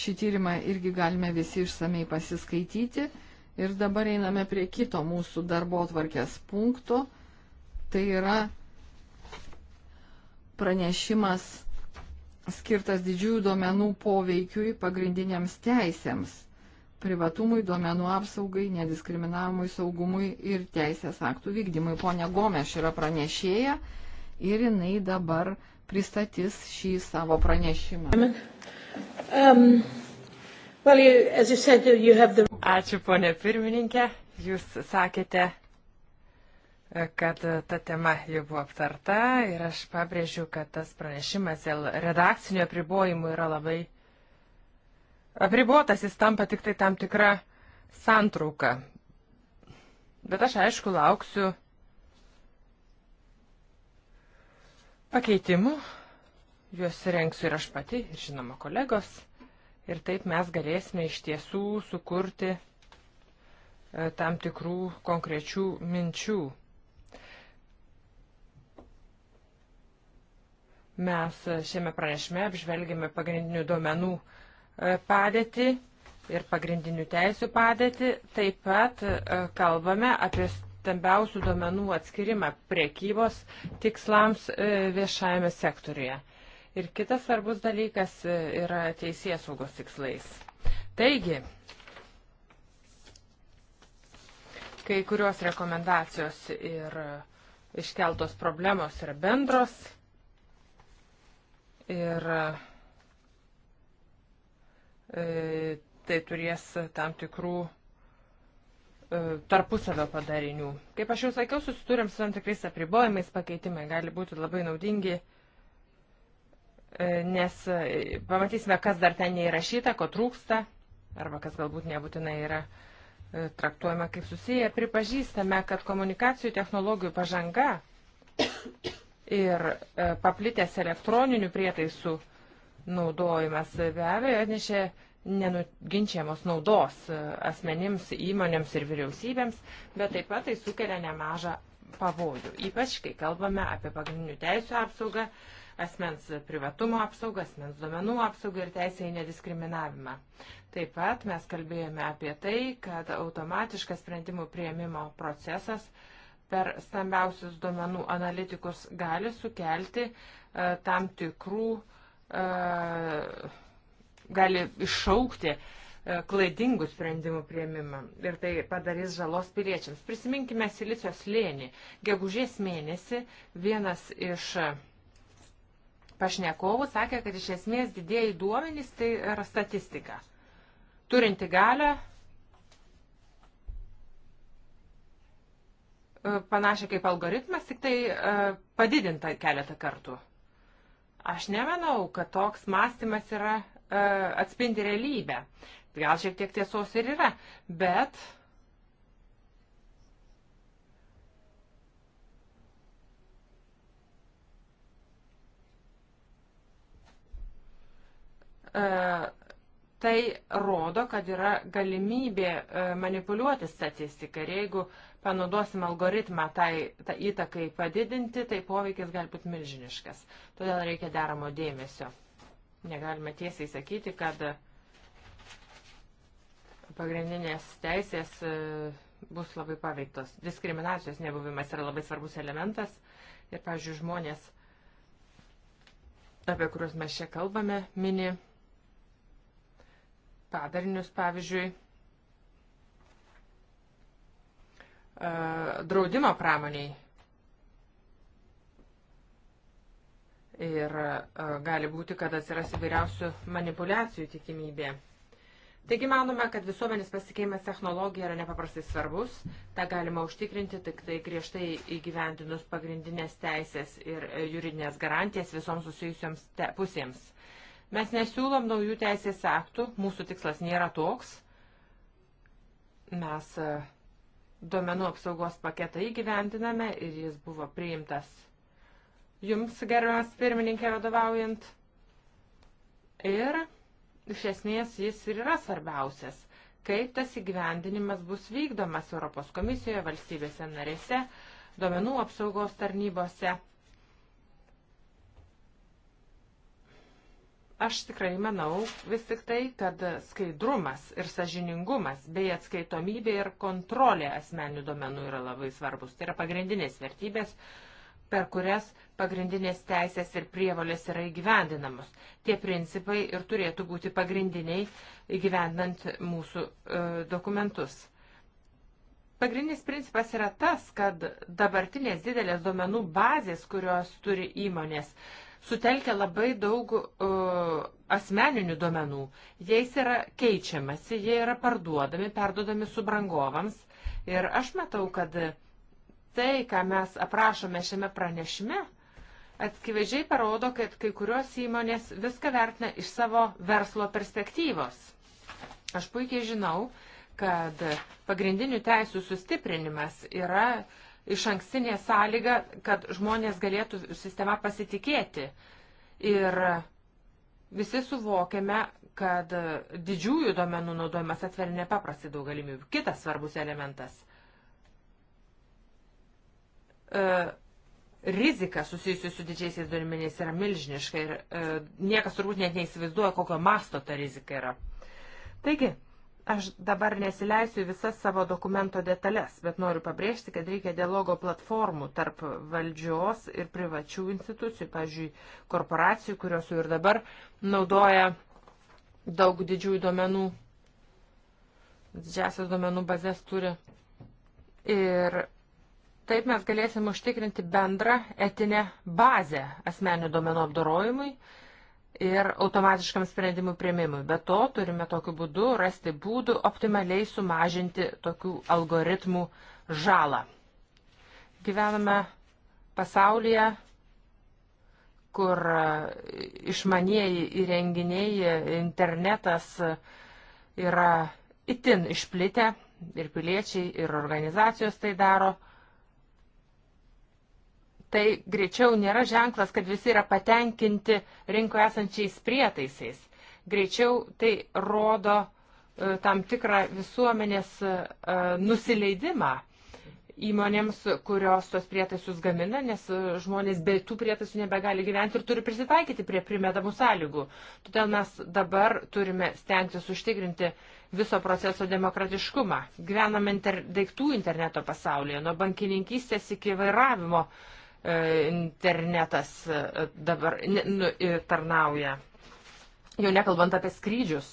šį tyrimą irgi galime visi išsamei pasiskaityti. Ir dabar einame prie kito mūsų darbo atvarkės punkto. Tai yra pranešimas skirtas didžiųjų duomenų poveikiui pagrindiniams teisėms - privatumui, duomenų apsaugai, nediskriminavimui, saugumui ir teisės aktų vykdymui. Pone Gomeš yra pranešėja ir jinai dabar pristatys šį savo pranešimą. Um. Well, you, as you said, you have the... Ačiū, ponė pirmininkė. Jūs sakėte, e, kad ta tema jau buvo aptarta ir aš pabrėžiu, kad tas pranešimas dėl redakcinio apribojimų yra labai apribotas, jis tampa tik tai tam tikra santrauka. Bet aš aišku lauksiu pakeitimų, juos renksiu ir aš pati, ir žinoma kolegos ir taip mes galėsime iš tiesų sukurti e, tam tikrų konkrečių minčių. Mes e, šiame pranešime apžvelgėme pagrindinių duomenų e, padėtį ir pagrindinių teisų padėtį. Taip pat kalbame apie stambiausių duomenų atskirimą priekybos tikslams viešajame sektoriuje. Ir kitas svarbus dalykas yra teisės saugos tikslais. Taigi, kai kurios rekomendacijos ir iškeltos problemos yra bendros. Ir e, tai turės tam tikrų e, tarpusavio padarinių. Kaip aš jau sakiau, susidūrėm su tam tikrais apribojimais, pakeitimai gali būti labai naudingi E, nes e, pamatysime, kas dar ten neįrašyta, ko trūksta, arba kas galbūt nebūtinai yra e, traktuojama kaip susiję. Pripažįstame, kad komunikacijų technologijų pažanga ir paplitęs elektroninių prietaisų naudojimas be abejo atnešė nenuginčiamos naudos asmenims, įmonėms ir vyriausybėms, bet taip pat tai sukelia nemažą pavojų, ypač kai kalbame apie pagrindinių teisų apsaugą asmens privatumo apsaugą, asmens duomenų apsaugą ir teisę į nediskriminavimą. Taip pat mes kalbėjome apie tai, kad automatiškas sprendimų prieimimo procesas per stambiausius duomenų analitikus gali sukelti uh, tam tikrų, uh, gali iššaukti uh, klaidingų sprendimų prieimimą ir tai padarys žalos piliečiams. Prisiminkime Silicijos lėnį. Gegužės mėnesį vienas iš uh, pašnekovų sakė, kad iš esmės didėjai duomenys tai yra statistika. Turinti galę e, panašiai kaip algoritmas, tik tai e, padidinta keletą kartų. Aš nemanau, kad toks mąstymas yra e, atspindi realybę. Gal šiek tiek tiesos ir yra, bet uh, E, tai rodo, kad yra galimybė e, manipuliuoti statistiką. Ir jeigu panaudosim algoritmą tai, tai įtakai padidinti, tai poveikis gali būti milžiniškas. Todėl reikia deramo dėmesio. Negalime tiesiai sakyti, kad pagrindinės teisės e, bus labai paveiktos. Diskriminacijos nebuvimas yra labai svarbus elementas. Ir, pavyzdžiui, žmonės, apie kuriuos mes čia kalbame, mini padarinius, pavyzdžiui, e, draudimo pramoniai. Ir e, gali būti, kad atsiras įvairiausių manipulacijų tikimybė. Taigi manome, kad visuomenės pasikeimas technologija yra nepaprastai svarbus. Ta galima užtikrinti tik tai griežtai įgyvendinus pagrindinės teisės ir juridinės garantijas visoms susijusioms pusėms. Mes nesiūlom naujų teisės aktų, mūsų tikslas nėra toks. Mes e, duomenų apsaugos paketą įgyvendiname ir jis buvo priimtas jums, gerbiamas pirmininkė, vadovaujant. Ir iš esmės jis ir yra svarbiausias, kaip tas įgyvendinimas bus vykdomas Europos komisijoje, valstybėse narėse, duomenų apsaugos tarnybose. Aš tikrai manau vis tik tai, kad skaidrumas ir sažiningumas bei atskaitomybė ir kontrolė asmenių duomenų yra labai svarbus. Tai yra pagrindinės vertybės, per kurias pagrindinės teisės ir prievalės yra įgyvendinamos. Tie principai ir turėtų būti pagrindiniai įgyvendinant mūsų e, dokumentus. Pagrindinis principas yra tas, kad dabartinės didelės duomenų bazės, kurios turi įmonės, e, sutelkia labai daug uh, asmeninių duomenų. Jais yra keičiamasi, jie yra parduodami, perduodami subrangovams. Ir aš matau, kad tai, ką mes aprašome šiame pranešime, atskivežiai parodo, kad kai kurios įmonės viską vertina iš savo verslo perspektyvos. Aš puikiai žinau, kad pagrindinių teisų sustiprinimas yra uh, iš anksinė sąlyga, kad žmonės galėtų sistema pasitikėti. Ir visi suvokiame, kad didžiųjų domenų naudojimas atveria nepaprastai daug galimybių. Kitas svarbus elementas e, rizika susijusi su didžiaisiais duomeniais yra milžiniška ir e, niekas turbūt net neįsivaizduoja, kokio masto ta rizika yra. Taigi, Aš dabar nesileisiu visas savo dokumento detalės, bet noriu pabrėžti, kad reikia dialogo platformų tarp valdžios ir privačių institucijų, pavyzdžiui, korporacijų, kurios jau ir dabar naudoja daug didžiųjų duomenų, didžiasios duomenų bazės turi. Ir taip mes galėsim užtikrinti bendrą etinę bazę asmenių duomenų apdorojimui ir automatiškam sprendimų prieimimui. Be to, turime tokiu būdu rasti būdų optimaliai sumažinti tokių algoritmų žalą. Gyvename pasaulyje, kur e, išmanieji įrenginiai, internetas yra itin išplitę ir piliečiai, ir organizacijos tai daro tai greičiau nėra ženklas, kad visi yra patenkinti rinkoje esančiais prietaisais. Greičiau tai rodo e, tam tikrą visuomenės e, nusileidimą įmonėms, kurios tos prietaisus gamina, nes e, žmonės be tų prietaisų nebegali gyventi ir turi prisitaikyti prie primetamų sąlygų. Todėl mes dabar turime stengtis užtikrinti viso proceso demokratiškumą. Gyvename inter, daiktų interneto pasaulyje, nuo bankininkystės iki vairavimo E, internetas e, dabar nu, tarnauja. Jau nekalbant apie skrydžius.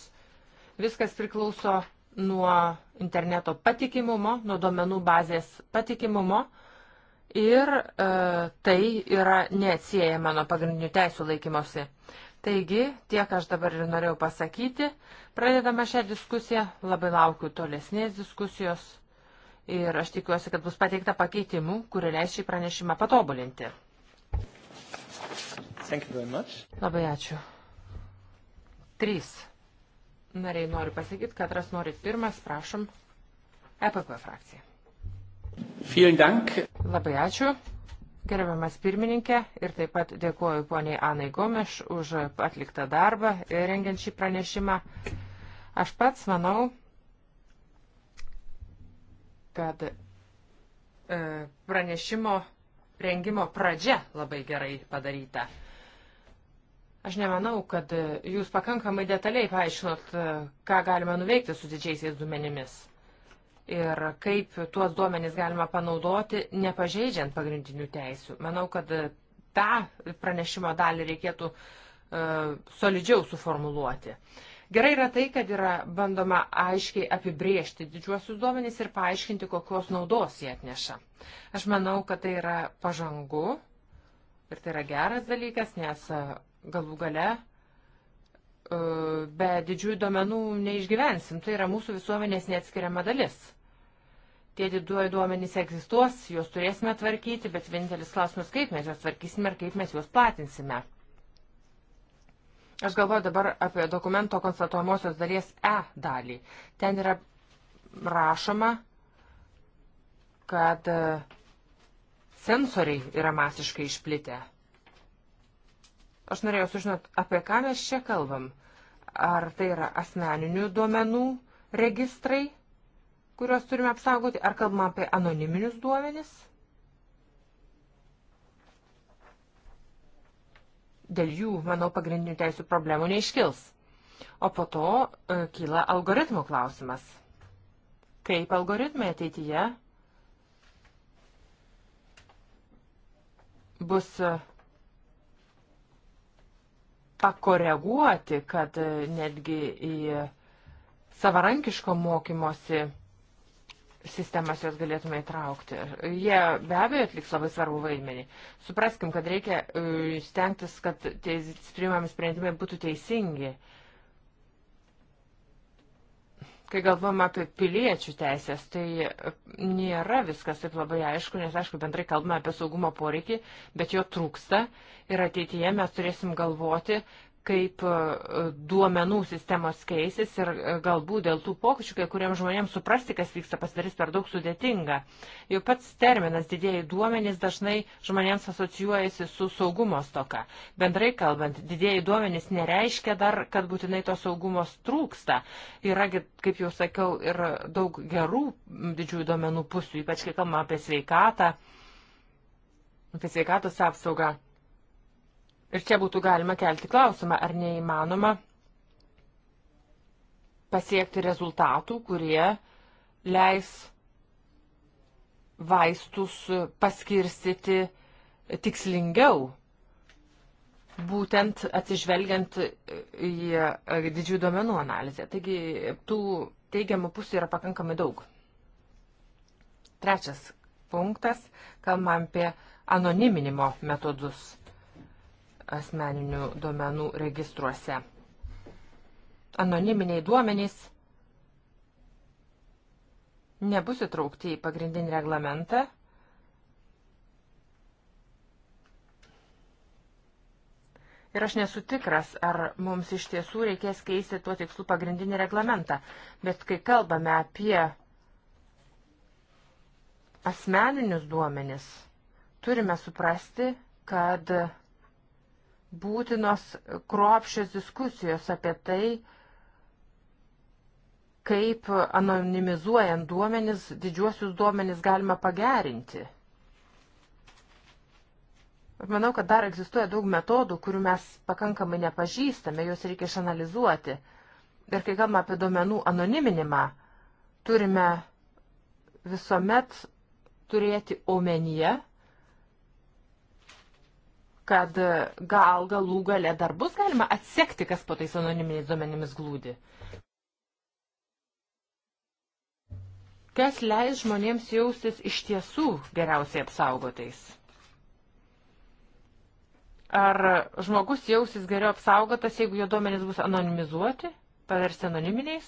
Viskas priklauso nuo interneto patikimumo, nuo duomenų bazės patikimumo ir e, tai yra neatsiejama nuo pagrindinių teisų laikymosi. Taigi, tiek aš dabar ir norėjau pasakyti. Pradedama šią diskusiją, labai laukiu tolesnės diskusijos ir aš tikiuosi, kad bus pateikta pakeitimų, kurie leis šį pranešimą patobulinti. Labai ačiū. Trys. Nariai noriu pasakyti, kad ras norit pirmas, prašom, EPP frakcija. Labai ačiū. Gerbiamas pirmininkė ir taip pat dėkuoju poniai Anai Gomeš už atliktą darbą rengiant šį pranešimą. Aš pats manau, kad e, pranešimo rengimo pradžia labai gerai padaryta. Aš nemanau, kad e, jūs pakankamai detaliai paaiškinot, e, ką galima nuveikti su didžiaisiais duomenimis ir kaip tuos duomenys galima panaudoti, nepažeidžiant pagrindinių teisių. Manau, kad e, tą pranešimo dalį reikėtų uh, solidžiau suformuluoti. Uh, Gerai yra tai, kad yra bandoma aiškiai apibriežti didžiuosius duomenys ir paaiškinti, kokios naudos jie atneša. Aš manau, kad tai yra pažangu ir tai yra geras dalykas, nes e, galų gale e, be didžiųjų duomenų neišgyvensim. Tai yra mūsų visuomenės neatskiriama dalis. Tie didžiuoji duomenys egzistuos, juos turėsime tvarkyti, bet vienintelis klausimas, kaip mes juos tvarkysime ir kaip mes juos platinsime. Aš galvoju dabar apie dokumento konstatuojamosios dalies E dalį. Ten yra rašoma, kad e, sensoriai yra masiškai išplitę. Aš norėjau sužinoti, apie ką mes čia kalbam. Ar tai yra asmeninių duomenų registrai, kuriuos turime apsaugoti, ar kalbam apie anoniminius duomenis? dėl jų, manau, pagrindinių teisų problemų neiškils. O po to e, kyla algoritmų klausimas. Kaip algoritmai ateityje bus e, pakoreguoti, kad e, netgi į e, savarankiško mokymosi sistemas juos galėtume įtraukti. Jie be abejo atliks labai svarbu vaidmenį. Supraskim, kad reikia e, stengtis, kad priimami sprendimai būtų teisingi. Kai galvom apie piliečių teisės, tai nėra viskas taip labai aišku, nes aišku, bendrai kalbame apie saugumo poreikį, bet jo trūksta ir ateityje mes turėsim galvoti, kaip e, duomenų sistemos keisis ir e, galbūt dėl tų pokyčių kai kuriems žmonėms suprasti, kas vyksta, pasidarys per daug sudėtinga. Jau pats terminas didėjai duomenys dažnai žmonėms asocijuojasi su saugumo stoka. Bendrai kalbant, didėjai duomenys nereiškia dar, kad būtinai to saugumo trūksta. Yra, kaip jau sakiau, ir daug gerų didžiųjų duomenų pusių, ypač kai kalbame apie sveikatą, apie sveikatos apsaugą. Ir čia būtų galima kelti klausimą, ar neįmanoma pasiekti rezultatų, kurie leis vaistus paskirstyti tikslingiau, būtent atsižvelgiant į didžiųjų duomenų analizę. Taigi tų teigiamų pusių yra pakankamai daug. Trečias punktas, kalbam apie anoniminimo metodus asmeninių duomenų registruose. Anoniminiai duomenys nebus įtraukti į pagrindinį reglamentą. Ir aš nesu tikras, ar mums iš tiesų reikės keisti tuo tikslu pagrindinį reglamentą. Bet kai kalbame apie asmeninius duomenis, turime suprasti, kad būtinos kruopščios diskusijos apie tai, kaip anonimizuojant duomenis, didžiuosius duomenis galima pagerinti. Manau, kad dar egzistuoja daug metodų, kurių mes pakankamai nepažįstame, juos reikia išanalizuoti. Ir kai kalbame apie duomenų anoniminimą, turime visuomet turėti omenyje, kad gal galų gale dar bus galima atsekti, kas po tais anoniminiais duomenimis glūdi. Kas leis žmonėms jaustis iš tiesų geriausiai apsaugotais? Ar žmogus jausis geriau apsaugotas, jeigu jo duomenys bus anonimizuoti, paversti anoniminiais?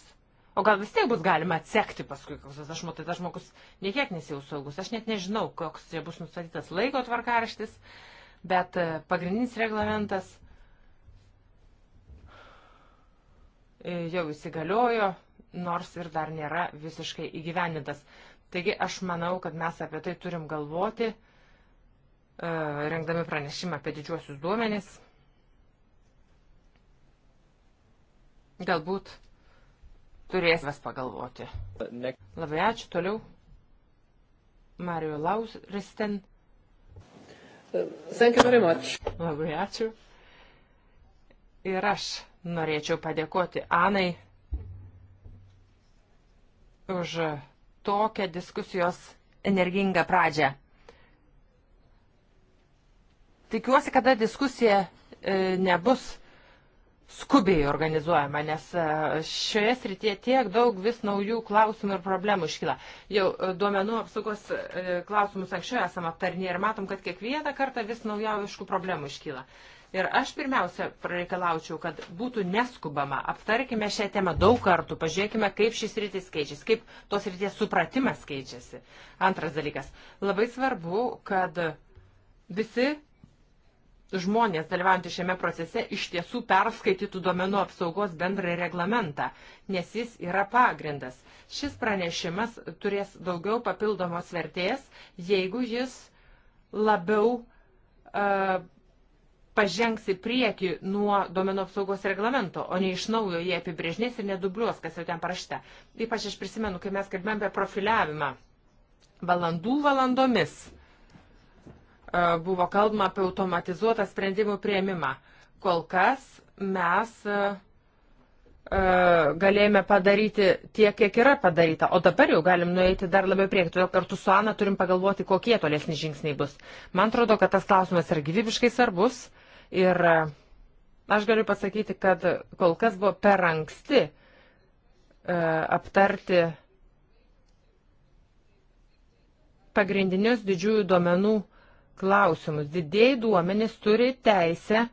O gal vis tiek bus galima atsekti paskui, koks tas aš matai, tas žmogus niekiek nesijaus saugus. Aš net nežinau, koks čia bus nustatytas laiko tvarkaraštis. Uh, bet e, pagrindinis reglamentas e, jau įsigaliojo, nors ir dar nėra visiškai įgyvendintas. Taigi aš manau, kad mes apie tai turim galvoti, e, rengdami pranešimą apie didžiuosius duomenis. Galbūt turės vis pagalvoti. Labai ačiū toliau. Mario Laus Risten Thank you very much. Labai ačiū. Ir aš norėčiau padėkoti Anai už tokią diskusijos energingą pradžią. Tikiuosi, kada diskusija e, nebus skubiai organizuojama, nes e, šioje srityje tiek daug vis naujų klausimų ir problemų iškyla. Jau e, duomenų apsaugos e, klausimus anksčiau esame aptarnė ir matom, kad kiekvieną kartą vis naujoviškų problemų iškyla. Ir aš pirmiausia reikalaučiau, kad būtų neskubama, aptarkime šią temą daug kartų, pažiūrėkime, kaip šis rytis keičiasi, kaip tos ryties supratimas keičiasi. Antras dalykas, labai svarbu, kad visi žmonės dalyvaujantys šiame procese iš tiesų perskaitytų duomenų apsaugos bendrąjį reglamentą, nes jis yra pagrindas. Šis pranešimas turės daugiau papildomos vertės, jeigu jis labiau uh, pažengs į priekį nuo domenų apsaugos reglamento, o ne iš naujo jie apibrėžnės ir nedubliuos, kas jau ten parašyta. Ypač aš prisimenu, kai mes kalbėjome apie profiliavimą. Valandų valandomis uh, E, buvo kalbama apie automatizuotą sprendimų prieimimą. Kol kas mes e, e, galėjome padaryti tiek, kiek yra padaryta, o dabar jau galim nueiti dar labiau prieki, todėl kartu su Ana turim pagalvoti, kokie tolesni žingsniai bus. Man atrodo, kad tas klausimas yra gyvybiškai svarbus ir aš galiu pasakyti, kad kol kas buvo per anksti e, aptarti pagrindinius didžiųjų duomenų klausimus. Didėjai duomenys turi teisę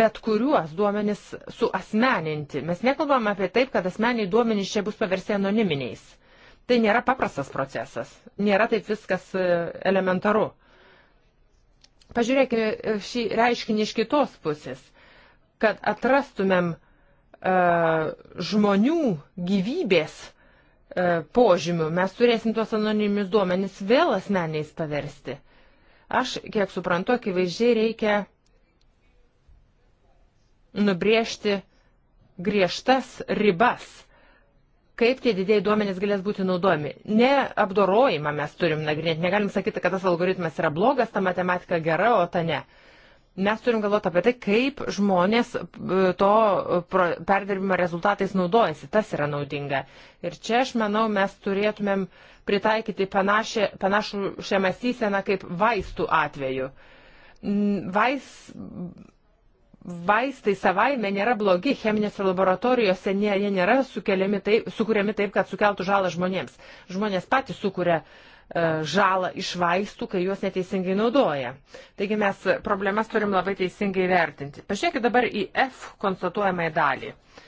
bet kuriuos duomenys suasmeninti. Mes nekalbam apie taip, kad asmeniai duomenys čia bus paversti anoniminiais. Tai nėra paprastas procesas. Nėra taip viskas e, elementaru. Pažiūrėkime e, šį reiškinį iš kitos pusės, kad atrastumėm uh, žmonių gyvybės uh, požymių, mes turėsim tuos anonimius duomenis vėl asmeniais paversti. Uh, Aš, kiek suprantu, akivaizdžiai reikia nubriežti griežtas ribas, kaip tie didėjai duomenys galės būti naudojami. Neapdorojimą mes turim nagrinėti, negalim sakyti, kad tas algoritmas yra blogas, ta matematika gera, o ta ne. Uh, mes turim galvoti apie tai, kaip žmonės e, to e, perdirbimo rezultatais naudojasi, tas yra naudinga. Ir čia aš manau, mes turėtumėm pritaikyti panašį, panašų šią mąstyseną kaip vaistų atveju. Vais, vaistai savaime nėra blogi, cheminėse laboratorijose nė, jie nėra sukeliami taip, sukūriami taip, kad sukeltų žalą žmonėms. Žmonės patys sukuria uh, E, žalą iš vaistų, kai juos neteisingai naudoja. Taigi mes problemas turim labai teisingai vertinti. Pažiūrėkite dabar į F konstatuojamąją dalį. Uh,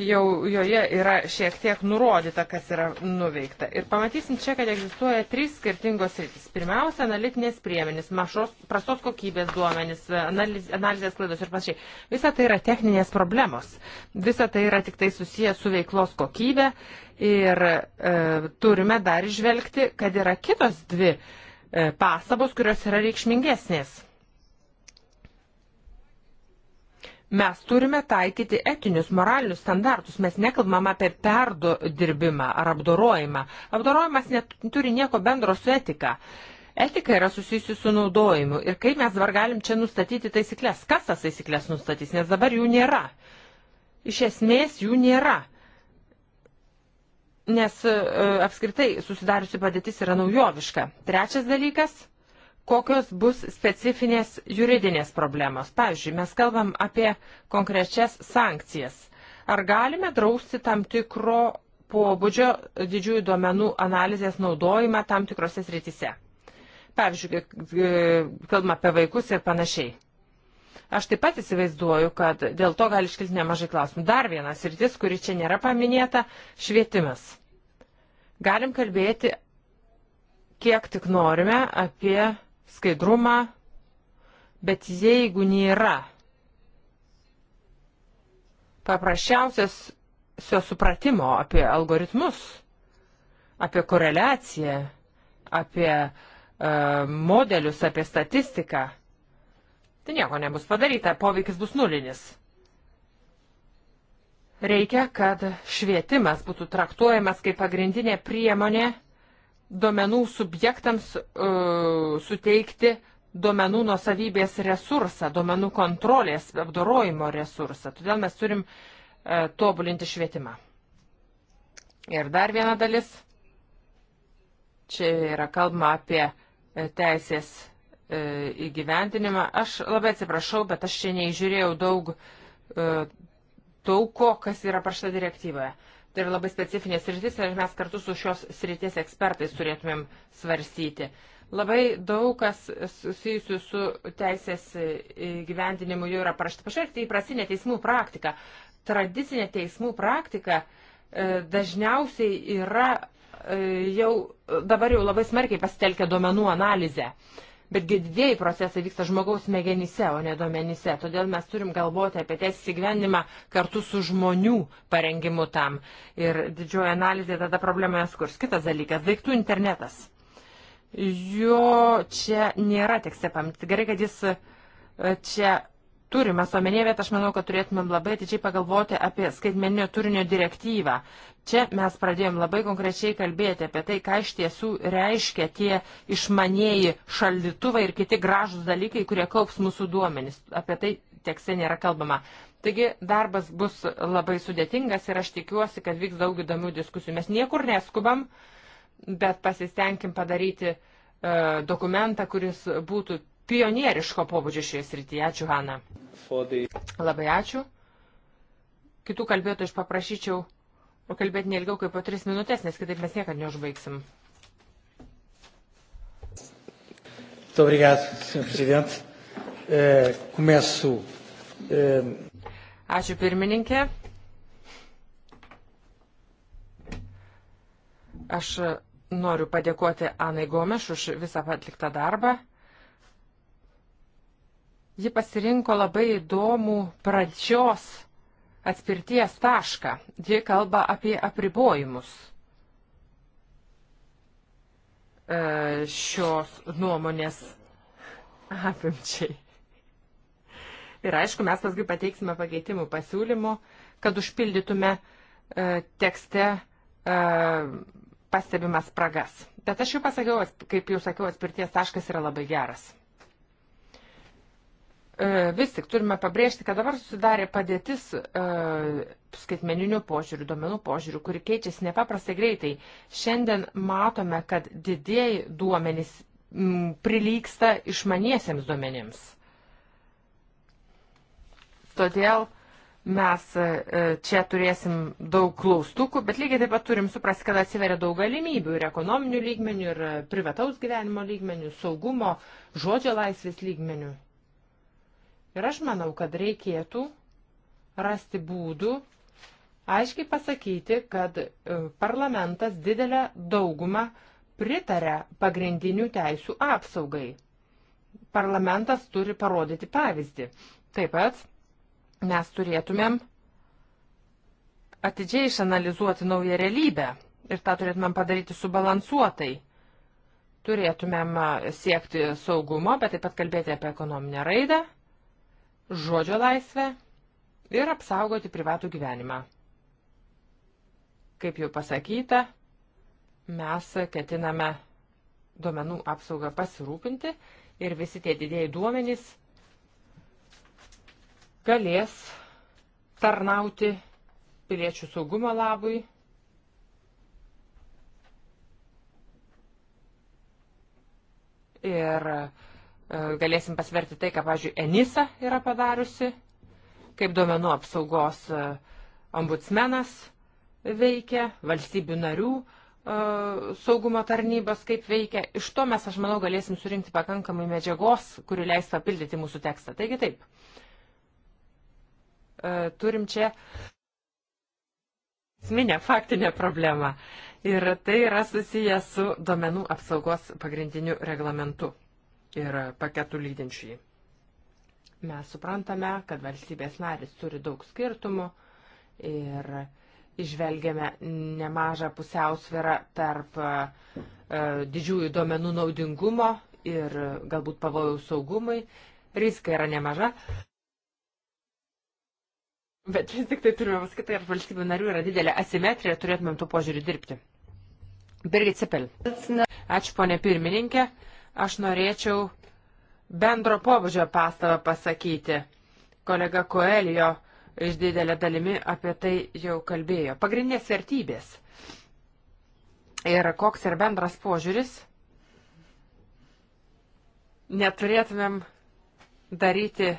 jau joje yra šiek tiek nurodyta, kas yra nuveikta. Ir pamatysim čia, kad egzistuoja trys skirtingos rytis. Pirmiausia, analitinės priemenys, mašos, prastos kokybės duomenys, analiz, analizės klaidos ir panašiai. Visa tai yra techninės problemos. Visa tai yra tik tai susiję su veiklos kokybė. Ir e, turime dar išvelgti, kad yra kitos dvi e, pasabos, kurios yra reikšmingesnės Mes turime taikyti etinius, moralinius standartus. Mes nekalbam apie perdirbimą ar apdorojimą. Apdorojimas neturi nieko bendro su etika. Etika yra susijusi su naudojimu. Ir kaip mes dabar galim čia nustatyti taisyklės? Kas tas taisyklės nustatys? Nes dabar jų nėra. Iš esmės jų nėra. Nes e, apskritai susidariusi padėtis yra naujoviška. Trečias dalykas kokios bus specifinės juridinės problemos. Pavyzdžiui, mes kalbam apie konkrečias sankcijas. Ar galime drausti tam tikro pobūdžio didžiųjų duomenų analizės naudojimą tam tikrose srityse? Pavyzdžiui, e, kalbam apie vaikus ir panašiai. Aš taip pat įsivaizduoju, kad dėl to gali iškilti nemažai klausimų. Dar vienas rytis, kuri čia nėra paminėta - švietimas. Galim kalbėti kiek tik norime apie skaidrumą, bet jeigu nėra paprasčiausias sio supratimo apie algoritmus, apie koreliaciją, apie e, modelius, apie statistiką, tai nieko nebus padaryta, poveikis bus nulinis. Reikia, kad švietimas būtų traktuojamas kaip pagrindinė priemonė duomenų subjektams uh, suteikti duomenų nuosavybės resursą, duomenų kontrolės apdorojimo resursą. Todėl mes turim uh, tobulinti švietimą. Ir dar viena dalis. Čia yra kalbama apie e, teisės uh, įgyvendinimą. Aš labai atsiprašau, bet aš čia neižiūrėjau daug uh, daug ko, kas yra parašta direktyvoje. Tai yra labai specifinė sritis ir mes kartu su šios srities ekspertais turėtumėm svarstyti. Labai daug kas susijusių su teisės gyvendinimu jau yra parašyta. Pažvelgti į prasinę teismų praktiką. Tradicinė teismų praktika e, dažniausiai yra e, jau dabar jau labai smarkiai pasitelkia duomenų analizę. Uh, Betgi didėjai procesai vyksta žmogaus smegenyse, o ne domenyse. Todėl mes turim galvoti apie teisės įgyvendimą kartu su žmonių parengimu tam. Ir didžioji analizė tada problema skurs. Kitas dalykas - daiktų internetas. Jo čia nėra tekste paminti. Gerai, kad jis e, čia turimas omenyje, bet aš manau, kad turėtumėm labai atidžiai pagalvoti apie skaitmeninio turinio direktyvą. Čia mes pradėjom labai konkrečiai kalbėti apie tai, ką iš tiesų reiškia tie išmanieji šaldytuvai ir kiti gražus dalykai, kurie kaups mūsų duomenys. Apie tai tekste nėra kalbama. Taigi darbas bus labai sudėtingas ir aš tikiuosi, kad vyks daug įdomių diskusijų. Mes niekur neskubam, bet pasistengim padaryti e, dokumentą, kuris būtų pionieriško pobūdžio šioje srityje. Ačiū, Hanna. The... Labai ačiū. Kitų kalbėtų aš paprašyčiau kalbėti neilgiau kaip po tris minutės, nes kitaip mes niekad neužbaigsim. Muito obrigado, Sr. Presidente. Uh, começo. Uh... Ačiū pirmininkė. Aš noriu padėkoti Anai Gomeš už visą atliktą darbą. Ji pasirinko labai įdomų pradžios atspirties tašką. Ji kalba apie apribojimus e, šios nuomonės apimčiai. Ir aišku, mes paskui pateiksime pakeitimų pasiūlymų, kad užpildytume e, tekste e, pastebimas spragas. Bet aš jau pasakiau, kaip jau sakiau, atspirties taškas yra labai geras. E, vis tik turime pabrėžti, kad dabar susidarė padėtis e, skaitmeninių požiūrių, duomenų požiūrių, kuri keičiasi nepaprastai greitai. Šiandien matome, kad didėjai duomenys prilyksta išmaniesiems duomenims. Todėl mes e, čia turėsim daug klaustukų, bet lygiai taip pat turim suprasti, kad atsiveria daug galimybių ir ekonominių lygmenių, ir privataus gyvenimo lygmenių, saugumo, žodžio laisvės lygmenių. Ir aš manau, kad reikėtų rasti būdų, aiškiai pasakyti, kad e, parlamentas didelę daugumą pritarė pagrindinių teisų apsaugai. Parlamentas turi parodyti pavyzdį. Taip pat mes turėtumėm atidžiai išanalizuoti naują realybę ir tą turėtumėm padaryti subalansuotai. Turėtumėm e, siekti saugumo, bet taip pat kalbėti apie ekonominę raidą žodžio laisvę ir apsaugoti privatų gyvenimą. Kaip jau pasakyta, mes ketiname duomenų apsaugą pasirūpinti ir visi tie didėjai duomenys galės tarnauti piliečių saugumo labui. Ir uh, E, galėsim pasverti tai, ką, pavyzdžiui, Enisa yra padariusi, kaip duomenų apsaugos e, ombudsmenas veikia, valstybių narių e, saugumo tarnybos kaip veikia. Iš to mes, aš manau, galėsim surinkti pakankamai medžiagos, kuri leis papildyti mūsų tekstą. Taigi taip, turim čia esminę faktinę problemą. Ir tai yra susijęs su domenų apsaugos pagrindiniu reglamentu ir paketų lydinčiai. Mes suprantame, kad valstybės narys turi daug skirtumų ir išvelgiame nemažą pusiausvyrą tarp e, didžiųjų duomenų naudingumo ir galbūt pavojų saugumui. Rizika yra nemaža. Bet vis tik tai turime pasakyti, ar valstybių narių yra didelė asimetrija, turėtumėm tų požiūrių dirbti. Birgit Cipel. Ačiū, ponė pirmininkė. Uh, aš norėčiau bendro pobūdžio pastabą pasakyti. Kolega Koelio iš didelė dalimi apie tai jau kalbėjo. Pagrindinės vertybės. Ir koks ir bendras požiūris. Neturėtumėm daryti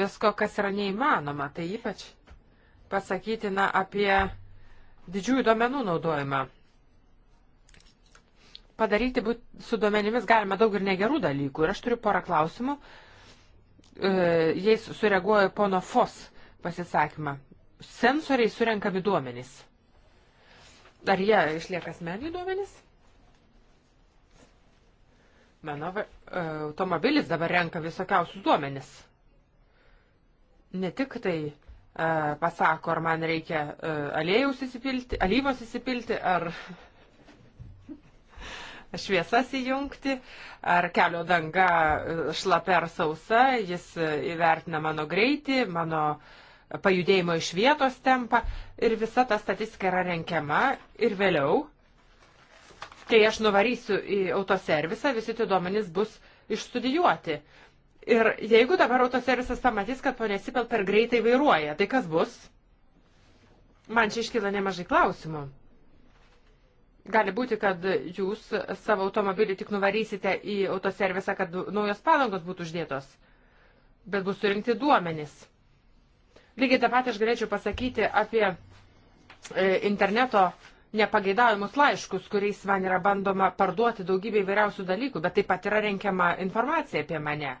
visko, kas yra neįmanoma. Tai ypač pasakytina apie didžiųjų duomenų naudojimą padaryti būt, su duomenimis galima daug ir negerų dalykų. Ir aš turiu porą klausimų. E, jais sureaguoju pono Fos pasisakymą. Sensoriai surenkami duomenys. Ar jie išlieka asmeniai duomenys? Mano e, automobilis dabar renka visokiausius duomenis. Ne tik tai e, pasako, ar man reikia e, aliejaus įsipilti, alyvos įsipilti, ar šviesas įjungti, ar kelio danga e, šlapia ar sausa, jis e, įvertina mano greitį, mano pajudėjimo iš vietos tempą ir visa ta statistika yra renkiama ir vėliau, kai aš nuvarysiu į autoservisą, visi tie duomenys bus išstudijuoti. Ir jeigu dabar autoservisas pamatys, kad ponė Sipel per greitai vairuoja, tai kas bus? Man čia iškyla nemažai klausimų. Gali būti, kad jūs savo automobilį tik nuvarysite į autoservisą, kad naujos padangos būtų uždėtos, bet bus surinkti duomenys. Lygiai tą patį aš galėčiau pasakyti apie e, interneto nepageidaujamus laiškus, kuriais man yra bandoma parduoti daugybę įvairiausių dalykų, bet taip pat yra renkiama informacija apie mane.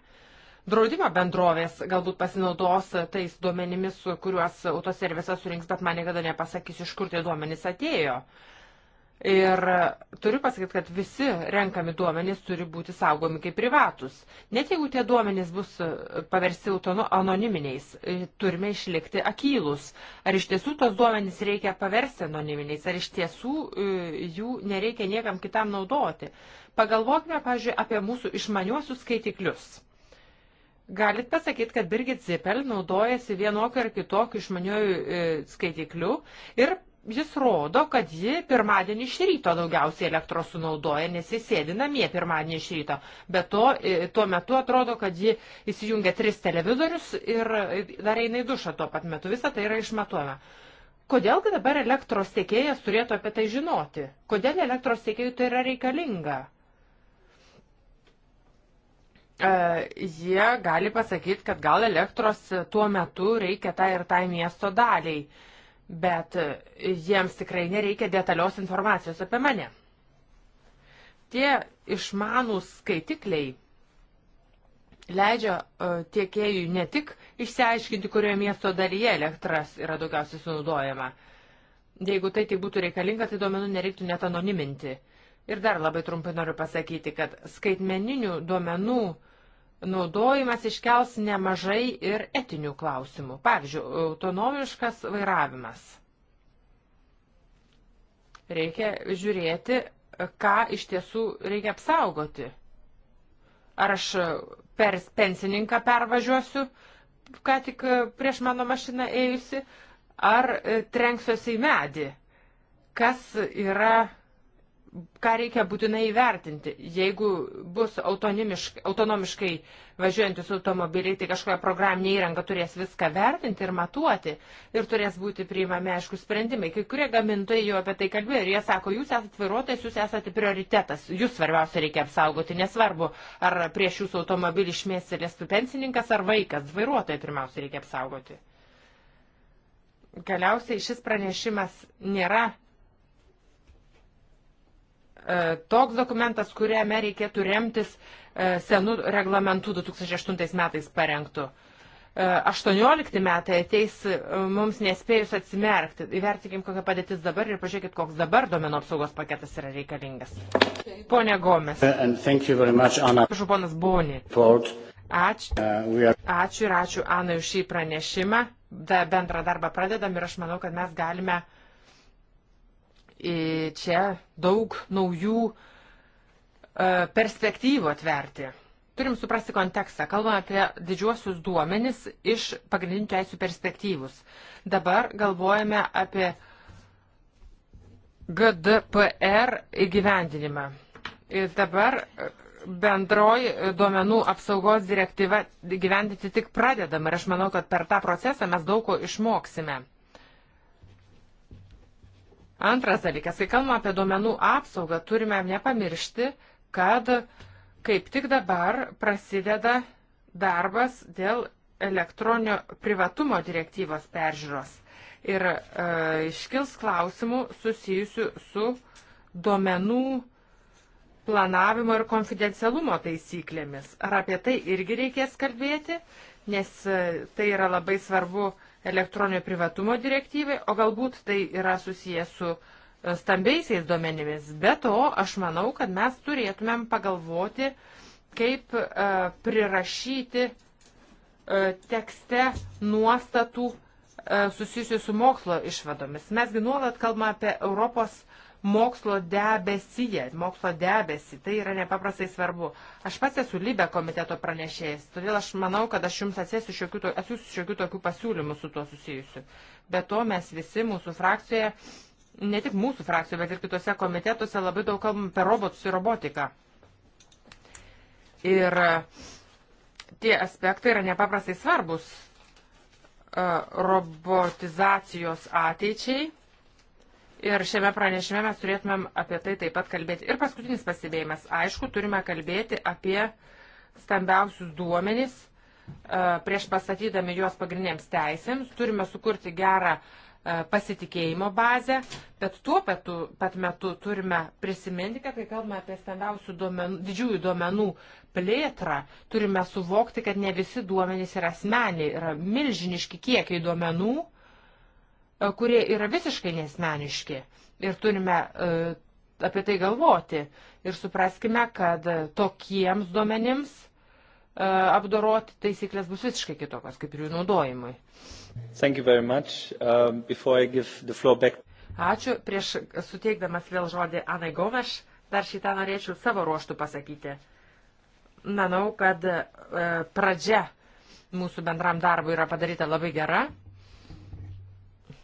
Draudimo bendrovės galbūt pasinaudos tais duomenimis, kuriuos autoservisas surinks, bet man niekada nepasakys, iš kur tie duomenys atėjo. Uh, Ir turiu pasakyti, kad visi renkami duomenys turi būti saugomi kaip privatus. Net jeigu tie duomenys bus e, paversti autonu anoniminiais, e, turime išlikti akylus. Ar iš tiesų tos duomenys reikia paversti anoniminiais, ar iš tiesų e, jų nereikia niekam kitam naudoti. Pagalvokime, pavyzdžiui, apie mūsų išmaniuosius skaitiklius. Galit pasakyti, kad Birgit Zipel naudojasi vienokiu ar kitokiu išmaniuoju skaitikliu ir jis rodo, kad ji pirmadienį iš ryto daugiausiai elektros sunaudoja, nes jis sėdi namie pirmadienį iš ryto. Be to, e, tuo metu atrodo, kad ji įsijungia tris televizorius ir e, dar eina į dušą tuo pat metu. Visą tai yra išmatuojama. Kodėl dabar elektros tiekėjas turėtų apie tai žinoti? Kodėl elektros tiekėjui tai yra reikalinga? E, jie gali pasakyti, kad gal elektros tuo metu reikia tai ir tai miesto daliai bet e, jiems tikrai nereikia detalios informacijos apie mane. Tie išmanūs skaitikliai leidžia e, tiekėjui ne tik išsiaiškinti, kurioje miesto dalyje elektras yra daugiausiai sunaudojama. Jeigu tai tik būtų reikalinga, tai duomenų nereiktų net anoniminti. Ir dar labai trumpai noriu pasakyti, kad skaitmeninių duomenų uh, naudojimas iškels nemažai ir etinių klausimų. Pavyzdžiui, autonomiškas vairavimas. Reikia žiūrėti, ką iš tiesų reikia apsaugoti. Ar aš per pensininką pervažiuosiu, ką tik prieš mano mašiną ėjusi, ar trenksiuosi į medį. Kas yra ką reikia būtinai įvertinti. Jeigu bus autonomiškai važiuojantis automobiliai, tai kažkokia programinė įranga turės viską vertinti ir matuoti ir turės būti priimami aišku sprendimai. Kai kurie gamintojai jau apie tai kalbėjo ir jie sako, jūs esate vairuotojas, jūs esate prioritetas, jūs svarbiausia reikia apsaugoti, nesvarbu, ar prieš jūsų automobilį išmėstelės pensininkas ar vaikas, vairuotoją pirmiausia reikia apsaugoti galiausiai šis pranešimas nėra E, toks dokumentas, kuriame reikėtų remtis senų reglamentų 2008 metais parengtų. 18 e, metai ateis e, mums nespėjus atsimerkti. Įvertikim, kokia padėtis dabar ir pažiūrėkit, koks dabar domenų apsaugos paketas yra reikalingas. Pone Gomes. Ačiū, ponas Boni. Ačiū. Uh, ačiū ir ačiū Anai už šį pranešimą. Da, bendrą darbą pradedam ir aš manau, kad mes galime uh, čia daug naujų e, perspektyvų atverti. Turim suprasti kontekstą. Kalbame apie didžiuosius duomenis iš pagrindinių teisų perspektyvus. Dabar galvojame apie GDPR įgyvendinimą. Ir dabar e, bendroji e, duomenų apsaugos direktyva gyvendyti tik pradedama ir aš manau, kad per tą procesą mes daug ko išmoksime. Antras dalykas, kai kalbame apie duomenų apsaugą, turime nepamiršti, kad kaip tik dabar prasideda darbas dėl elektroninio privatumo direktyvos peržiūros. Ir e, iškils klausimų susijusių su duomenų planavimo ir konfidencialumo taisyklėmis. Ar apie tai irgi reikės kalbėti, nes e, tai yra labai svarbu elektroninio privatumo direktyvai, o galbūt tai yra susijęs su e, stambiaisiais duomenimis. Be to, aš manau, kad mes turėtumėm pagalvoti, kaip e, prirašyti e, tekste nuostatų e, susijusių su mokslo išvadomis. Mesgi nuolat kalbame apie Europos mokslo debesyje, mokslo debesį. Tai yra nepaprastai svarbu. Aš pats esu Libe komiteto pranešėjas, todėl aš manau, kad aš jums atsėsiu šiokių, to, šiokių tokių pasiūlymų su tuo susijusiu. Be to mes visi mūsų frakcijoje, ne tik mūsų frakcijoje, bet ir kitose komitetuose labai daug kalbam apie robotus ir robotiką. Ir e, tie aspektai yra nepaprastai svarbus e, robotizacijos ateičiai Ir šiame pranešime mes turėtumėm apie tai taip pat kalbėti. Ir paskutinis pastebėjimas. Aišku, turime kalbėti apie stambiausius duomenys e, prieš pastatydami juos pagrindiniams teisėms. Turime sukurti gerą e, pasitikėjimo bazę, bet tuo patu, pat metu turime prisiminti, kad kai kalbame apie stambiausių duomenų, didžiųjų duomenų plėtrą, turime suvokti, kad ne visi duomenys yra asmeniai, yra milžiniški kiekiai duomenų E, kurie yra visiškai nesmeniški. Ir turime e, apie tai galvoti. Ir supraskime, kad tokiems duomenims e, apdoroti taisyklės bus visiškai kitokios, kaip ir jų naudojimui. Uh, back... Ačiū. Prieš suteikdamas vėl žodį Anai Gomeš, dar šitą norėčiau savo ruoštų pasakyti. Manau, kad uh, pradžia mūsų bendram darbui yra padaryta labai gera.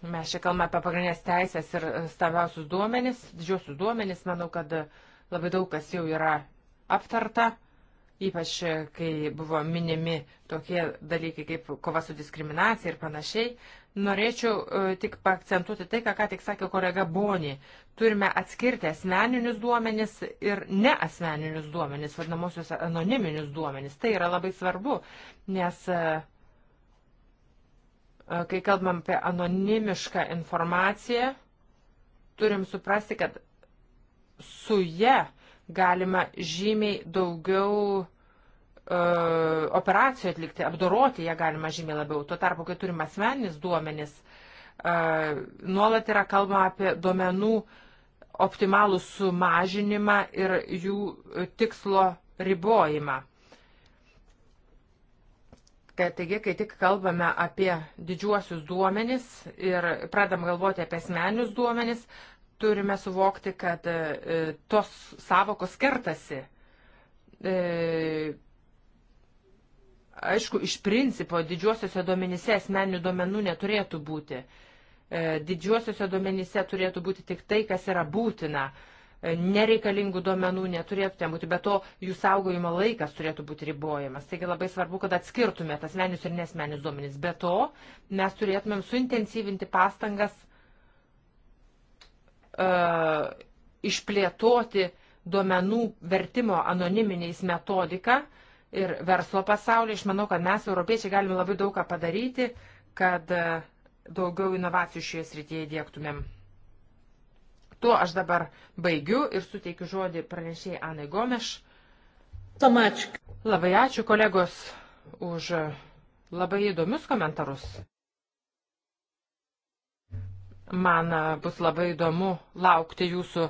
Mes čia kalbame apie pagrindinės teisės ir e, stabiausius duomenis, didžiosius duomenis, manau, kad e, labai daug kas jau yra aptarta, ypač e, kai buvo minimi tokie dalykai kaip kova su diskriminacija ir panašiai. Norėčiau tik pakcentuoti tai, ką, ką tik sakė kolega Boni. Turime atskirti asmeninius duomenis ir neasmeninius duomenis, vadinamosius anoniminius duomenis. Tai yra labai svarbu, nes uh, kai kalbam apie anonimišką informaciją, turim suprasti, kad su ją galima žymiai daugiau e, operacijų atlikti, apdoroti ją galima žymiai labiau. Tuo tarpu, kai turim asmenis duomenis, e, nuolat yra kalbama apie duomenų optimalų sumažinimą ir jų tikslo ribojimą. Taigi, kai tik kalbame apie didžiuosius duomenis ir pradam galvoti apie asmenius duomenis, turime suvokti, kad e, tos savokos kertasi. E, aišku, iš principo didžiuosiuose duomenyse asmeninių duomenų neturėtų būti. E, didžiuosiuose duomenyse turėtų būti tik tai, kas yra būtina nereikalingų duomenų neturėtų ten būti, bet to jų saugojimo laikas turėtų būti ribojamas. Taigi labai svarbu, kad atskirtume asmenius ir nesmenius duomenys. Be to, mes turėtumėm suintensyvinti pastangas uh, išplėtoti duomenų vertimo anoniminiais metodiką ir verslo pasaulį. Aš manau, kad mes, europiečiai, galime labai daug ką padaryti, kad uh, daugiau inovacijų šioje srityje įdėktumėm. Tuo aš dabar baigiu ir suteikiu žodį pranešėjai Anai Gomeš. Tomačik. Labai ačiū kolegos už labai įdomius komentarus. Man bus labai įdomu laukti jūsų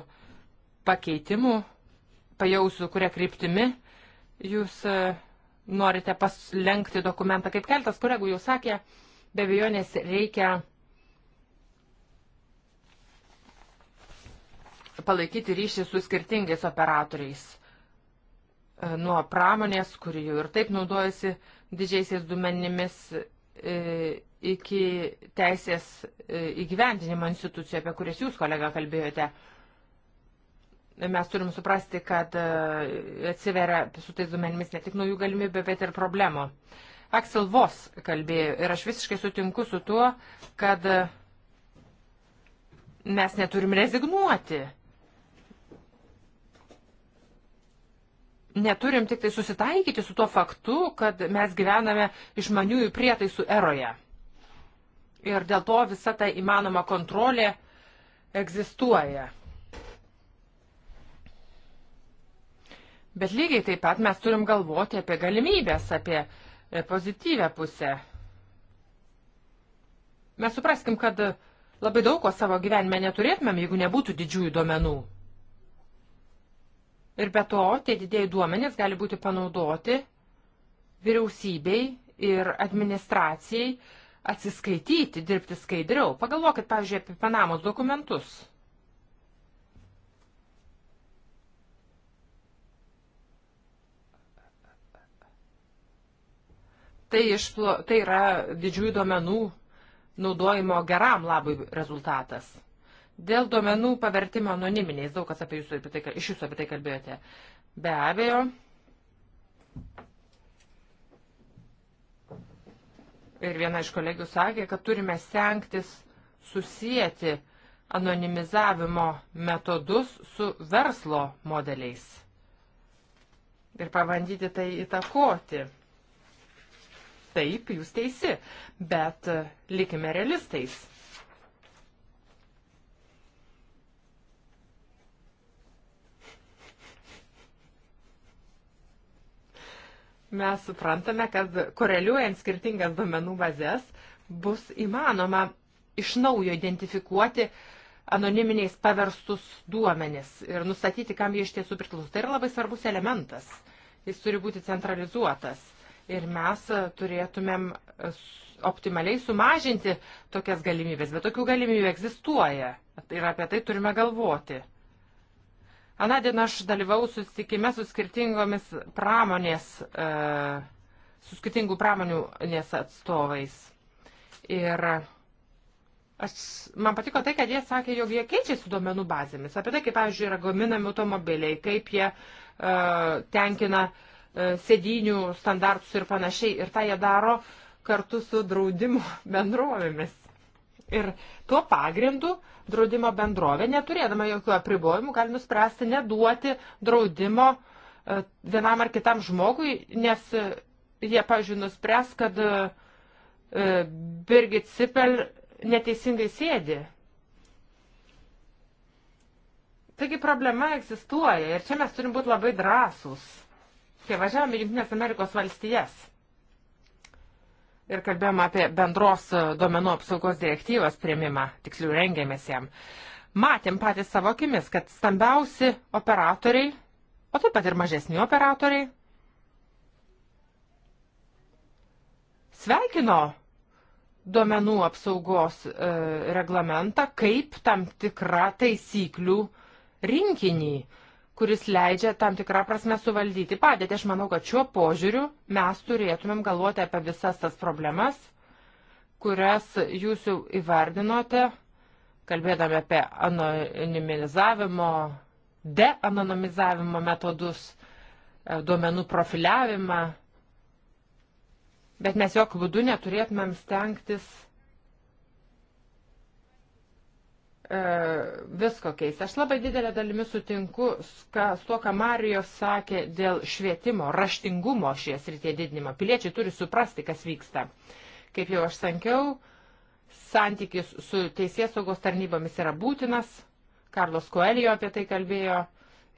pakeitimų, pajausiu, kuria kryptimi jūs e, norite paslenkti dokumentą. Kaip keltas kolegų jau sakė, be abejonės reikia palaikyti ryšį su skirtingais operatoriais. E, nuo pramonės, kuri jau ir taip naudojasi didžiaisiais duomenimis, e, iki teisės e, įgyvendinimo institucijų, apie kurias jūs, kolega, kalbėjote. Mes turim suprasti, kad atsiveria su tais duomenimis ne tik naujų galimybių, bet ir problemų. Aksel Vos kalbėjo ir aš visiškai sutinku su tuo, kad mes neturim rezignuoti. neturim tik tai susitaikyti su tuo faktu, kad mes gyvename išmaniųjų prietaisų eroje. Ir dėl to visa ta įmanoma kontrolė egzistuoja. Bet lygiai taip pat mes turim galvoti apie galimybės, apie e, pozityvę pusę. Mes supraskim, kad labai daug ko savo gyvenime neturėtumėm, jeigu nebūtų didžiųjų duomenų. Ir be to, tie didėjai duomenys gali būti panaudoti vyriausybei ir administracijai atsiskaityti, dirbti skaidriau. Pagalvokit, pavyzdžiui, apie Panamos dokumentus. tai, išplo, tai yra didžiųjų duomenų naudojimo geram labui rezultatas. Dėl duomenų pavertimo anoniminiais, daug kas apie jūsų apie tai, iš jūsų apie tai kalbėjote. Be abejo. Ir viena iš kolegių sakė, kad turime stengtis susijęti anonimizavimo metodus su verslo modeliais. Ir pabandyti tai įtakoti. Taip, jūs teisi, bet likime realistais mes suprantame, kad koreliuojant skirtingas duomenų bazės bus įmanoma iš naujo identifikuoti anoniminiais paverstus duomenis ir nustatyti, kam jie iš tiesų priklauso. Tai yra labai svarbus elementas. Jis turi būti centralizuotas. Ir mes turėtumėm optimaliai sumažinti tokias galimybės. Bet tokių galimybių egzistuoja. Ir apie tai turime galvoti. Anadien aš dalyvau susitikime su skirtingomis pramonės, e, su skirtingų pramonių nes atstovais. Ir aš, man patiko tai, kad jie sakė, jog jie keičiasi duomenų bazėmis. Apie tai, kaip, pavyzdžiui, yra gaminami automobiliai, kaip jie e, tenkina e, sėdinių standartus ir panašiai. Ir tą jie daro kartu su draudimo bendrovėmis. Ir tuo pagrindu draudimo bendrovė, neturėdama jokių apribojimų, gali nuspręsti neduoti draudimo e, vienam ar kitam žmogui, nes e, jie, pažiūrėjau, nuspręs, kad e, Birgit Sipel neteisingai sėdi. Taigi problema egzistuoja ir čia mes turim būti labai drąsūs. Kai važiavome į Junktinės Amerikos valstijas ir kalbėjom apie bendros e, duomenų apsaugos direktyvos prieimimą, tiksliau rengėmės jam, matėm patys savo akimis, kad stambiausi operatoriai, o taip pat ir mažesni operatoriai, sveikino duomenų apsaugos e, reglamentą kaip tam tikrą taisyklių rinkinį kuris leidžia tam tikrą prasme suvaldyti padėtį. Aš manau, kad šiuo požiūriu mes turėtumėm galvoti apie visas tas problemas, kurias jūs jau įvardinote, kalbėdami apie anonimizavimo, deanonimizavimo metodus, e, duomenų profiliavimą. Bet mes jokių būdų neturėtumėm stengtis E, visko keis. Aš labai didelę dalimi sutinku su to, ką Marijos sakė dėl švietimo, raštingumo šie srityje didinimo. Piliečiai turi suprasti, kas vyksta. Kaip jau aš sankiau, santykis su teisės saugos tarnybomis yra būtinas. Karlos Koelijo apie tai kalbėjo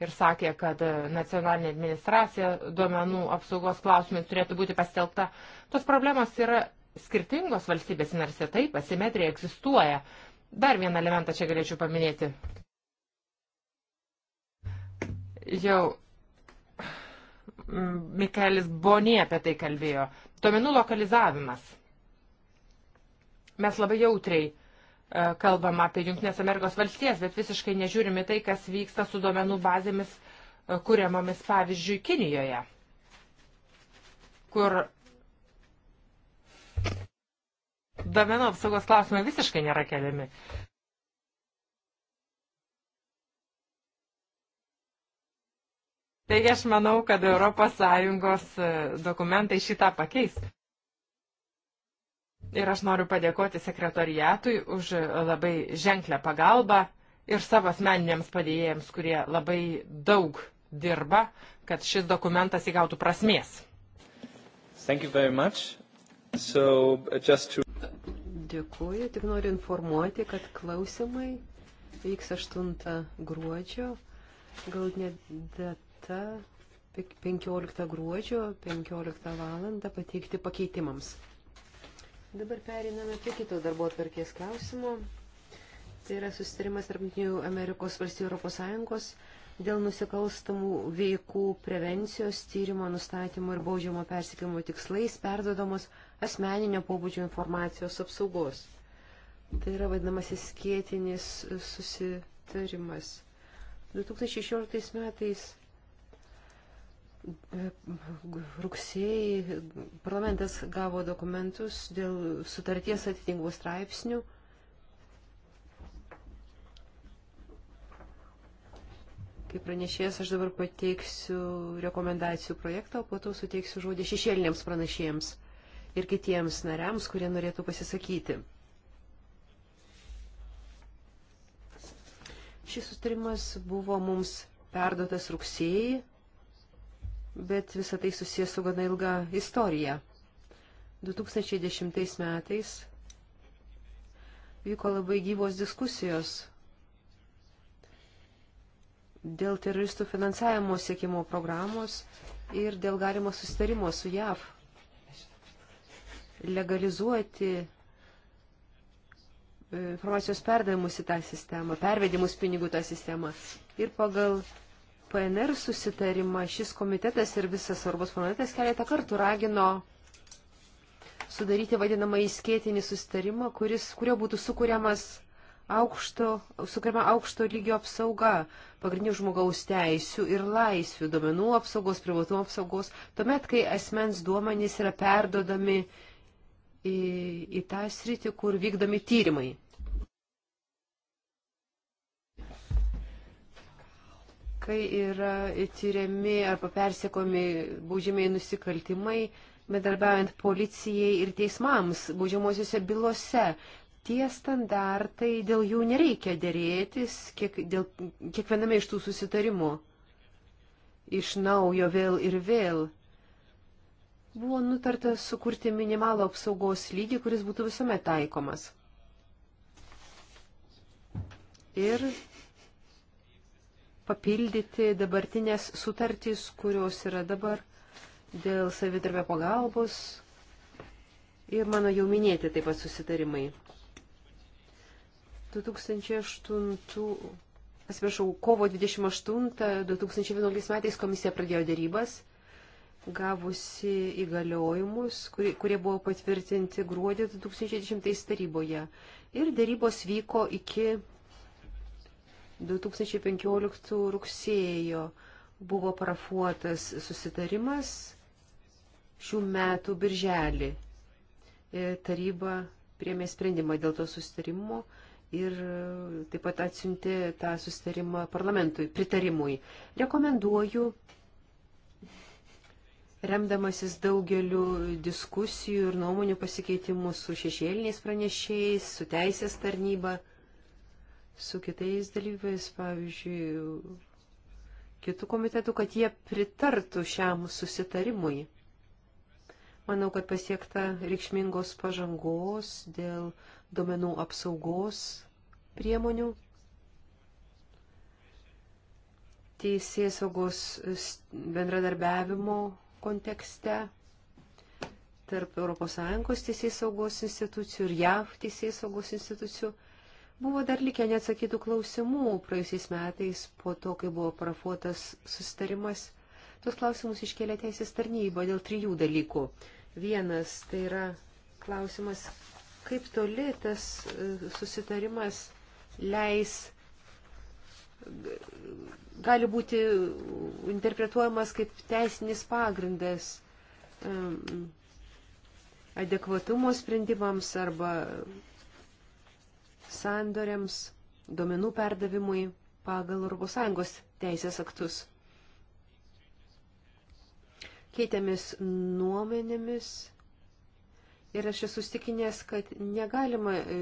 ir sakė, kad nacionalinė administracija duomenų apsaugos klausimai turėtų būti pastelta. Tos problemos yra skirtingos valstybės narse, taip, asimetrija egzistuoja. Uh, Dar vieną elementą čia galėčiau paminėti. Jau Mikaelis Bonė apie tai kalbėjo. Tomenų lokalizavimas. Mes labai jautriai e, kalbam apie Junktinės Amerikos valstijas, bet visiškai nežiūrime tai, kas vyksta su duomenų bazėmis e, kuriamomis, pavyzdžiui, Kinijoje, kur Domenų apsaugos klausimai visiškai nėra keliami. Taigi aš manau, kad ES e, dokumentai šitą pakeis. Ir aš noriu padėkoti sekretoriatui už e, labai ženklę pagalbą ir savo asmeniniams padėjėjams, kurie labai daug dirba, kad šis dokumentas įgautų prasmės. Thank you very much. So, uh, to... Dėkuoju, tik noriu informuoti, kad klausimai vyks 8 gruodžio, gal ne data 15 gruodžio, 15 valandą pateikti pakeitimams. Dabar periname prie kito darbo atvarkės klausimo. Tai yra susitarimas tarp Amerikos valstybių Europos Sąjungos dėl nusikalstamų veikų prevencijos tyrimo nustatymo ir baudžiamo persikimo tikslais perdodamos asmeninio pobūdžio informacijos apsaugos. Tai yra vadinamasis skėtinis susitarimas. 2016 metais e, rugsėjai parlamentas gavo dokumentus dėl sutarties atitinkamų straipsnių Kaip pranešėjas, aš dabar pateiksiu rekomendacijų projektą, o po to suteiksiu žodį šešėlinėms pranašėjams ir kitiems nariams, kurie norėtų pasisakyti. Šis sustarimas buvo mums perduotas rugsėjai, bet visą tai susijęs su gana ilga istorija. 2010 metais vyko labai gyvos diskusijos dėl teroristų finansavimo siekimo programos ir dėl galimo susitarimo su JAV legalizuoti e, informacijos perdavimus į tą sistemą, pervedimus pinigų tą sistemą. Ir pagal PNR susitarimą šis komitetas ir visas svarbus planetas keletą kartų ragino sudaryti vadinamą įskėtinį susitarimą, kuris, kurio būtų sukūriamas aukšto, sukuriama aukšto lygio apsauga pagrindinių žmogaus teisių ir laisvių, duomenų apsaugos, privatumo apsaugos, tuomet, kai asmens duomenys yra perdodami į, į tą sritį, kur vykdomi tyrimai. Kai yra tyriami arba persiekomi baudžiamiai nusikaltimai, bedarbiaujant policijai ir teismams baudžiamosiuose bylose, tie standartai, dėl jų nereikia dėrėtis kiek, dėl, kiekviename iš tų susitarimų. Iš naujo vėl ir vėl. Buvo nutarta sukurti minimalų apsaugos lygį, kuris būtų visuomet taikomas. Ir papildyti dabartinės sutartys, kurios yra dabar dėl savitarbė pagalbos ir mano jau minėti taip pat susitarimai. 2008, atsiprašau, kovo 28-2011 metais komisija pradėjo dėrybas, gavusi įgaliojimus, kurie, kurie buvo patvirtinti gruodį 2010 taryboje. Ir dėrybos vyko iki 2015 rugsėjo. Buvo parafuotas susitarimas šių metų birželį. Taryba priemė sprendimą dėl to susitarimo ir e, taip pat atsiuntė tą susitarimą parlamentui, pritarimui. Rekomenduoju, remdamasis daugeliu diskusijų ir nuomonių pasikeitimų su šešėliniais pranešėjais, su teisės tarnyba, su kitais dalyviais, pavyzdžiui, kitų komitetų, kad jie pritartų šiam susitarimui. Manau, kad pasiekta reikšmingos pažangos dėl duomenų apsaugos priemonių, teisės saugos bendradarbiavimo kontekste tarp ES teisės saugos institucijų ir JAV teisės saugos institucijų. Buvo dar likę neatsakytų klausimų praėjusiais metais po to, kai buvo parafuotas sustarimas. Tuos klausimus iškėlė teisės tarnyba dėl trijų dalykų. Vienas tai yra klausimas, kaip toli tas e, susitarimas leis gali būti interpretuojamas kaip teisinis pagrindas adekvatumo sprendimams arba sandoriams, duomenų perdavimui pagal ES teisės aktus. Keitėmis nuomenėmis Ir aš esu stikinęs, kad negalima e,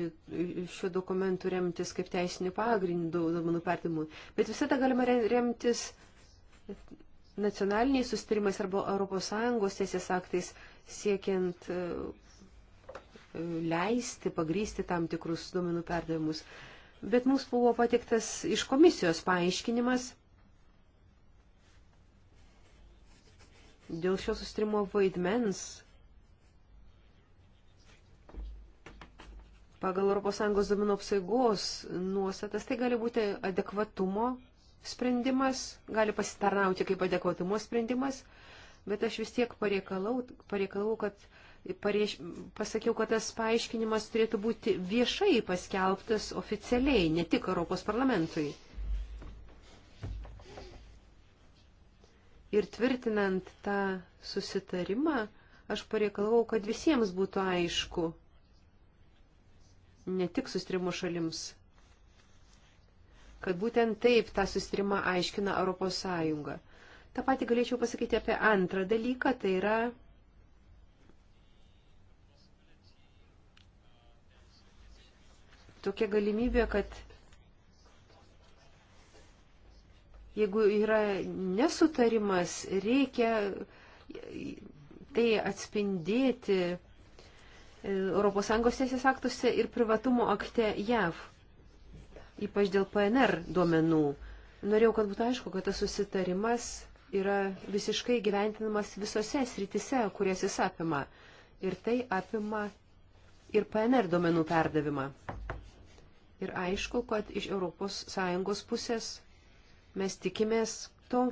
šio dokumentu remtis kaip teisinių pagrindų duomenų perdimų, bet visada galima remtis nacionaliniais sustarimais arba ES teisės aktais siekiant e, e, leisti, pagrysti tam tikrus duomenų perdavimus. Bet mums buvo patiktas iš komisijos paaiškinimas dėl šio sustarimo vaidmens Pagal ES domino apsaigos nuostatas tai gali būti adekvatumo sprendimas, gali pasitarnauti kaip adekvatumo sprendimas, bet aš vis tiek pareikalau, pareikalau kad pareiš, pasakiau, kad tas paaiškinimas turėtų būti viešai paskelbtas oficialiai, ne tik Europos parlamentui. Ir tvirtinant tą susitarimą, aš pareikalavau, kad visiems būtų aišku, ne tik sustrimo šalims, kad būtent taip tą sustrimą aiškina ES. Ta pati galėčiau pasakyti apie antrą dalyką, tai yra tokia galimybė, kad jeigu yra nesutarimas, reikia tai atspindėti ES teisės aktuose ir privatumo akte JAV, ypač dėl PNR duomenų. Norėjau, kad būtų aišku, kad tas susitarimas yra visiškai gyventinamas visose sritise, kurias jis apima. Ir tai apima ir PNR duomenų perdavimą. Ir aišku, kad iš ES pusės mes tikimės to,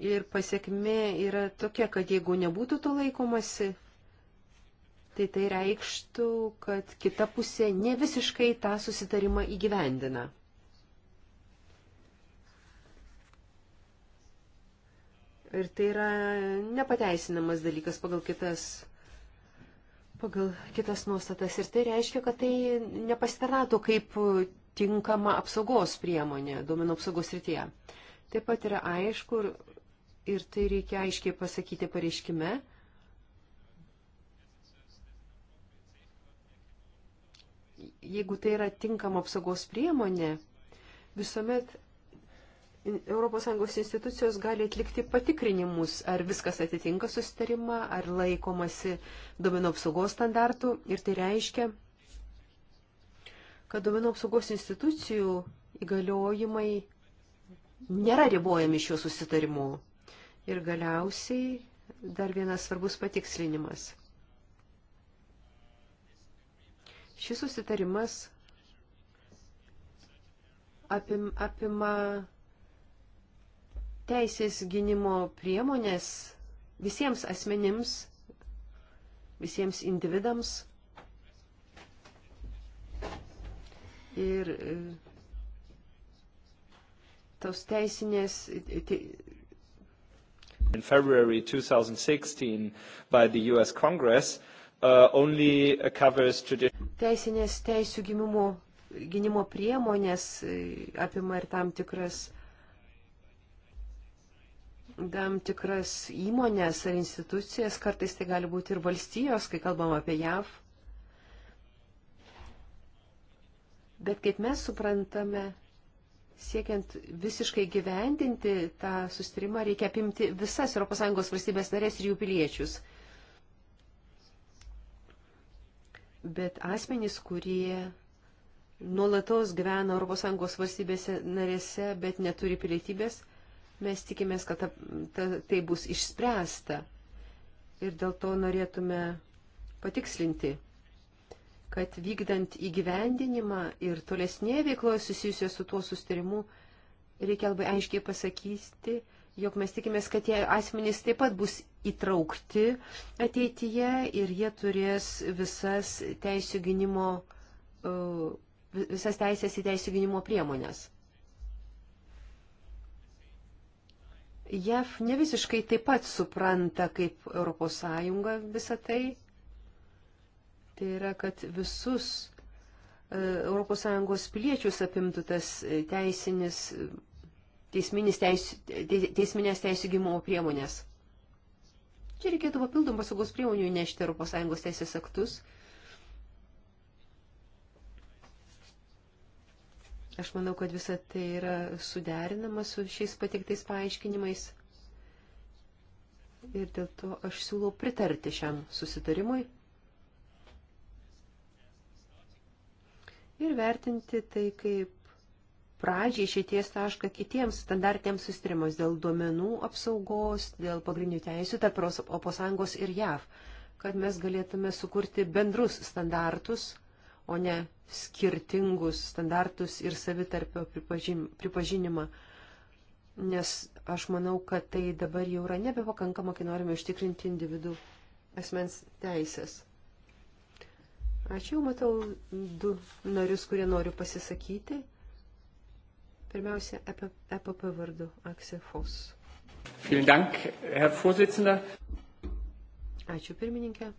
Ir pasiekme yra tokia, kad jeigu nebūtų to laikomasi, tai tai reikštų, kad kita pusė ne visiškai tą susitarimą įgyvendina. Ir tai yra nepateisinamas dalykas pagal kitas, pagal kitas nuostatas. Ir tai reiškia, kad tai nepasitarnato kaip tinkama apsaugos priemonė duomenų apsaugos rytyje. Taip pat yra aišku, ir tai reikia aiškiai pasakyti pareiškime. Jeigu tai yra tinkama apsaugos priemonė, visuomet ES institucijos gali atlikti patikrinimus, ar viskas atitinka susitarimą, ar laikomasi domino apsaugos standartų. Ir tai reiškia, kad domino apsaugos institucijų įgaliojimai nėra ribojami šiuo susitarimu. Ir galiausiai dar vienas svarbus patikslinimas. Šis susitarimas apim, apima teisės gynimo priemonės visiems asmenims, visiems individams. Ir e, tos teisinės, in February 2016 by the US Congress uh, only covers traditional. Teisinės teisų gimimo, gynimo priemonės uh, apima ir tam tikras tam tikras įmonės ar institucijas, kartais tai gali būti ir valstijos, kai kalbam apie JAV. Bet kaip mes suprantame, siekiant visiškai gyvendinti tą sustarimą, reikia apimti visas ES valstybės narės ir jų piliečius. Bet asmenys, kurie nuolatos gyvena ES valstybėse narėse, bet neturi pilietybės, mes tikimės, kad ta, ta, tai bus išspręsta. Ir dėl to norėtume patikslinti kad vykdant įgyvendinimą ir tolesnėje veikloje susijusioje su tuo sustarimu, reikia labai aiškiai pasakyti, jog mes tikimės, kad tie asmenys taip pat bus įtraukti ateityje ir jie turės visas teisų gynimo, e, visas teisės į teisų gynimo priemonės. JAV ne visiškai taip pat supranta kaip ES visą tai, Tai yra, kad visus ES piliečius apimtų tas e, teisinis, teisminis teis, teisminės teisų gimimo priemonės. Čia reikėtų papildomų pasaugos priemonių nešti ES teisės aktus. Aš manau, kad visa tai yra suderinama su šiais patiktais paaiškinimais. Ir dėl to aš siūlau pritarti šiam susitarimui. ir vertinti tai kaip pradžiai išėties tašką kitiems standartėms sustrimams dėl duomenų apsaugos, dėl pagrindinių teisų tarp ES ir JAV, kad mes galėtume sukurti bendrus standartus, o ne skirtingus standartus ir savitarpio pripažinimą. Nes aš manau, kad tai dabar jau yra nebepakankama, kai norime užtikrinti individų asmens teisės. Ačiū, matau du narius, kurie noriu pasisakyti. Pirmiausia, EPP vardu Akse Fos. Dank, Ačiū, pirmininkė.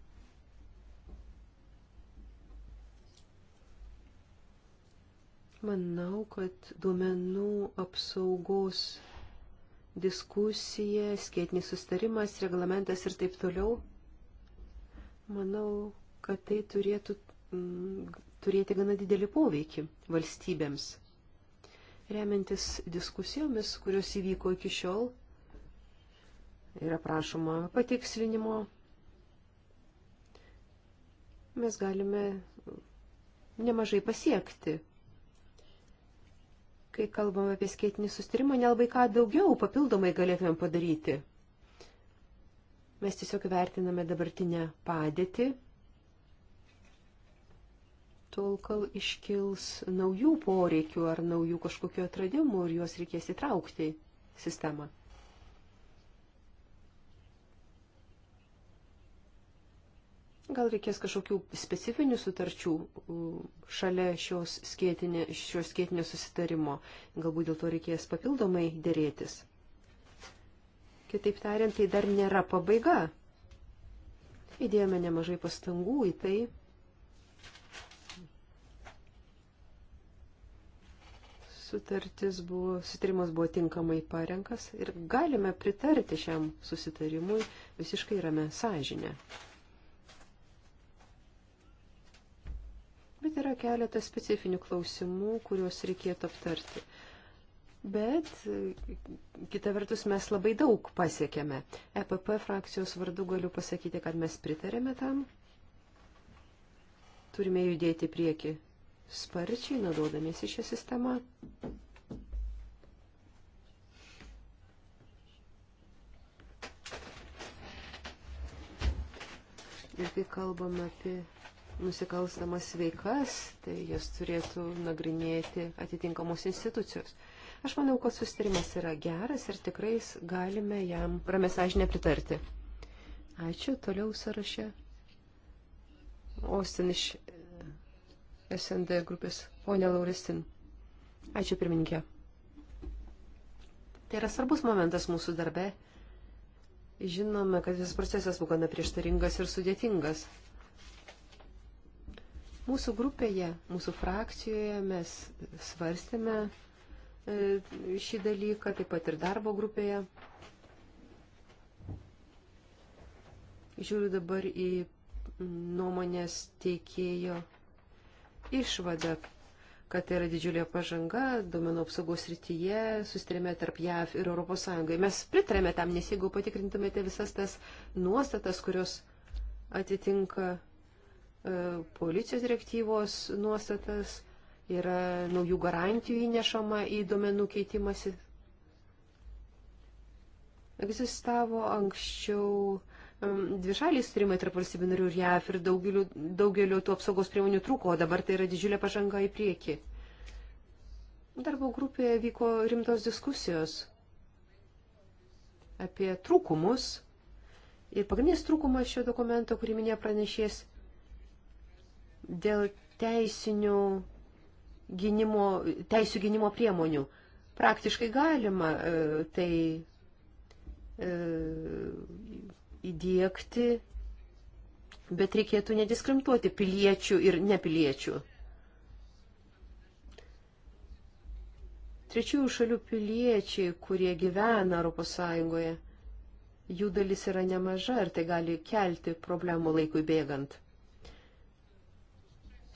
Manau, kad duomenų apsaugos diskusija, skėtinis sustarimas, reglamentas ir taip toliau. Manau, kad tai turėtų mm, turėti gana didelį poveikį valstybėms. Remiantis diskusijomis, kurios įvyko iki šiol, yra prašoma patikslinimo. Mes galime nemažai pasiekti. Kai kalbame apie skėtinį sustarimą, nelabai ką daugiau papildomai galėtumėm padaryti. Mes tiesiog vertiname dabartinę padėtį tol, kol iškils naujų poreikių ar naujų kažkokio atradimų ir juos reikės įtraukti sistemą. Gal reikės kažkokių specifinių sutarčių šalia šios, skėtinė, šios skėtinio susitarimo. Galbūt dėl to reikės papildomai dėrėtis. Kitaip tariant, tai dar nėra pabaiga. Įdėjome nemažai pastangų į tai, sutartis buvo, sutarimas buvo tinkamai parenkas ir galime pritarti šiam susitarimui visiškai rame sąžinę. Bet yra keletas specifinių klausimų, kuriuos reikėtų aptarti. Bet kita vertus mes labai daug pasiekėme. EPP frakcijos vardu galiu pasakyti, kad mes pritarėme tam. Turime judėti prieki sparčiai naudodamiesi šią sistemą. Ir kai kalbam apie nusikalstamas veikas, tai jas turėtų nagrinėti atitinkamos institucijos. Aš manau, kad sustarimas yra geras ir tikrai galime jam pramesažinę pritarti. Ačiū, toliau sąraše. Austin iš SND grupės. Pone Lauristin. Ačiū pirmininkė. Tai yra svarbus momentas mūsų darbe. Žinome, kad visas procesas buvo gana prieštaringas ir sudėtingas. Mūsų grupėje, mūsų frakcijoje mes svarstėme e, šį dalyką, taip pat ir darbo grupėje. Žiūriu dabar į nuomonės teikėjo išvadą, kad tai yra didžiulė pažanga duomenų apsaugos rytyje, sustarėme tarp JAV ir ES. Mes pritarėme tam, nes jeigu patikrintumėte visas tas nuostatas, kurios atitinka e, policijos direktyvos nuostatas, yra naujų garantijų įnešama į duomenų keitimąsi. Egzistavo anksčiau dvišaliai sutarimai tarp valstybių narių ir JAF ir daugeliu, daugeliu tų apsaugos priemonių trūko, o dabar tai yra didžiulė pažanga į priekį. Darbo grupėje vyko rimtos diskusijos apie trūkumus. Ir pagrindinis trūkumas šio dokumento, kurį minėjo pranešės, dėl teisinių gynimo, teisų gynimo priemonių. Praktiškai galima e, tai e, įdėkti, bet reikėtų nediskrimtuoti piliečių ir nepiliečių. Trečiųjų šalių piliečiai, kurie gyvena ES, jų dalis yra nemaža ir tai gali kelti problemų laikui bėgant.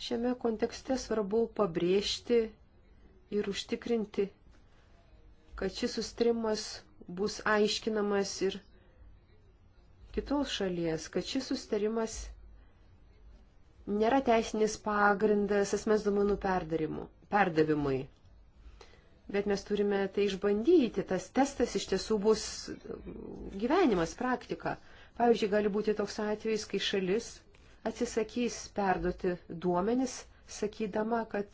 Šiame kontekste svarbu pabrėžti ir užtikrinti, kad šis sustrimas bus aiškinamas ir kitos šalies, kad šis sustarimas nėra teisinis pagrindas asmens duomenų perdavimui. Bet mes turime tai išbandyti, tas testas iš tiesų bus gyvenimas, praktika. Pavyzdžiui, gali būti toks atvejis, kai šalis atsisakys perduoti duomenis, sakydama, kad,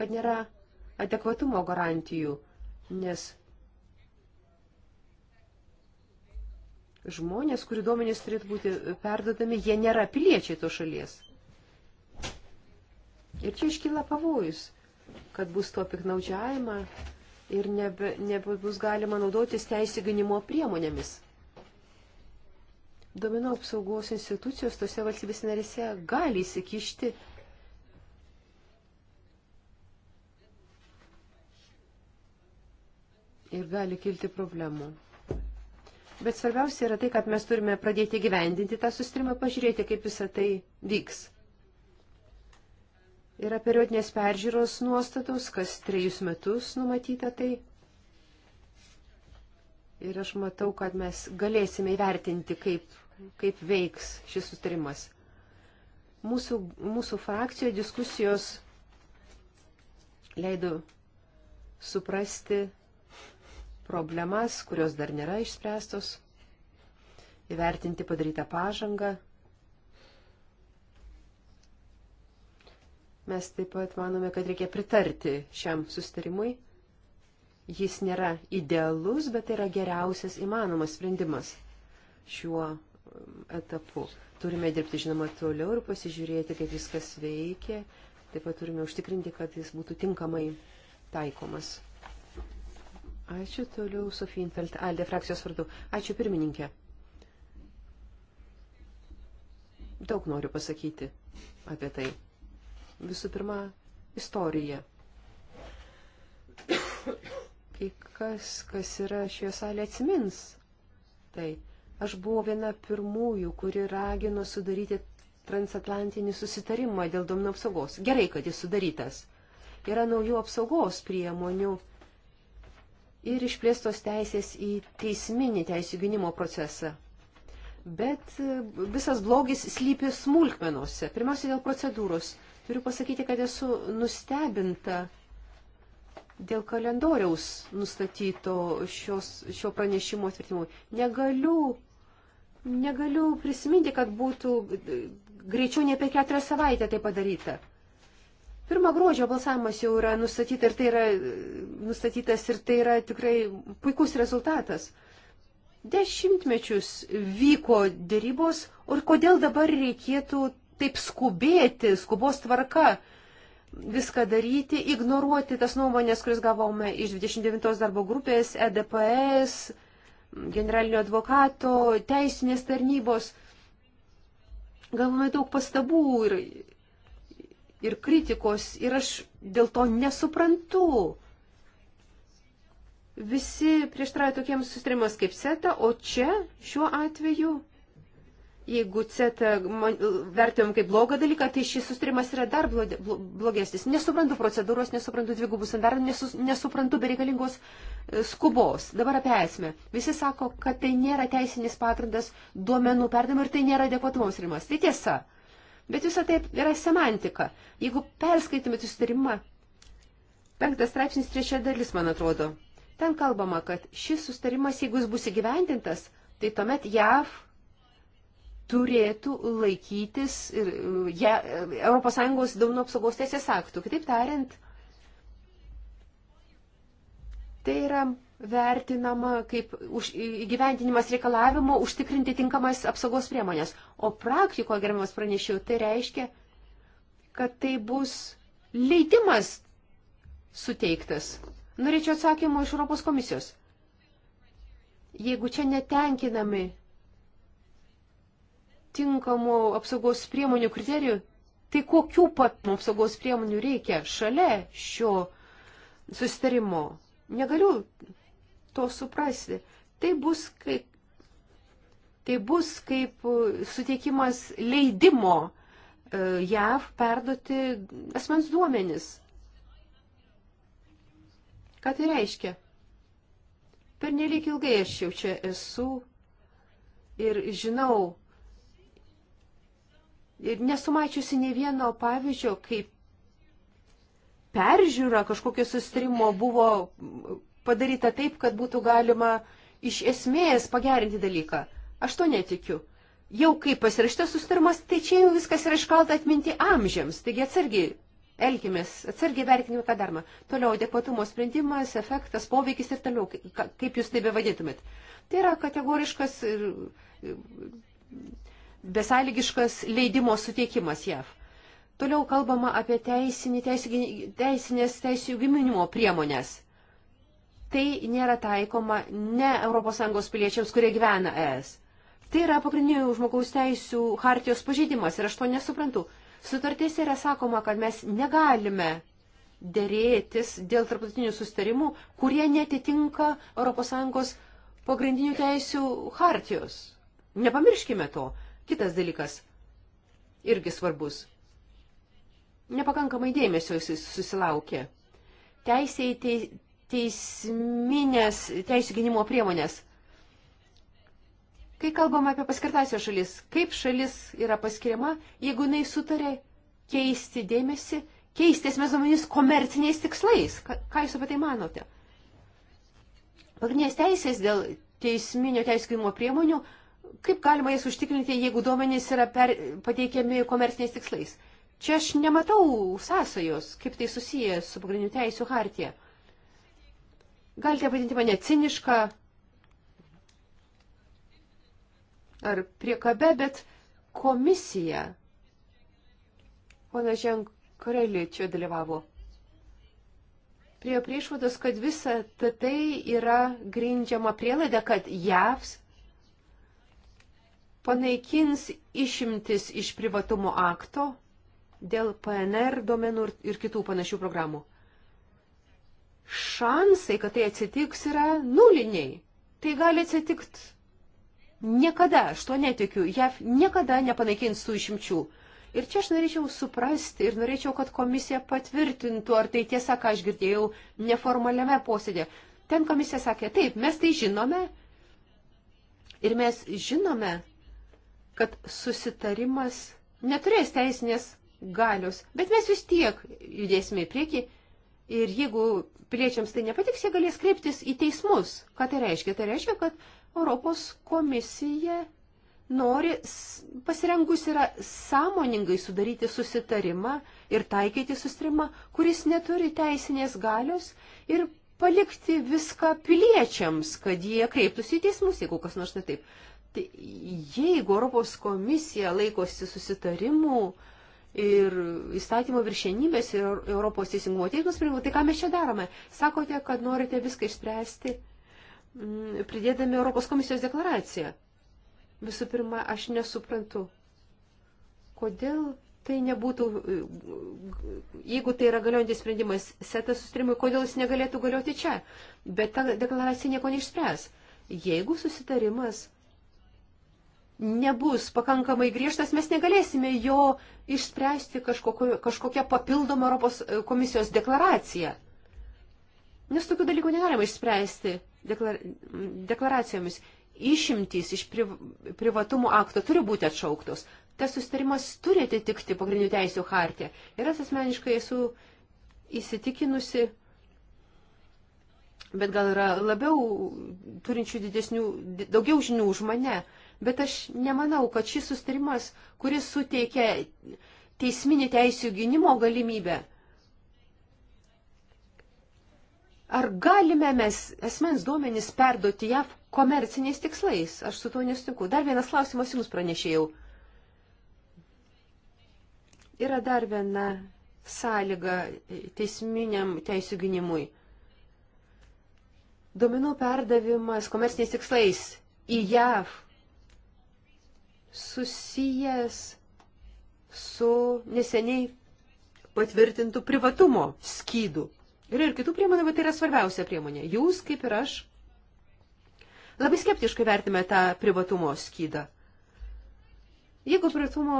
kad nėra adekvatumo garantijų, nes žmonės, kurių duomenys turėtų būti perdodami, jie nėra piliečiai to šalies. Ir čia iškyla pavojus, kad bus to piknaudžiavimą ir nebe, nebus galima naudotis teisė gynimo priemonėmis. Domino apsaugos institucijos tose valstybės narėse gali įsikišti ir gali kilti problemų. Bet svarbiausia yra tai, kad mes turime pradėti gyvendinti tą sustrimą, pažiūrėti, kaip visą tai vyks. Yra periodinės peržiūros nuostatos, kas trejus metus numatyta tai. Ir aš matau, kad mes galėsime įvertinti, kaip, kaip veiks šis sustrimas. Mūsų, mūsų frakcijoje diskusijos leido suprasti problemas, kurios dar nėra išspręstos, įvertinti padarytą pažangą. Mes taip pat manome, kad reikia pritarti šiam sustarimui. Jis nėra idealus, bet tai yra geriausias įmanomas sprendimas šiuo um, etapu. Turime dirbti, žinoma, toliau ir pasižiūrėti, kaip viskas veikia. Taip pat turime užtikrinti, kad jis būtų tinkamai taikomas. Ačiū toliau, Sofinfeld, Aldė frakcijos vardu. Ačiū pirmininkė. Daug noriu pasakyti apie tai. Visų pirma, istorija. Kai kas, kas yra šioje salėje, atsimins. Tai aš buvau viena pirmųjų, kuri ragino sudaryti transatlantinį susitarimą dėl domino apsaugos. Gerai, kad jis sudarytas. Yra naujų apsaugos priemonių ir išplėstos teisės į teisminį teisų gynimo procesą. Bet e, visas blogis slypi smulkmenuose. Pirmiausia, dėl procedūros. Turiu pasakyti, kad esu nustebinta dėl kalendoriaus nustatyto šios, šio pranešimo atvirtimui. Negaliu, negaliu prisiminti, kad būtų e, greičiau nei per keturias savaitę tai padaryta. Pirmą gruodžio balsavimas jau yra, nustatyta ir tai yra nustatytas ir tai yra tikrai puikus rezultatas. Dešimtmečius vyko dėrybos, ir kodėl dabar reikėtų taip skubėti, skubos tvarka viską daryti, ignoruoti tas nuomonės, kuris gavome iš 29 darbo grupės, EDPS, generalinio advokato, teisinės tarnybos. Gavome daug pastabų ir ir kritikos ir aš dėl to nesuprantu. Visi prieštrauja tokiems sustarimas kaip CETA, o čia šiuo atveju, jeigu CETA vertinam kaip blogą dalyką, tai šis sustarimas yra dar blogesnis. Nesuprantu procedūros, nesuprantu dvigubų standartų, nesu, nesuprantu bereikalingos e, skubos. Dabar apie esmę. Visi sako, kad tai nėra teisinis pagrindas duomenų perdavimui ir tai nėra adekvatumo srimas. Tai tiesa. Bet visą tai yra semantika. Jeigu perskaitumėte sustarimą, penktas straipsnis trečia dalis, man atrodo, ten kalbama, kad šis sustarimas, jeigu jis bus įgyvendintas, tai tuomet JAV turėtų laikytis ir, e, ja, ES duomenų apsaugos teisės aktų. Kitaip tariant, tai yra vertinama kaip už, įgyvendinimas reikalavimo užtikrinti tinkamas apsaugos priemonės. O praktikoje, gerbiamas pranešiau, tai reiškia, kad tai bus leidimas suteiktas. Norėčiau atsakymo iš Europos komisijos. Jeigu čia netenkinami tinkamų apsaugos priemonių kriterijų, tai kokių papildomų apsaugos priemonių reikia šalia šio susitarimo? Negaliu to suprasti. Tai bus kaip, tai bus kaip e, suteikimas leidimo e, JAV perduoti asmens duomenis. Ką tai reiškia? Per nelik ilgai aš jau čia esu ir žinau, ir nesumačiusi ne vieno pavyzdžio, kaip peržiūra kažkokio sustrimo buvo padaryta taip, kad būtų galima iš esmės pagerinti dalyką. Aš to netikiu. Jau kaip pasirašytas sustarimas, tai čia jau viskas yra iškalta atminti amžiams. Taigi atsargiai elkimės, atsargiai vertinime, ką darome. Toliau adekvatumo sprendimas, efektas, poveikis ir toliau, kaip jūs tai bevadintumėt. Tai yra kategoriškas ir besąlygiškas leidimo suteikimas JAV. Toliau kalbama apie teisinį, teisinės teisų giminimo priemonės tai nėra taikoma ne ES piliečiams, kurie gyvena ES. Tai yra pagrindinių žmogaus teisų hartijos pažeidimas ir aš to nesuprantu. Sutartys yra sakoma, kad mes negalime dėrėtis dėl tarptautinių sustarimų, kurie netitinka ES pagrindinių teisių hartijos. Nepamirškime to. Kitas dalykas irgi svarbus. Nepakankamai dėmesio jis susilaukė. Teisė į teisminės teisų gynimo priemonės. Kai kalbam apie paskirtacijos šalis, kaip šalis yra paskiriama, jeigu jinai sutarė keisti dėmesį, keisti esmės duomenys komerciniais tikslais. Ką, ką jūs apie tai manote? Pagrindinės teisės dėl teisminio teiskimo priemonių, kaip galima jas užtikrinti, jeigu duomenys yra per, pateikiami komerciniais tikslais? Čia aš nematau sąsajos, kaip tai susiję su pagrindinių teisų hartija. Galite vadinti mane cinišką ar priekabe, bet komisija. Pana Ženkorelį čia dalyvavo. Prie priešvados, kad visa tai yra grindžiama prielaida, kad JAV panaikins išimtis iš privatumo akto dėl PNR domenų ir kitų panašių programų šansai, kad tai atsitiks, yra nuliniai. Tai gali atsitikti. Niekada, aš to netikiu, JAV niekada nepanaikins tų išimčių. Ir čia aš norėčiau suprasti ir norėčiau, kad komisija patvirtintų, ar tai tiesa, ką aš girdėjau neformaliame posėdė. Ten komisija sakė, taip, mes tai žinome. Ir mes žinome, kad susitarimas neturės teisinės galios, bet mes vis tiek judėsime į priekį Ir jeigu piliečiams tai nepatiks, jie galės kreiptis į teismus. Ką tai reiškia? Tai reiškia, kad Europos komisija nori, pasirengus yra sąmoningai sudaryti susitarimą ir taikyti sustarimą, kuris neturi teisinės galios ir palikti viską piliečiams, kad jie kreiptųsi į teismus, jeigu kas nors netaip. Tai jeigu Europos komisija laikosi susitarimų, uh, ir įstatymo viršienybės ir Europos teisingumo teismo sprendimų. Tai ką mes čia darome? Sakote, kad norite viską išspręsti, mm, pridėdami Europos komisijos deklaraciją. Visų pirma, aš nesuprantu, kodėl tai nebūtų, jeigu tai yra galiojantis sprendimas setas sustrimui, kodėl jis negalėtų galioti čia. Bet ta deklaracija nieko neišspręs. Jeigu susitarimas nebus pakankamai griežtas, mes negalėsime jo išspręsti kažkokio, kažkokią papildomą Europos komisijos deklaraciją. Nes tokių dalykų negalima išspręsti deklar, deklaracijomis. Išimtys iš priv, privatumo akto turi būti atšauktos. Tas sustarimas turi atitikti pagrindinių teisų hartiją. Ir aš asmeniškai esu įsitikinusi, bet gal yra labiau turinčių didesnių, daugiau žinių už mane, bet aš nemanau, kad šis sustarimas, kuris suteikia teisminį teisų gynimo galimybę, ar galime mes esmens duomenys perduoti JAV komerciniais tikslais? Aš su tuo nesutinku. Dar vienas klausimas jums pranešėjau. Yra dar viena sąlyga teisminiam teisų gynimui. Domenų perdavimas komerciniais tikslais į JAV susijęs su neseniai patvirtintų privatumo skydų. Yra ir kitų priemonių, bet tai yra svarbiausia priemonė. Jūs, kaip ir aš, labai skeptiškai vertime tą privatumo skydą. Jeigu privatumo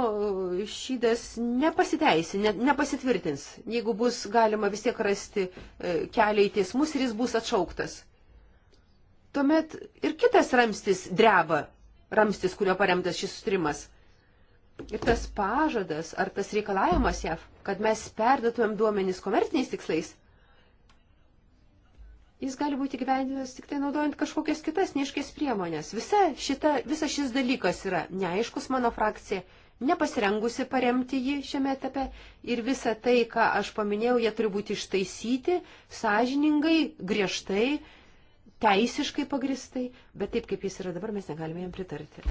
šydas nepasiteisi, ne, nepasitvirtins, jeigu bus galima vis tiek rasti e, kelią į teismus ir jis bus atšauktas, tuomet ir kitas ramstis dreba ramstis, kurio paremtas šis sustrimas. Ir tas pažadas, ar tas reikalavimas JAV, kad mes perdatumėm duomenys komerciniais tikslais, jis gali būti gyvendintas tik tai naudojant kažkokias kitas neiškės priemonės. Visa šita, visa šis dalykas yra neaiškus mano frakcija, nepasirengusi paremti jį šiame etape ir visa tai, ką aš paminėjau, jie turi būti ištaisyti, sąžiningai, griežtai teisiškai pagristai, bet taip kaip jis yra dabar, mes negalime jam pritarti.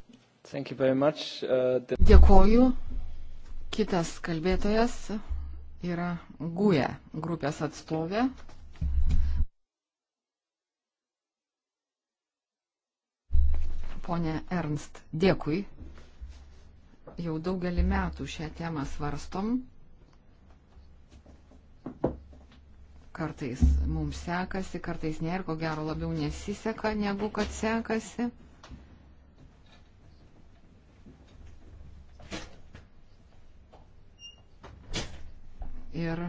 Uh, the... Dėkoju. Kitas kalbėtojas yra GUE grupės atstovė. Pone Ernst, dėkui. Jau daugelį metų šią temą svarstom. Kartais mums sekasi, kartais ne ir ko gero labiau nesiseka, negu kad sekasi. Ir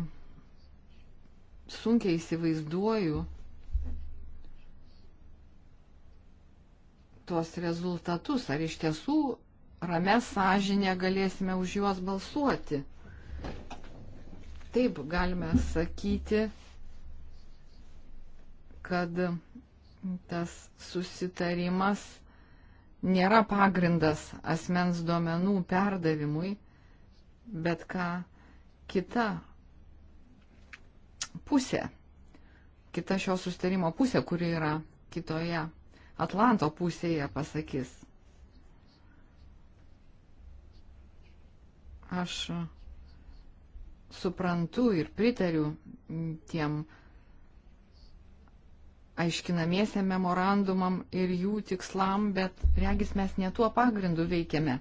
sunkiai įsivaizduoju tuos rezultatus, ar iš tiesų ramę sąžinę galėsime už juos balsuoti. Taip galime sakyti, kad tas susitarimas nėra pagrindas asmens duomenų perdavimui, bet ką kita pusė, kita šio susitarimo pusė, kuri yra kitoje Atlanto pusėje, pasakys. Aš suprantu ir pritariu tiem, uh, aiškinamiesiam memorandumam ir jų tikslam, bet regis mes ne tuo pagrindu veikiame.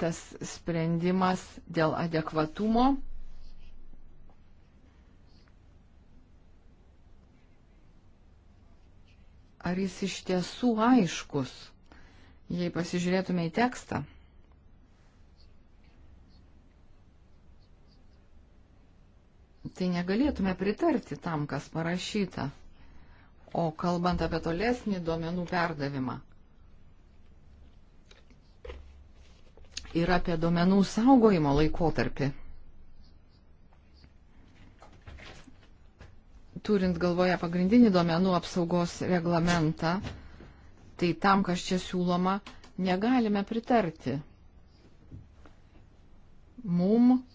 Tas sprendimas dėl adekvatumo ar jis iš tiesų aiškus, jei pasižiūrėtume į tekstą. tai negalėtume pritarti tam, kas parašyta. O kalbant apie tolesnį duomenų perdavimą ir apie duomenų saugojimo laikotarpį, turint galvoje pagrindinį duomenų apsaugos reglamentą, tai tam, kas čia siūloma, negalime pritarti. Mums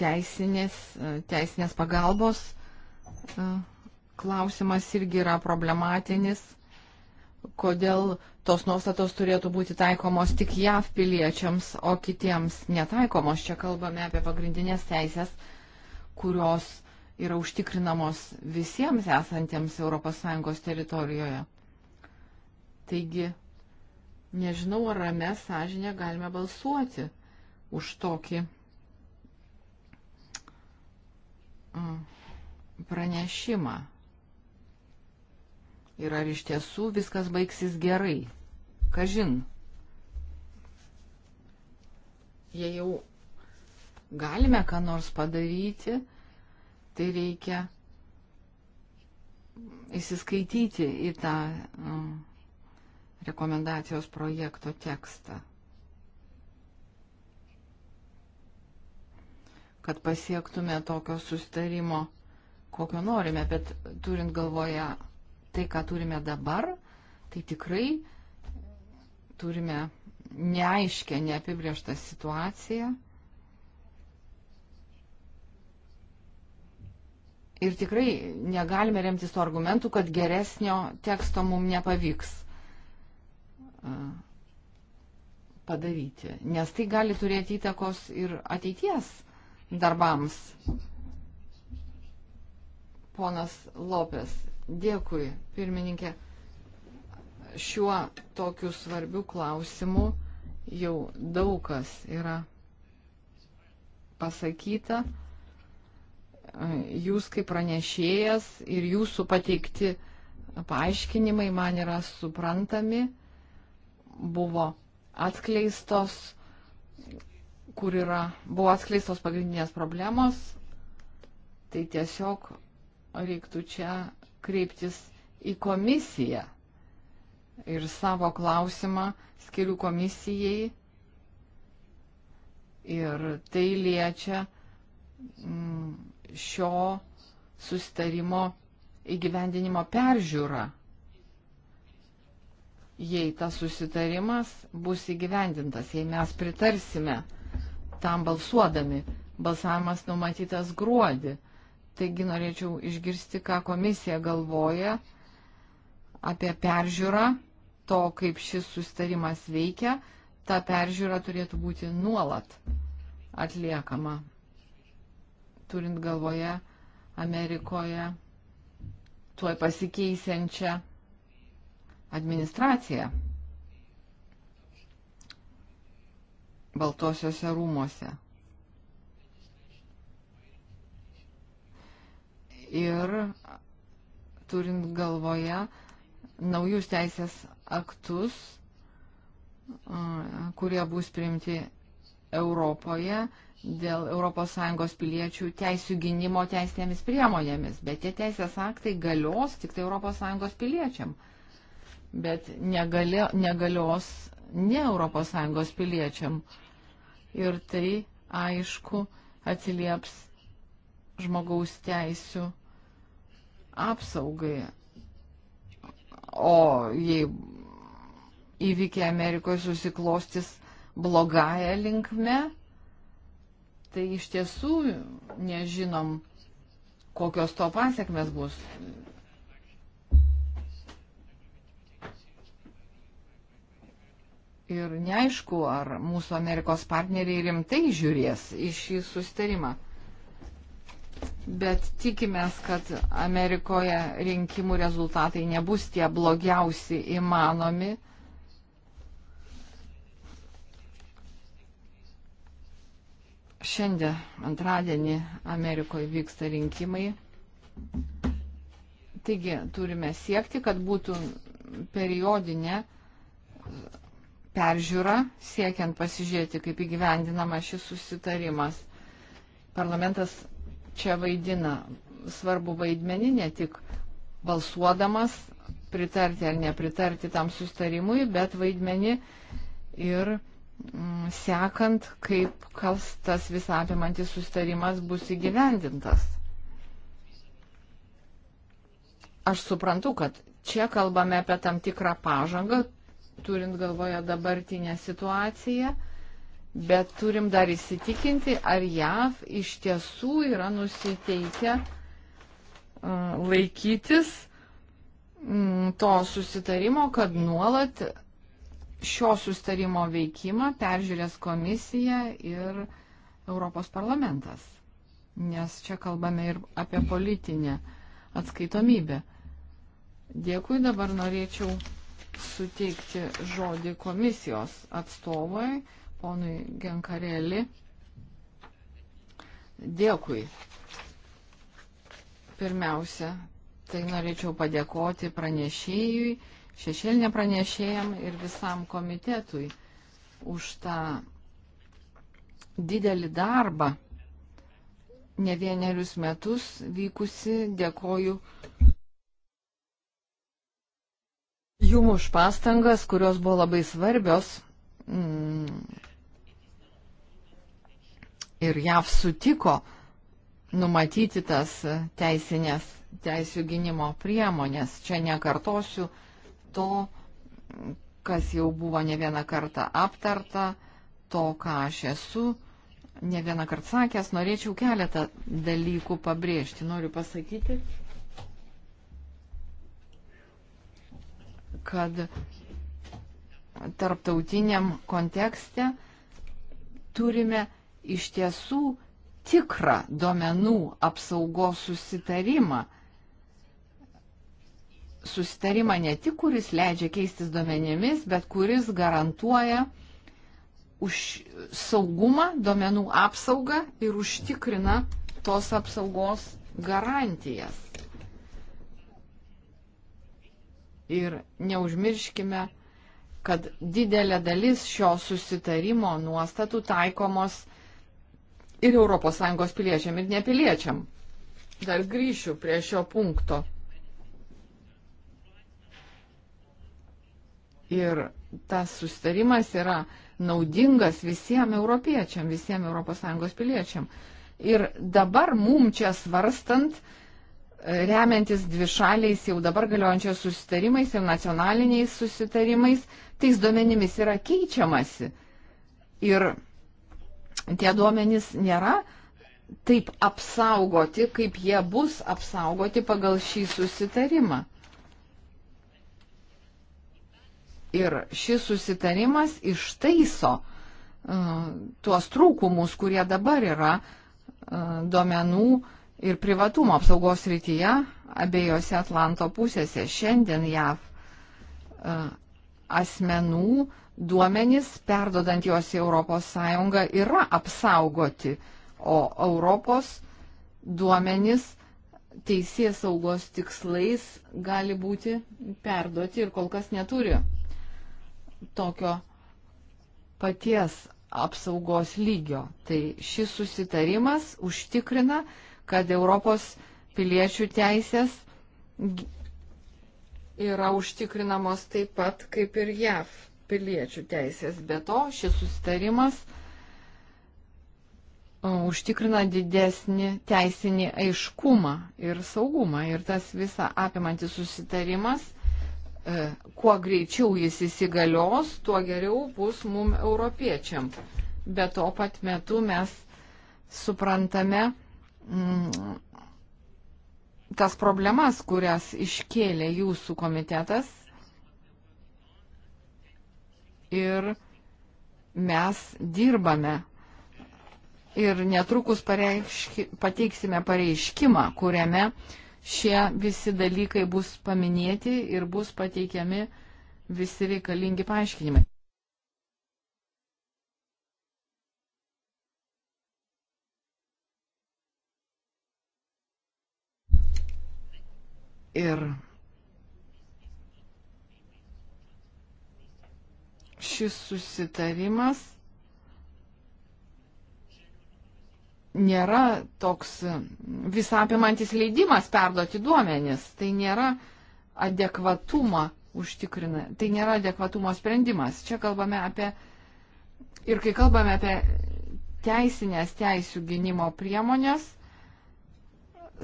teisinės, e, teisinės pagalbos e, klausimas irgi yra problematinis, kodėl tos nuostatos turėtų būti taikomos tik JAV piliečiams, o kitiems netaikomos. Čia kalbame apie pagrindinės teisės, kurios yra užtikrinamos visiems esantiems ES teritorijoje. Taigi, nežinau, ar mes sąžinę galime balsuoti už tokį Mm, pranešimą. Ir ar iš tiesų viskas baigsis gerai? Kažin. Jei jau galime ką nors padaryti, tai reikia įsiskaityti į tą mm, rekomendacijos projekto tekstą. kad pasiektume tokio sustarimo, kokio norime, bet turint galvoje tai, ką turime dabar, tai tikrai turime neaiškę, neapibrieštą situaciją. Ir tikrai negalime remtis to argumentu, kad geresnio teksto mums nepavyks padaryti, nes tai gali turėti įtakos ir ateities darbams. Ponas Lopės, dėkui, pirmininkė. Šiuo tokiu svarbiu klausimu jau daug kas yra pasakyta. Jūs kaip pranešėjas ir jūsų pateikti paaiškinimai man yra suprantami, buvo atskleistos kur yra, buvo atskleistos pagrindinės problemos, tai tiesiog reiktų čia kreiptis į komisiją ir savo klausimą skiriu komisijai. Ir tai liečia mm, šio sustarimo įgyvendinimo peržiūrą jei tas susitarimas bus įgyvendintas, jei mes pritarsime tam balsuodami. Balsavimas numatytas gruodį. Taigi norėčiau išgirsti, ką komisija galvoja apie peržiūrą to, kaip šis sustarimas veikia. Ta peržiūra turėtų būti nuolat atliekama, turint galvoje Amerikoje tuoj pasikeisiančią administraciją. Baltosiuose rūmuose. Ir turint galvoje naujus teisės aktus, kurie bus priimti Europoje dėl ES piliečių teisų gynimo teisinėmis priemonėmis, bet tie teisės aktai galios tik tai ES piliečiam, bet negali, negalios ne ES piliečiam. Ir tai, aišku, atsilieps žmogaus teisų apsaugai. O jei įvykiai Amerikoje susiklostis blogąją linkme, tai iš tiesų nežinom, kokios to pasiekmes bus. ir neaišku, ar mūsų Amerikos partneriai rimtai žiūrės į šį sustarimą. Bet tikimės, kad Amerikoje rinkimų rezultatai nebus tie blogiausi įmanomi. Šiandien, antradienį, Amerikoje vyksta rinkimai. Taigi turime siekti, kad būtų periodinė peržiūrą, siekiant pasižiūrėti, kaip įgyvendinama šis susitarimas. Parlamentas čia vaidina svarbu vaidmenį, ne tik balsuodamas pritarti ar nepritarti tam sustarimui, bet vaidmenį ir mm, sekant, kaip kas tas visą apimantis sustarimas bus įgyvendintas. Aš suprantu, kad čia kalbame apie tam tikrą pažangą, turint galvoje dabartinę situaciją, bet turim dar įsitikinti, ar JAV iš tiesų yra nusiteikę e, laikytis mm, to susitarimo, kad nuolat šio susitarimo veikimą peržiūrės komisija ir Europos parlamentas. Nes čia kalbame ir apie politinę atskaitomybę. Dėkui, dabar norėčiau suteikti žodį komisijos atstovui, ponui Genkarelį. Dėkui. Pirmiausia, tai norėčiau padėkoti pranešėjui, šešėlinė pranešėjam ir visam komitetui už tą didelį darbą, ne vienerius metus vykusi, dėkoju jum už pastangas, kurios buvo labai svarbios. Mm, ir JAV sutiko numatyti tas teisinės, teisų gynimo priemonės. Čia nekartosiu to, kas jau buvo ne vieną kartą aptarta, to, ką aš esu ne vieną kartą sakęs, norėčiau keletą dalykų pabrėžti. Noriu pasakyti, kad tarptautiniam kontekste turime iš tiesų tikrą duomenų apsaugos susitarimą. Susitarimą ne tik, kuris leidžia keistis duomenimis, bet kuris garantuoja už saugumą, duomenų apsaugą ir užtikrina tos apsaugos garantijas. Ir neužmirškime, kad didelė dalis šio susitarimo nuostatų taikomos ir ES piliečiam, ir nepiliečiam. Dar grįšiu prie šio punkto. Ir tas sustarimas yra naudingas visiems europiečiam, visiems ES piliečiam. Ir dabar mum čia svarstant, uh, remiantis dvišaliais jau dabar galiojančios susitarimais ir nacionaliniais susitarimais, tais duomenimis yra keičiamasi. Ir tie duomenys nėra taip apsaugoti, kaip jie bus apsaugoti pagal šį susitarimą. Ir šis susitarimas ištaiso uh, tuos trūkumus, kurie dabar yra uh, duomenų uh, ir privatumo apsaugos rytyje abiejose Atlanto pusėse. Šiandien JAV e, asmenų duomenys, perdodant juos į ES, yra apsaugoti, o Europos duomenys teisės saugos tikslais gali būti perduoti ir kol kas neturi tokio paties apsaugos lygio. Tai šis susitarimas užtikrina, kad Europos piliečių teisės yra užtikrinamos taip pat kaip ir JAV piliečių teisės. Be to, šis sustarimas e, užtikrina didesnį teisinį aiškumą ir saugumą. Ir tas visa apimantis susitarimas, e, kuo greičiau jis įsigalios, tuo geriau bus mum europiečiam. Bet tuo pat metu mes suprantame, mm, tas problemas, kurias iškėlė jūsų komitetas. Ir mes dirbame. Ir netrukus pareiški, pateiksime pareiškimą, kuriame šie visi dalykai bus paminėti ir bus pateikiami visi reikalingi paaiškinimai. Ir šis susitarimas nėra toks visapimantis leidimas perduoti duomenis. Tai nėra adekvatumą užtikrina. Tai nėra adekvatumo sprendimas. Čia kalbame apie ir kai kalbame apie teisinės teisų gynimo priemonės,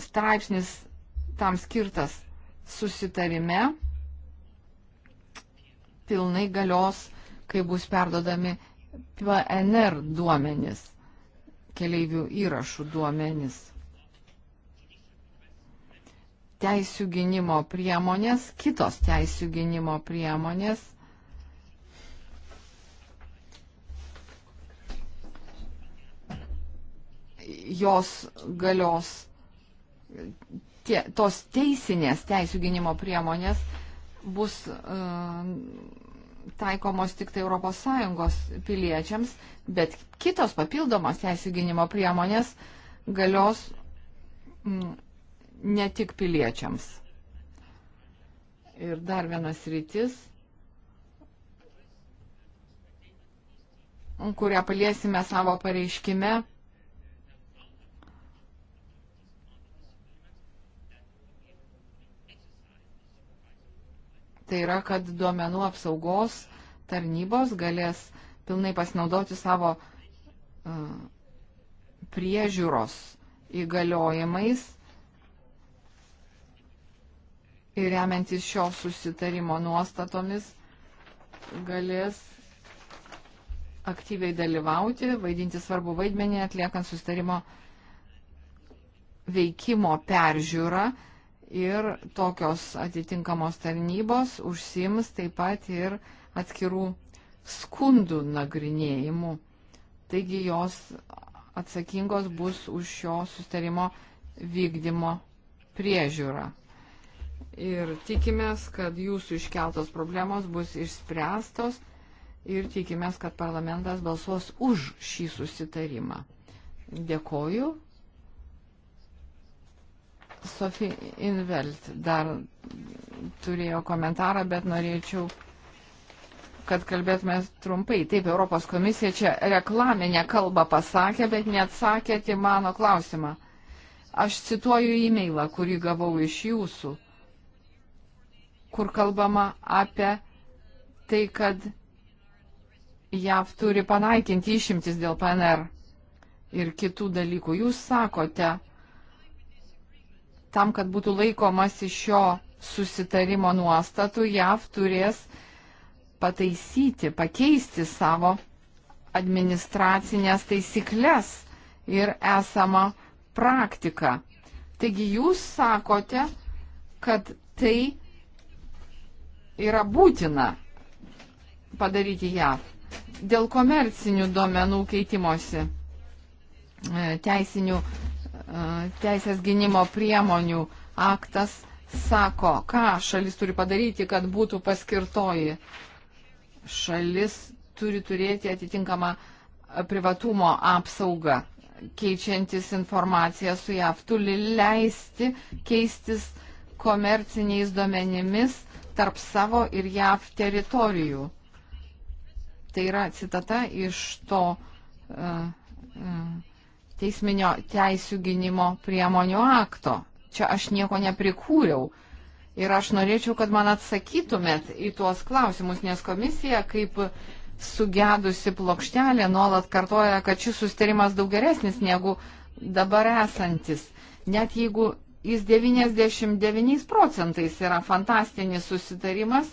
straipsnis tam skirtas susitarime pilnai galios, kai bus perdodami PNR duomenys, keleivių įrašų duomenys. Teisių gynimo priemonės, kitos teisių gynimo priemonės. Jos galios tie, tos teisinės teisų gynimo priemonės bus uh, taikomos tik tai ES piliečiams, bet kitos papildomos teisų gynimo priemonės galios mm, ne tik piliečiams. Ir dar vienas rytis, kurią paliesime savo pareiškime Tai yra, kad duomenų apsaugos tarnybos galės pilnai pasinaudoti savo uh, priežiūros įgaliojimais ir remiantis šio susitarimo nuostatomis galės aktyviai dalyvauti, vaidinti svarbu vaidmenį, atliekant susitarimo veikimo peržiūrą ir tokios atitinkamos tarnybos užsims taip pat ir atskirų skundų nagrinėjimu. Taigi jos atsakingos bus už šio sustarimo vykdymo priežiūrą. Ir tikimės, kad jūsų iškeltos problemos bus išspręstos ir tikimės, kad parlamentas balsuos už šį susitarimą. Dėkoju Sofi Invelt dar turėjo komentarą, bet norėčiau, kad kalbėtume trumpai. Taip, Europos komisija čia reklaminę kalbą pasakė, bet neatsakėte į mano klausimą. Aš cituoju e-mailą, kurį gavau iš jūsų, kur kalbama apie tai, kad JAV turi panaikinti išimtis dėl PNR ir kitų dalykų. Jūs sakote, tam, kad būtų laikomasi šio susitarimo nuostatų, JAV turės pataisyti, pakeisti savo administracinės taisyklės ir esamą praktiką. Taigi jūs sakote, kad tai yra būtina padaryti JAV dėl komercinių duomenų keitimosi e, teisinių teisės gynimo priemonių aktas sako, ką šalis turi padaryti, kad būtų paskirtoji. Šalis turi turėti atitinkamą privatumo apsaugą, keičiantis informaciją su JAV, turi leisti keistis komerciniais duomenimis tarp savo ir JAV teritorijų. Tai yra citata iš to. Uh, uh, teisminio teisų gynimo priemonių akto. Čia aš nieko neprikūriau. Ir aš norėčiau, kad man atsakytumėt į tuos klausimus, nes komisija kaip sugedusi plokštelė nuolat kartoja, kad šis sustarimas daug geresnis negu dabar esantis. Net jeigu jis 99 procentais yra fantastinis susitarimas,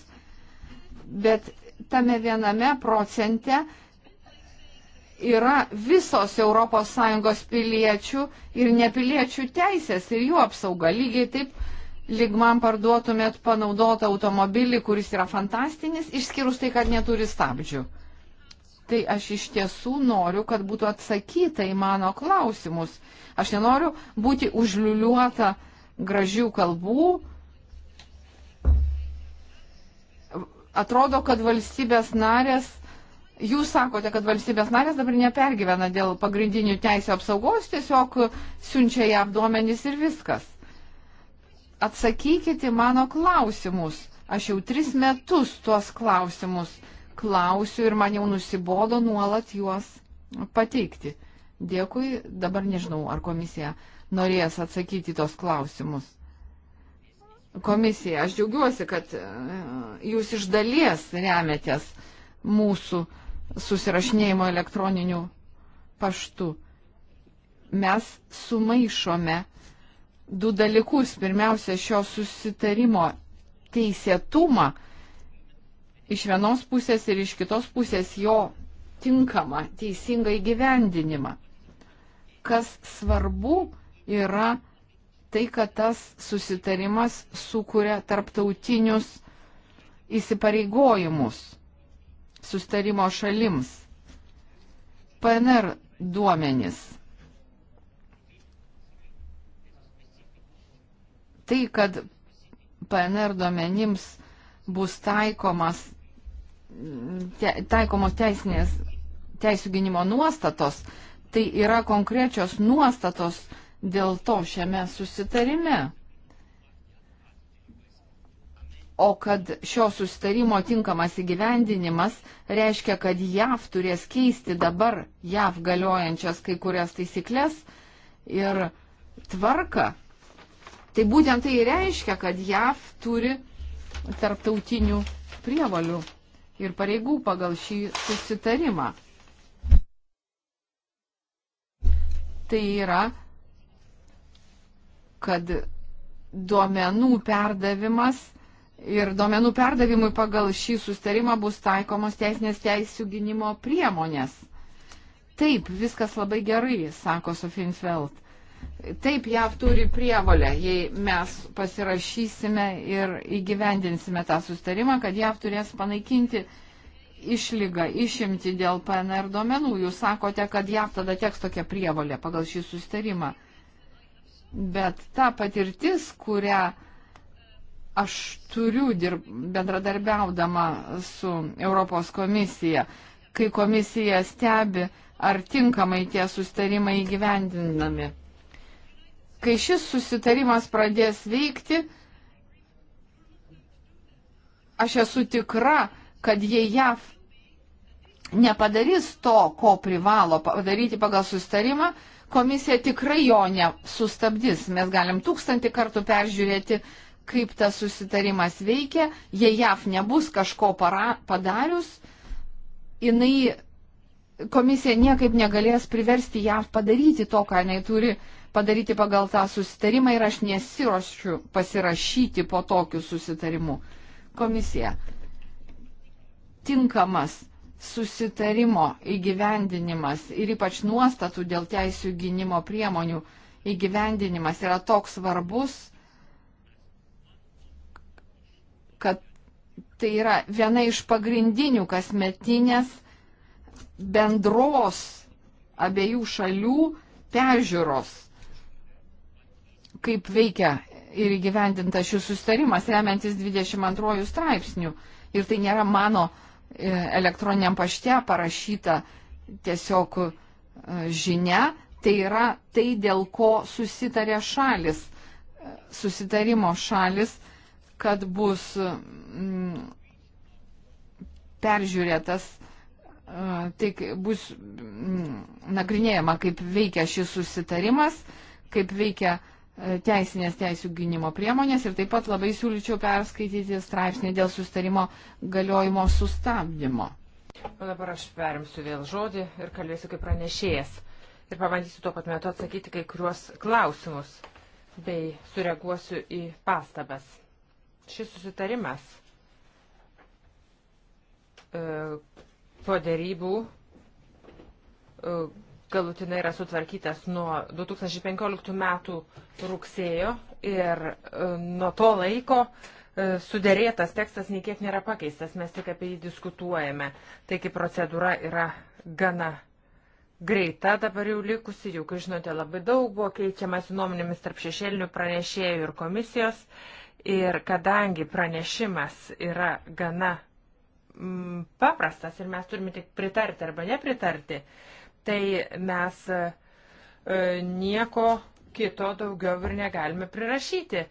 bet tame viename procente yra visos ES piliečių ir nepiliečių teisės ir jų apsauga. Lygiai taip, lyg man parduotumėt panaudotą automobilį, kuris yra fantastinis, išskyrus tai, kad neturi stabdžių. Tai aš iš tiesų noriu, kad būtų atsakyta į mano klausimus. Aš nenoriu būti užliuliuota gražių kalbų. Atrodo, kad valstybės narės Jūs sakote, kad valstybės narės dabar nepergyvena dėl pagrindinių teisų apsaugos, tiesiog siunčia ją duomenys ir viskas. Atsakykite mano klausimus. Aš jau tris metus tuos klausimus klausiu ir man jau nusibodo nuolat juos pateikti. Dėkui, dabar nežinau, ar komisija norės atsakyti tos klausimus. Komisija, aš džiaugiuosi, kad e, jūs iš dalies remiatės mūsų uh, susirašinėjimo elektroniniu paštu. Mes sumaišome du dalykus. Pirmiausia, šio susitarimo teisėtumą iš vienos pusės ir iš kitos pusės jo tinkamą, teisingą įgyvendinimą. Kas svarbu yra tai, kad tas susitarimas sukuria tarptautinius įsipareigojimus sustarimo šalims. PNR duomenys. Tai, kad PNR duomenims bus taikomas, te, taikomos teisinės teisų gynimo nuostatos, tai yra konkrečios nuostatos dėl to šiame susitarime o kad šio susitarimo tinkamas įgyvendinimas reiškia, kad JAV turės keisti dabar JAV galiojančias kai kurias taisyklės ir tvarką. Tai būtent tai reiškia, kad JAV turi tarptautinių prievalių ir pareigų pagal šį susitarimą. Tai yra, kad duomenų perdavimas ir duomenų perdavimui pagal šį sustarimą bus taikomos teisinės teisų gynimo priemonės. Taip, viskas labai gerai, sako Sofinfeld. Taip, JAV turi prievalę, jei mes pasirašysime ir įgyvendinsime tą sustarimą, kad JAV turės panaikinti išlygą, išimti dėl PNR duomenų. Jūs sakote, kad JAV tada teks tokia prievalė pagal šį sustarimą. Bet ta patirtis, kurią aš turiu dirb, bendradarbiaudama su Europos komisija, kai komisija stebi, ar tinkamai tie sustarimai įgyvendinami. Kai šis susitarimas pradės veikti, aš esu tikra, kad jei JAV nepadarys to, ko privalo padaryti pagal sustarimą, komisija tikrai jo nesustabdys. Mes galim tūkstantį kartų peržiūrėti kaip tas susitarimas veikia, jei JAF nebus kažko para, padarius, jinai, komisija niekaip negalės priversti JAF padaryti to, ką jinai turi padaryti pagal tą susitarimą ir aš nesiuošiu pasirašyti po tokiu susitarimu. Komisija. Tinkamas susitarimo įgyvendinimas ir ypač nuostatų dėl teisų gynimo priemonių įgyvendinimas yra toks svarbus, kad tai yra viena iš pagrindinių kasmetinės bendros abiejų šalių peržiūros, kaip veikia ir įgyvendinta šis sustarimas, remiantis 22 straipsnių. Ir tai nėra mano e, elektroniniam pašte parašyta tiesiog e, žinia, tai yra tai, dėl ko susitarė šalis, e, susitarimo šalis kad bus mm, peržiūrėtas, tai bus mm, nagrinėjama, kaip veikia šis susitarimas, kaip veikia teisinės teisų gynimo priemonės ir taip pat labai siūlyčiau perskaityti straipsnį dėl sustarimo galiojimo sustabdymo. O dabar aš perimsiu vėl žodį ir kalbėsiu kaip pranešėjas ir pabandysiu tuo pat metu atsakyti kai kuriuos klausimus bei sureaguosiu į pastabas. Šis susitarimas e, po dėrybų e, galutinai yra sutvarkytas nuo 2015 metų rugsėjo ir e, nuo to laiko sudėrėtas tekstas niekiek nėra pakeistas, mes tik apie jį diskutuojame. Taigi procedūra yra gana greita dabar jau likusi, juk žinote, labai daug buvo keičiamas nuomonėmis tarp šešėlinių pranešėjų ir komisijos. Uh, Ir kadangi pranešimas yra gana mm, paprastas ir mes turime tik pritarti arba nepritarti, tai mes e, e nieko kito daugiau ir negalime prirašyti.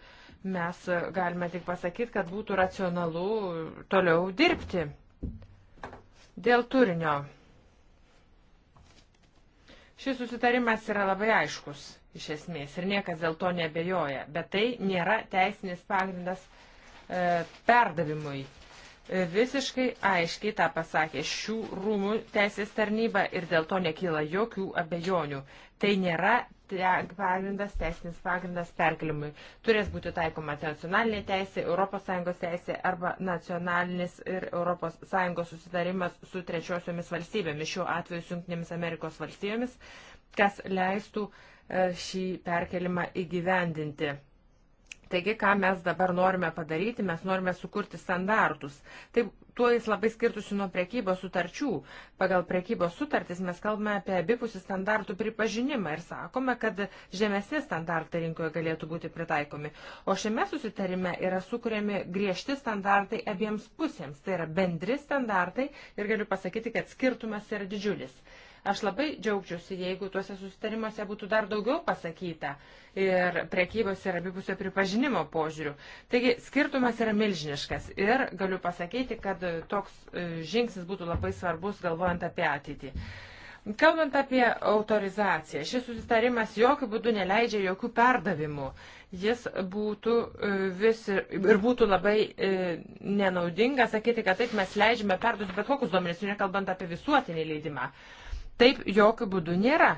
Mes e, galime tik pasakyti, kad būtų racionalu toliau dirbti dėl turinio. Šis susitarimas yra labai aiškus iš esmės ir niekas dėl to nebejoja, bet tai nėra teisinis pagrindas e, perdavimui. E, visiškai aiškiai tą pasakė šių rūmų teisės tarnyba ir dėl to nekyla jokių abejonių. Tai nėra te, pagrindas, teisinis pagrindas perkelimui. Turės būti taikoma nacionalinė teisė, ES teisė arba nacionalinis ir ES susidarimas su trečiosiomis valstybėmis, šiuo atveju su Junktinėmis Amerikos valstybėmis, kas leistų uh, E, šį perkelimą įgyvendinti. Taigi, ką mes dabar norime padaryti, mes norime sukurti standartus. Taip, tuo jis labai skirtusi nuo prekybos sutarčių. Pagal prekybos sutartis mes kalbame apie abipusį standartų pripažinimą ir sakome, kad žemesni standartai rinkoje galėtų būti pritaikomi. O šiame susitarime yra sukūrėmi griežti standartai abiems pusėms. Tai yra bendri standartai ir galiu pasakyti, kad skirtumas yra didžiulis. Aš labai džiaugčiausi, jeigu tuose susitarimuose būtų dar daugiau pasakyta ir prekybos ir abipusio pripažinimo požiūrių. Taigi skirtumas yra milžiniškas ir galiu pasakyti, kad toks e, žingsnis būtų labai svarbus galvojant apie ateitį. Kalbant apie autorizaciją, šis susitarimas jokių būdų neleidžia jokių perdavimų. Jis būtų e, vis ir būtų labai e, nenaudinga sakyti, kad taip mes leidžiame perduoti bet kokius duomenis, nekalbant apie visuotinį leidimą. Taip jokių būdų nėra.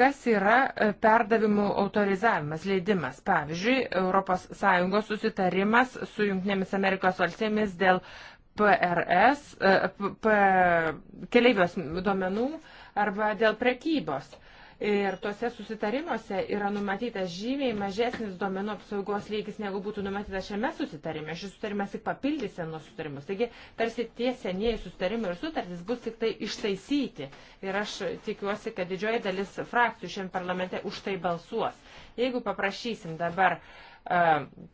Kas yra e, perdavimų autorizavimas, leidimas? Pavyzdžiui, ES susitarimas su Junktinėmis Amerikos valstybėmis dėl PRS, e, p, p, keliaivios duomenų arba dėl prekybos. Ir tuose susitarimuose yra numatytas žymiai mažesnis duomenų apsaugos lygis, negu būtų numatytas šiame susitarime. Šis susitarimas tik papildys senos susitarimus. Taigi, tarsi tie senieji susitarimai ir sutartys bus tik tai ištaisyti. Ir aš tikiuosi, kad didžioji dalis frakcijų šiandien parlamente už tai balsuos. Jeigu paprašysim dabar uh,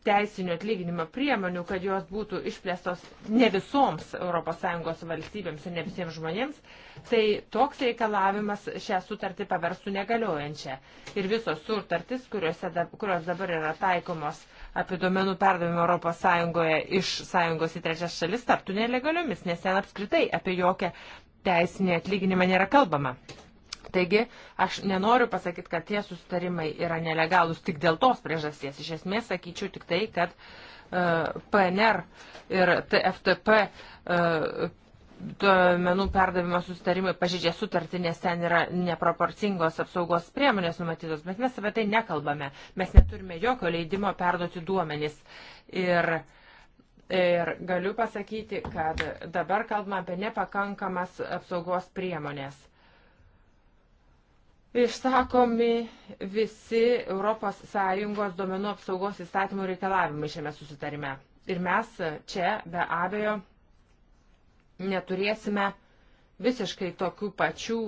teisinių atlyginimo priemonių, kad jos būtų išplėstos ne visoms ES valstybėms ir ne visiems žmonėms, tai toks reikalavimas šią sutartį paverstų negaliojančią. Ir visos sutartys, kurios dabar yra taikomos apie duomenų perdavimą ES iš sąjungos į trečias šalis, taptų nelegaliomis, nes ten apskritai apie jokią teisinį atlyginimą nėra kalbama. Taigi, aš nenoriu pasakyti, kad tie sustarimai yra nelegalūs tik dėl tos priežasties. Iš esmės, sakyčiau tik tai, kad uh, e, PNR ir TFTP uh, e, duomenų perdavimo sustarimai pažydžia sutartį, nes ten yra neproporcingos apsaugos priemonės numatytos, bet mes apie tai nekalbame. Mes neturime jokio leidimo perduoti duomenys. Ir, ir galiu pasakyti, kad dabar kalbame apie nepakankamas apsaugos priemonės išsakomi visi ES duomenų apsaugos įstatymų reikalavimai šiame susitarime. Ir mes čia be abejo neturėsime visiškai tokių pačių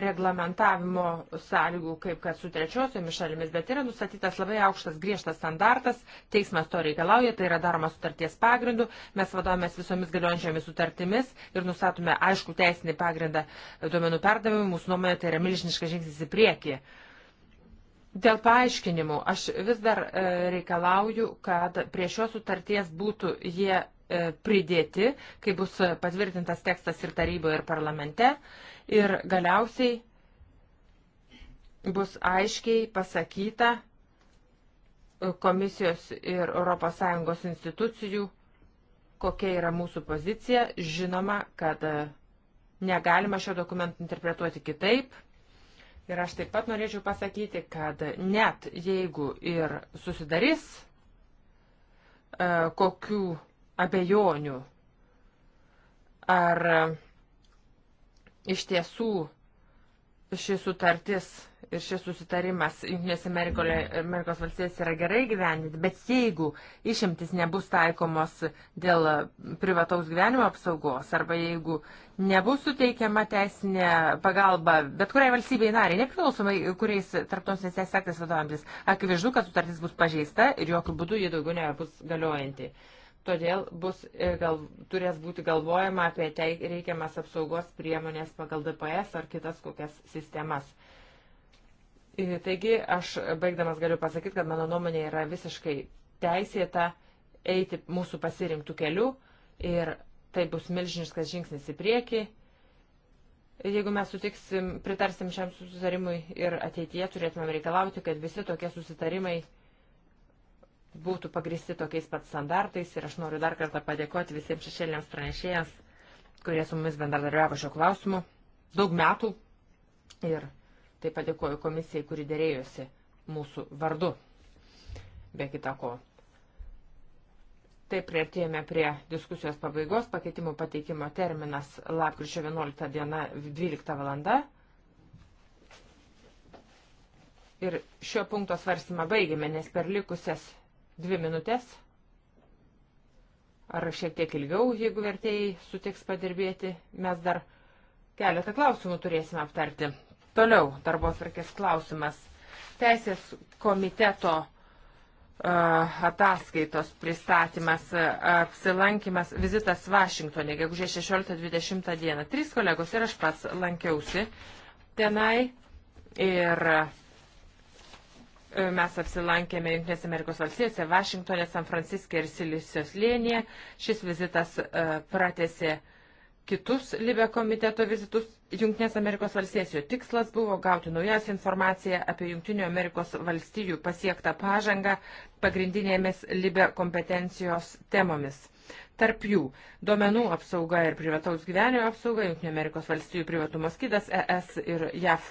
reglamentavimo sąlygų, kaip kad su trečiosiomis šalimis, bet yra nustatytas labai aukštas griežtas standartas, teismas to reikalauja, tai yra daroma sutarties pagrindu, mes vadovomės visomis galiojančiomis sutartimis ir nustatome aišku teisinį pagrindą duomenų perdavimui, mūsų nuomonė tai yra milžiniškas žingsnis į priekį. Dėl paaiškinimų aš vis dar e, reikalauju, kad prie šios sutarties būtų jie e, pridėti, kai bus patvirtintas tekstas ir taryboje, ir parlamente ir galiausiai bus aiškiai pasakyta komisijos ir ES institucijų, kokia yra mūsų pozicija. Žinoma, kad negalima šio dokumento interpretuoti kitaip. Ir aš taip pat norėčiau pasakyti, kad net jeigu ir susidarys e, kokių abejonių ar Iš tiesų, ši sutartis ir šis susitarimas Junktinės Amerikos valstijos yra gerai gyveninti, bet jeigu išimtis nebus taikomos dėl privataus gyvenimo apsaugos arba jeigu nebus suteikiama teisinė pagalba bet kuriai valstybei nariai, nepriklausomai kuriais tarptautinės teisės aktais vadovantis, akivaizdu, kad sutartis bus pažeista ir jokių būdų ji daugiau nebus galiojanti. Uh, Todėl bus, e, gal, turės būti galvojama apie tei, reikiamas apsaugos priemonės pagal DPS ar kitas kokias sistemas. E, taigi, aš baigdamas galiu pasakyti, kad mano nuomonė yra visiškai teisėta eiti mūsų pasirinktų kelių ir tai bus milžiniškas žingsnis į priekį. Jeigu mes sutiksim, pritarsim šiam susitarimui ir ateityje turėtumėm reikalauti, kad visi tokie susitarimai būtų pagristi tokiais pat standartais ir aš noriu dar kartą padėkoti visiems šešėlėms pranešėjams, kurie su mumis bendradarbiavo šio klausimu daug metų ir taip padėkoju komisijai, kuri dėrėjosi mūsų vardu, be kita ko. Taip prieartėjome prie diskusijos pabaigos, pakeitimų pateikimo terminas lapkričio 11 diena 12 valanda. Ir šio punkto svarstymą baigėme, nes per likusias dvi minutės ar šiek tiek ilgiau, jeigu vertėjai sutiks padirbėti. Mes dar keletą klausimų turėsime aptarti. Toliau darbo atvarkės klausimas. Teisės komiteto uh, ataskaitos pristatymas, uh, apsilankimas, vizitas Vašingtonė, gegužės 16-20 dieną. Trys kolegos ir aš pats lankiausi tenai ir uh, E, mes apsilankėme Junktinės Amerikos valstijose, Vašingtonė, San Franciske ir Silisios lėnėje. Šis vizitas e, pratėsi kitus Libė komiteto vizitus Junktinės Amerikos valstijose. Jo tikslas buvo gauti naujausią informaciją apie Junktinių Amerikos valstijų pasiektą pažangą pagrindinėmis Libė kompetencijos temomis. Tarp jų duomenų apsauga ir privataus gyvenimo apsauga, JAV privatumo skydas, ES ir JAV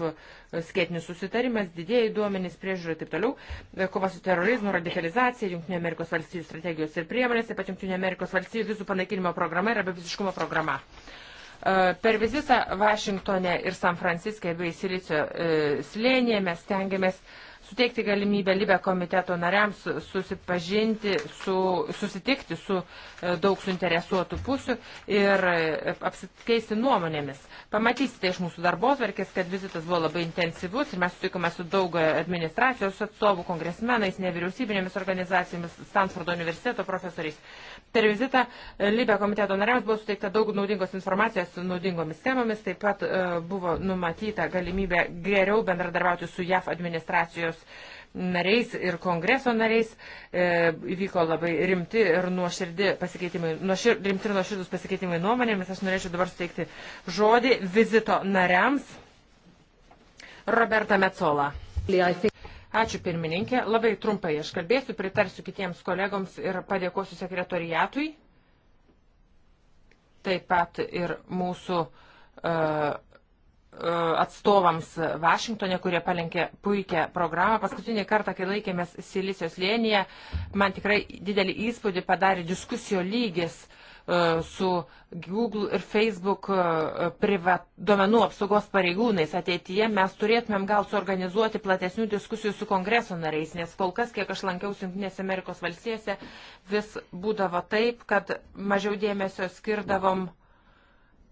skėtinis susitarimas, didėjai duomenys, priežiūra ir taip toliau, e, kova su terorizmu, radikalizacija, JAV strategijos ir priemonės, taip pat JAV vizų panaikinimo programa ir abipisiškumo programa. E, per vizitą Vašingtonė ir San Franciske bei Silicio e, slėnyje mes tengiamės uh, suteikti galimybę Libė komiteto nariams susipažinti, su, susitikti su e, daug suinteresuotų pusių ir e, apsikeisti nuomonėmis. Pamatysite iš mūsų darbosverkės, kad vizitas buvo labai intensyvus ir mes sutikome su daug administracijos atstovų, kongresmenais, nevyriausybinėmis organizacijomis, Stanfordo universiteto profesoriais. Per vizitą e, Libė komiteto nariams buvo suteikta daug naudingos informacijos su naudingomis temomis, taip pat e, buvo numatyta galimybė geriau bendradarbiauti su JAF administracijos nariais ir kongreso nariais e, įvyko labai rimti ir nuoširdi pasikeitimai, nuošir, rimti ir nuoširdus pasikeitimai nuomonėmis. Aš norėčiau dabar suteikti žodį vizito nariams. Roberta Metzola. Ačiū pirmininkė. Labai trumpai aš kalbėsiu, pritarsiu kitiems kolegoms ir padėkosiu sekretoriatui. Taip pat ir mūsų uh, atstovams Vašingtonė, kurie palenkė puikią programą. Paskutinį kartą, kai laikėmės Silicijos lėnyje, man tikrai didelį įspūdį padarė diskusijų lygis uh, E, su Google ir Facebook e, privat, duomenų apsaugos pareigūnais ateityje mes turėtumėm gal suorganizuoti platesnių diskusijų su kongreso nariais, nes kol kas, kiek aš lankiausi Junktinėse Amerikos valstijose, vis būdavo taip, kad mažiau dėmesio skirdavom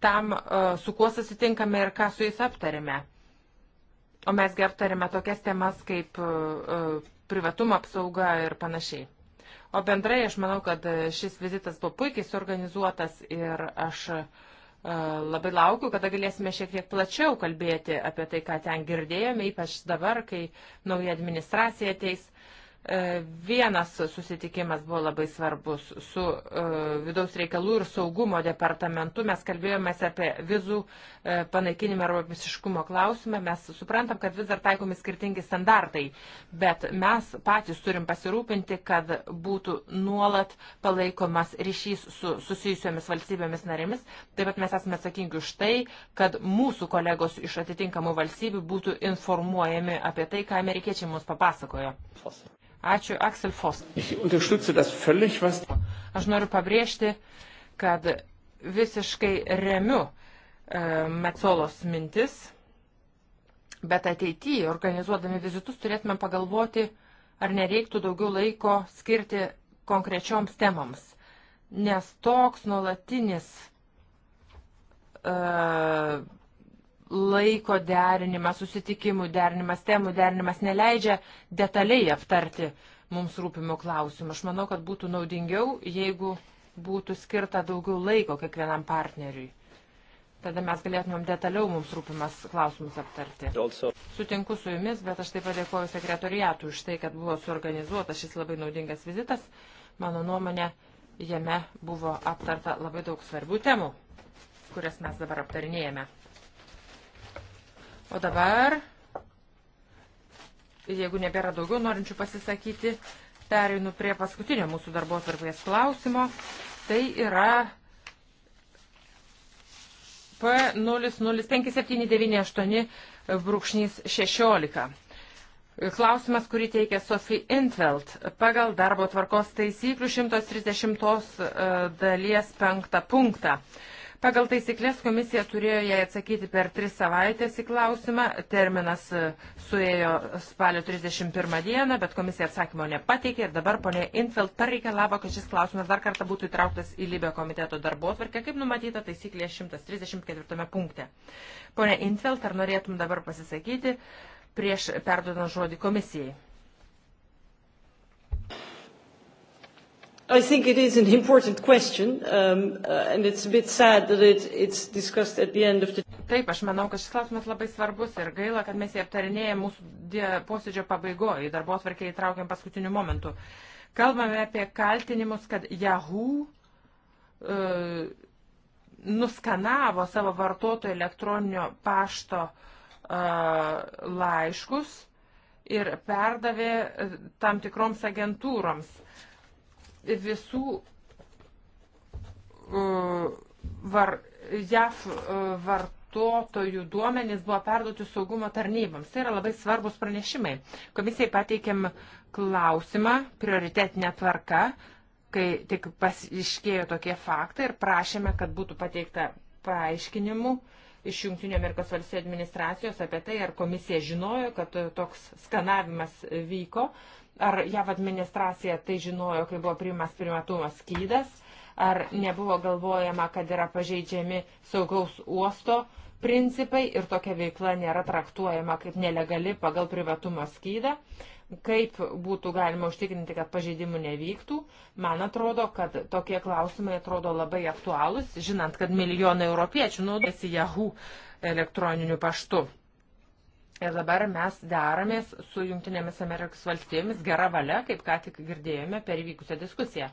tam, e, su kuo susitinkame ir ką su jais aptarėme. O mesgi aptarėme tokias temas kaip privatumo apsauga ir panašiai. O bendrai aš manau, kad šis vizitas buvo puikiai suorganizuotas ir aš e, labai laukiu, kada galėsime šiek tiek plačiau kalbėti apie tai, ką ten girdėjome, ypač dabar, kai nauja administracija ateis. E, vienas susitikimas buvo labai svarbus su e, vidaus reikalų ir saugumo departamentu. Mes kalbėjomės apie vizų e, panaikinimą arba visiškumo klausimą. Mes suprantam, kad vis dar taikomi skirtingi standartai, bet mes patys turim pasirūpinti, kad būtų nuolat palaikomas ryšys su susijusiomis valstybėmis narėmis. Taip pat mes esame atsakingi už tai, kad mūsų kolegos iš atitinkamų valstybių būtų informuojami apie tai, ką amerikiečiai mums papasakojo. Fosai. Ačiū, Aksel Fost. Aš noriu pabrėžti, kad visiškai remiu e, Metsolos mintis, bet ateityje, organizuodami vizitus, turėtume pagalvoti, ar nereiktų daugiau laiko skirti konkrečioms temams. Nes toks nuolatinis uh, laiko derinimas, susitikimų derinimas, temų derinimas neleidžia detaliai aptarti mums rūpimų klausimų. Aš manau, kad būtų naudingiau, jeigu būtų skirta daugiau laiko kiekvienam partneriui. Tada mes galėtumėm detaliau mums rūpimas klausimus aptarti. Also. Sutinku su jumis, bet aš taip padėkoju sekretoriatui už tai, kad buvo suorganizuotas šis labai naudingas vizitas. Mano nuomonė, jame buvo aptarta labai daug svarbių temų, kurias mes dabar aptarinėjame. O dabar, jeigu nebėra daugiau norinčių pasisakyti, pereinu prie paskutinio mūsų darbo tvarkės klausimo. Tai yra P00579 brūkšnys 16. Klausimas, kurį teikia Sofie Intveld. Pagal darbo tvarkos taisyklių 130 e, dalies penktą punktą. punktą Pagal taisyklės komisija turėjo jai atsakyti per tris savaitės į klausimą. Terminas e, suėjo spalio 31 dieną, bet komisija atsakymo nepateikė ir dabar ponė Infeld pareikalavo, kad šis klausimas dar kartą būtų įtrauktas į Libio komiteto darbo atvarkę, kaip numatyta taisyklėje 134 punkte. Pone Infeld, ar norėtum dabar pasisakyti prieš perduodant žodį komisijai? I think it is an important question, um, uh, and it's a bit sad that it, it's discussed at the end of the. Taip, aš manau, kad šis klausimas labai svarbus ir gaila, kad mes jį aptarinėjame mūsų posėdžio pabaigoje, darbo atvarkiai įtraukiam paskutiniu momentu. Kalbame apie kaltinimus, kad Yahoo uh, nuskanavo savo vartotojų elektroninio pašto uh, laiškus ir perdavė uh, tam tikroms agentūroms. Uh, visų e, var, JAF e, vartotojų duomenys buvo perduoti saugumo tarnybams. Tai yra labai svarbus pranešimai. Komisijai pateikėm klausimą prioritetinė tvarka, kai tik pasiškėjo tokie faktai ir prašėme, kad būtų pateikta paaiškinimų iš Junktinio Amerikos valstybių administracijos apie tai, ar komisija žinojo, kad toks skanavimas vyko Ar JAV administracija tai žinojo, kai buvo priimas primatumo skydas, ar nebuvo galvojama, kad yra pažeidžiami saugaus uosto principai ir tokia veikla nėra traktuojama kaip nelegali pagal privatumo skydą, kaip būtų galima užtikrinti, kad pažeidimų nevyktų. Man atrodo, kad tokie klausimai atrodo labai aktualūs, žinant, kad milijonai europiečių naudojasi Yahoo elektroniniu paštu. Ir dabar mes deramės su Junktinėmis Amerikos valstybėmis gera valia, kaip ką tik girdėjome per įvykusią diskusiją.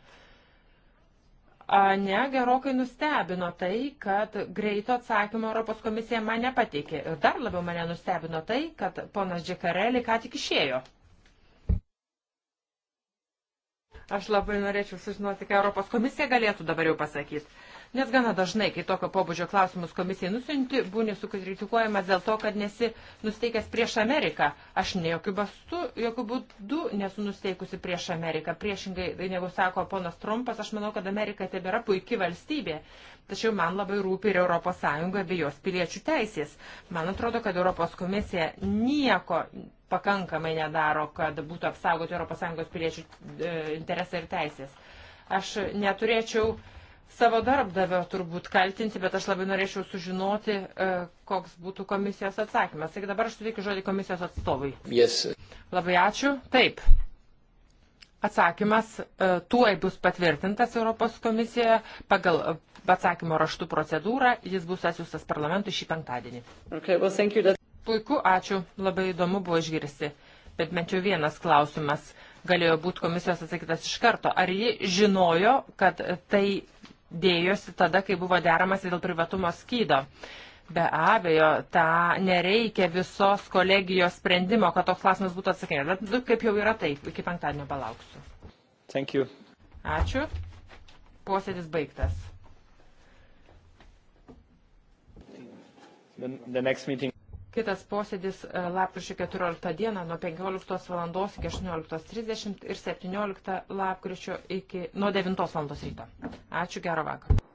Ne, gerokai nustebino tai, kad greito atsakymo Europos komisija man nepateikė. Ir dar labiau mane nustebino tai, kad ponas Džekarelį ką tik išėjo. Aš labai norėčiau sužinoti, ką Europos komisija galėtų dabar jau pasakyti. Nes gana dažnai, kai tokio pobūdžio klausimus komisijai nusinti, būni sukritikuojamas dėl to, kad nesi nusteikęs prieš Ameriką. Aš ne jokių bastų, jokių būdų nesu nusteikusi prieš Ameriką. Priešingai, tai negu sako ponas Trumpas, aš manau, kad Amerika tebėra puikia valstybė. Tačiau man labai rūpi ir ES bei jos piliečių teisės. Man atrodo, kad ES komisija nieko pakankamai nedaro, kad būtų apsaugoti ES piliečių e, interesai ir teisės. Aš neturėčiau e, savo darbdavio turbūt kaltinti, bet aš labai norėčiau sužinoti, e, koks būtų komisijos atsakymas. Taigi dabar aš suteikiu žodį komisijos atstovui. Yes. Labai ačiū. Taip. Atsakymas e, tuoj bus patvirtintas Europos komisijoje pagal e, atsakymo raštų procedūrą. Jis bus atsiųstas parlamentui šį penktadienį. Okay, well, Puiku, ačiū. Labai įdomu buvo išgirsti. Bet mečiau vienas klausimas galėjo būti komisijos atsakytas iš karto. Ar ji žinojo, kad tai dėjosi tada, kai buvo deramasi dėl privatumo skydo. Be abejo, tą nereikia visos kolegijos sprendimo, kad toks klausimas būtų atsakingas. Bet kaip jau yra taip, iki penktadienio palauksiu. Thank you. Ačiū. Posėdis baigtas. The, the next meeting. Kitas posėdis e, lapkričio 14 dieną nuo 15 val. iki 18.30 ir 17 lapkričio iki nuo 9 val. ryto. Ačiū, gero vakaro.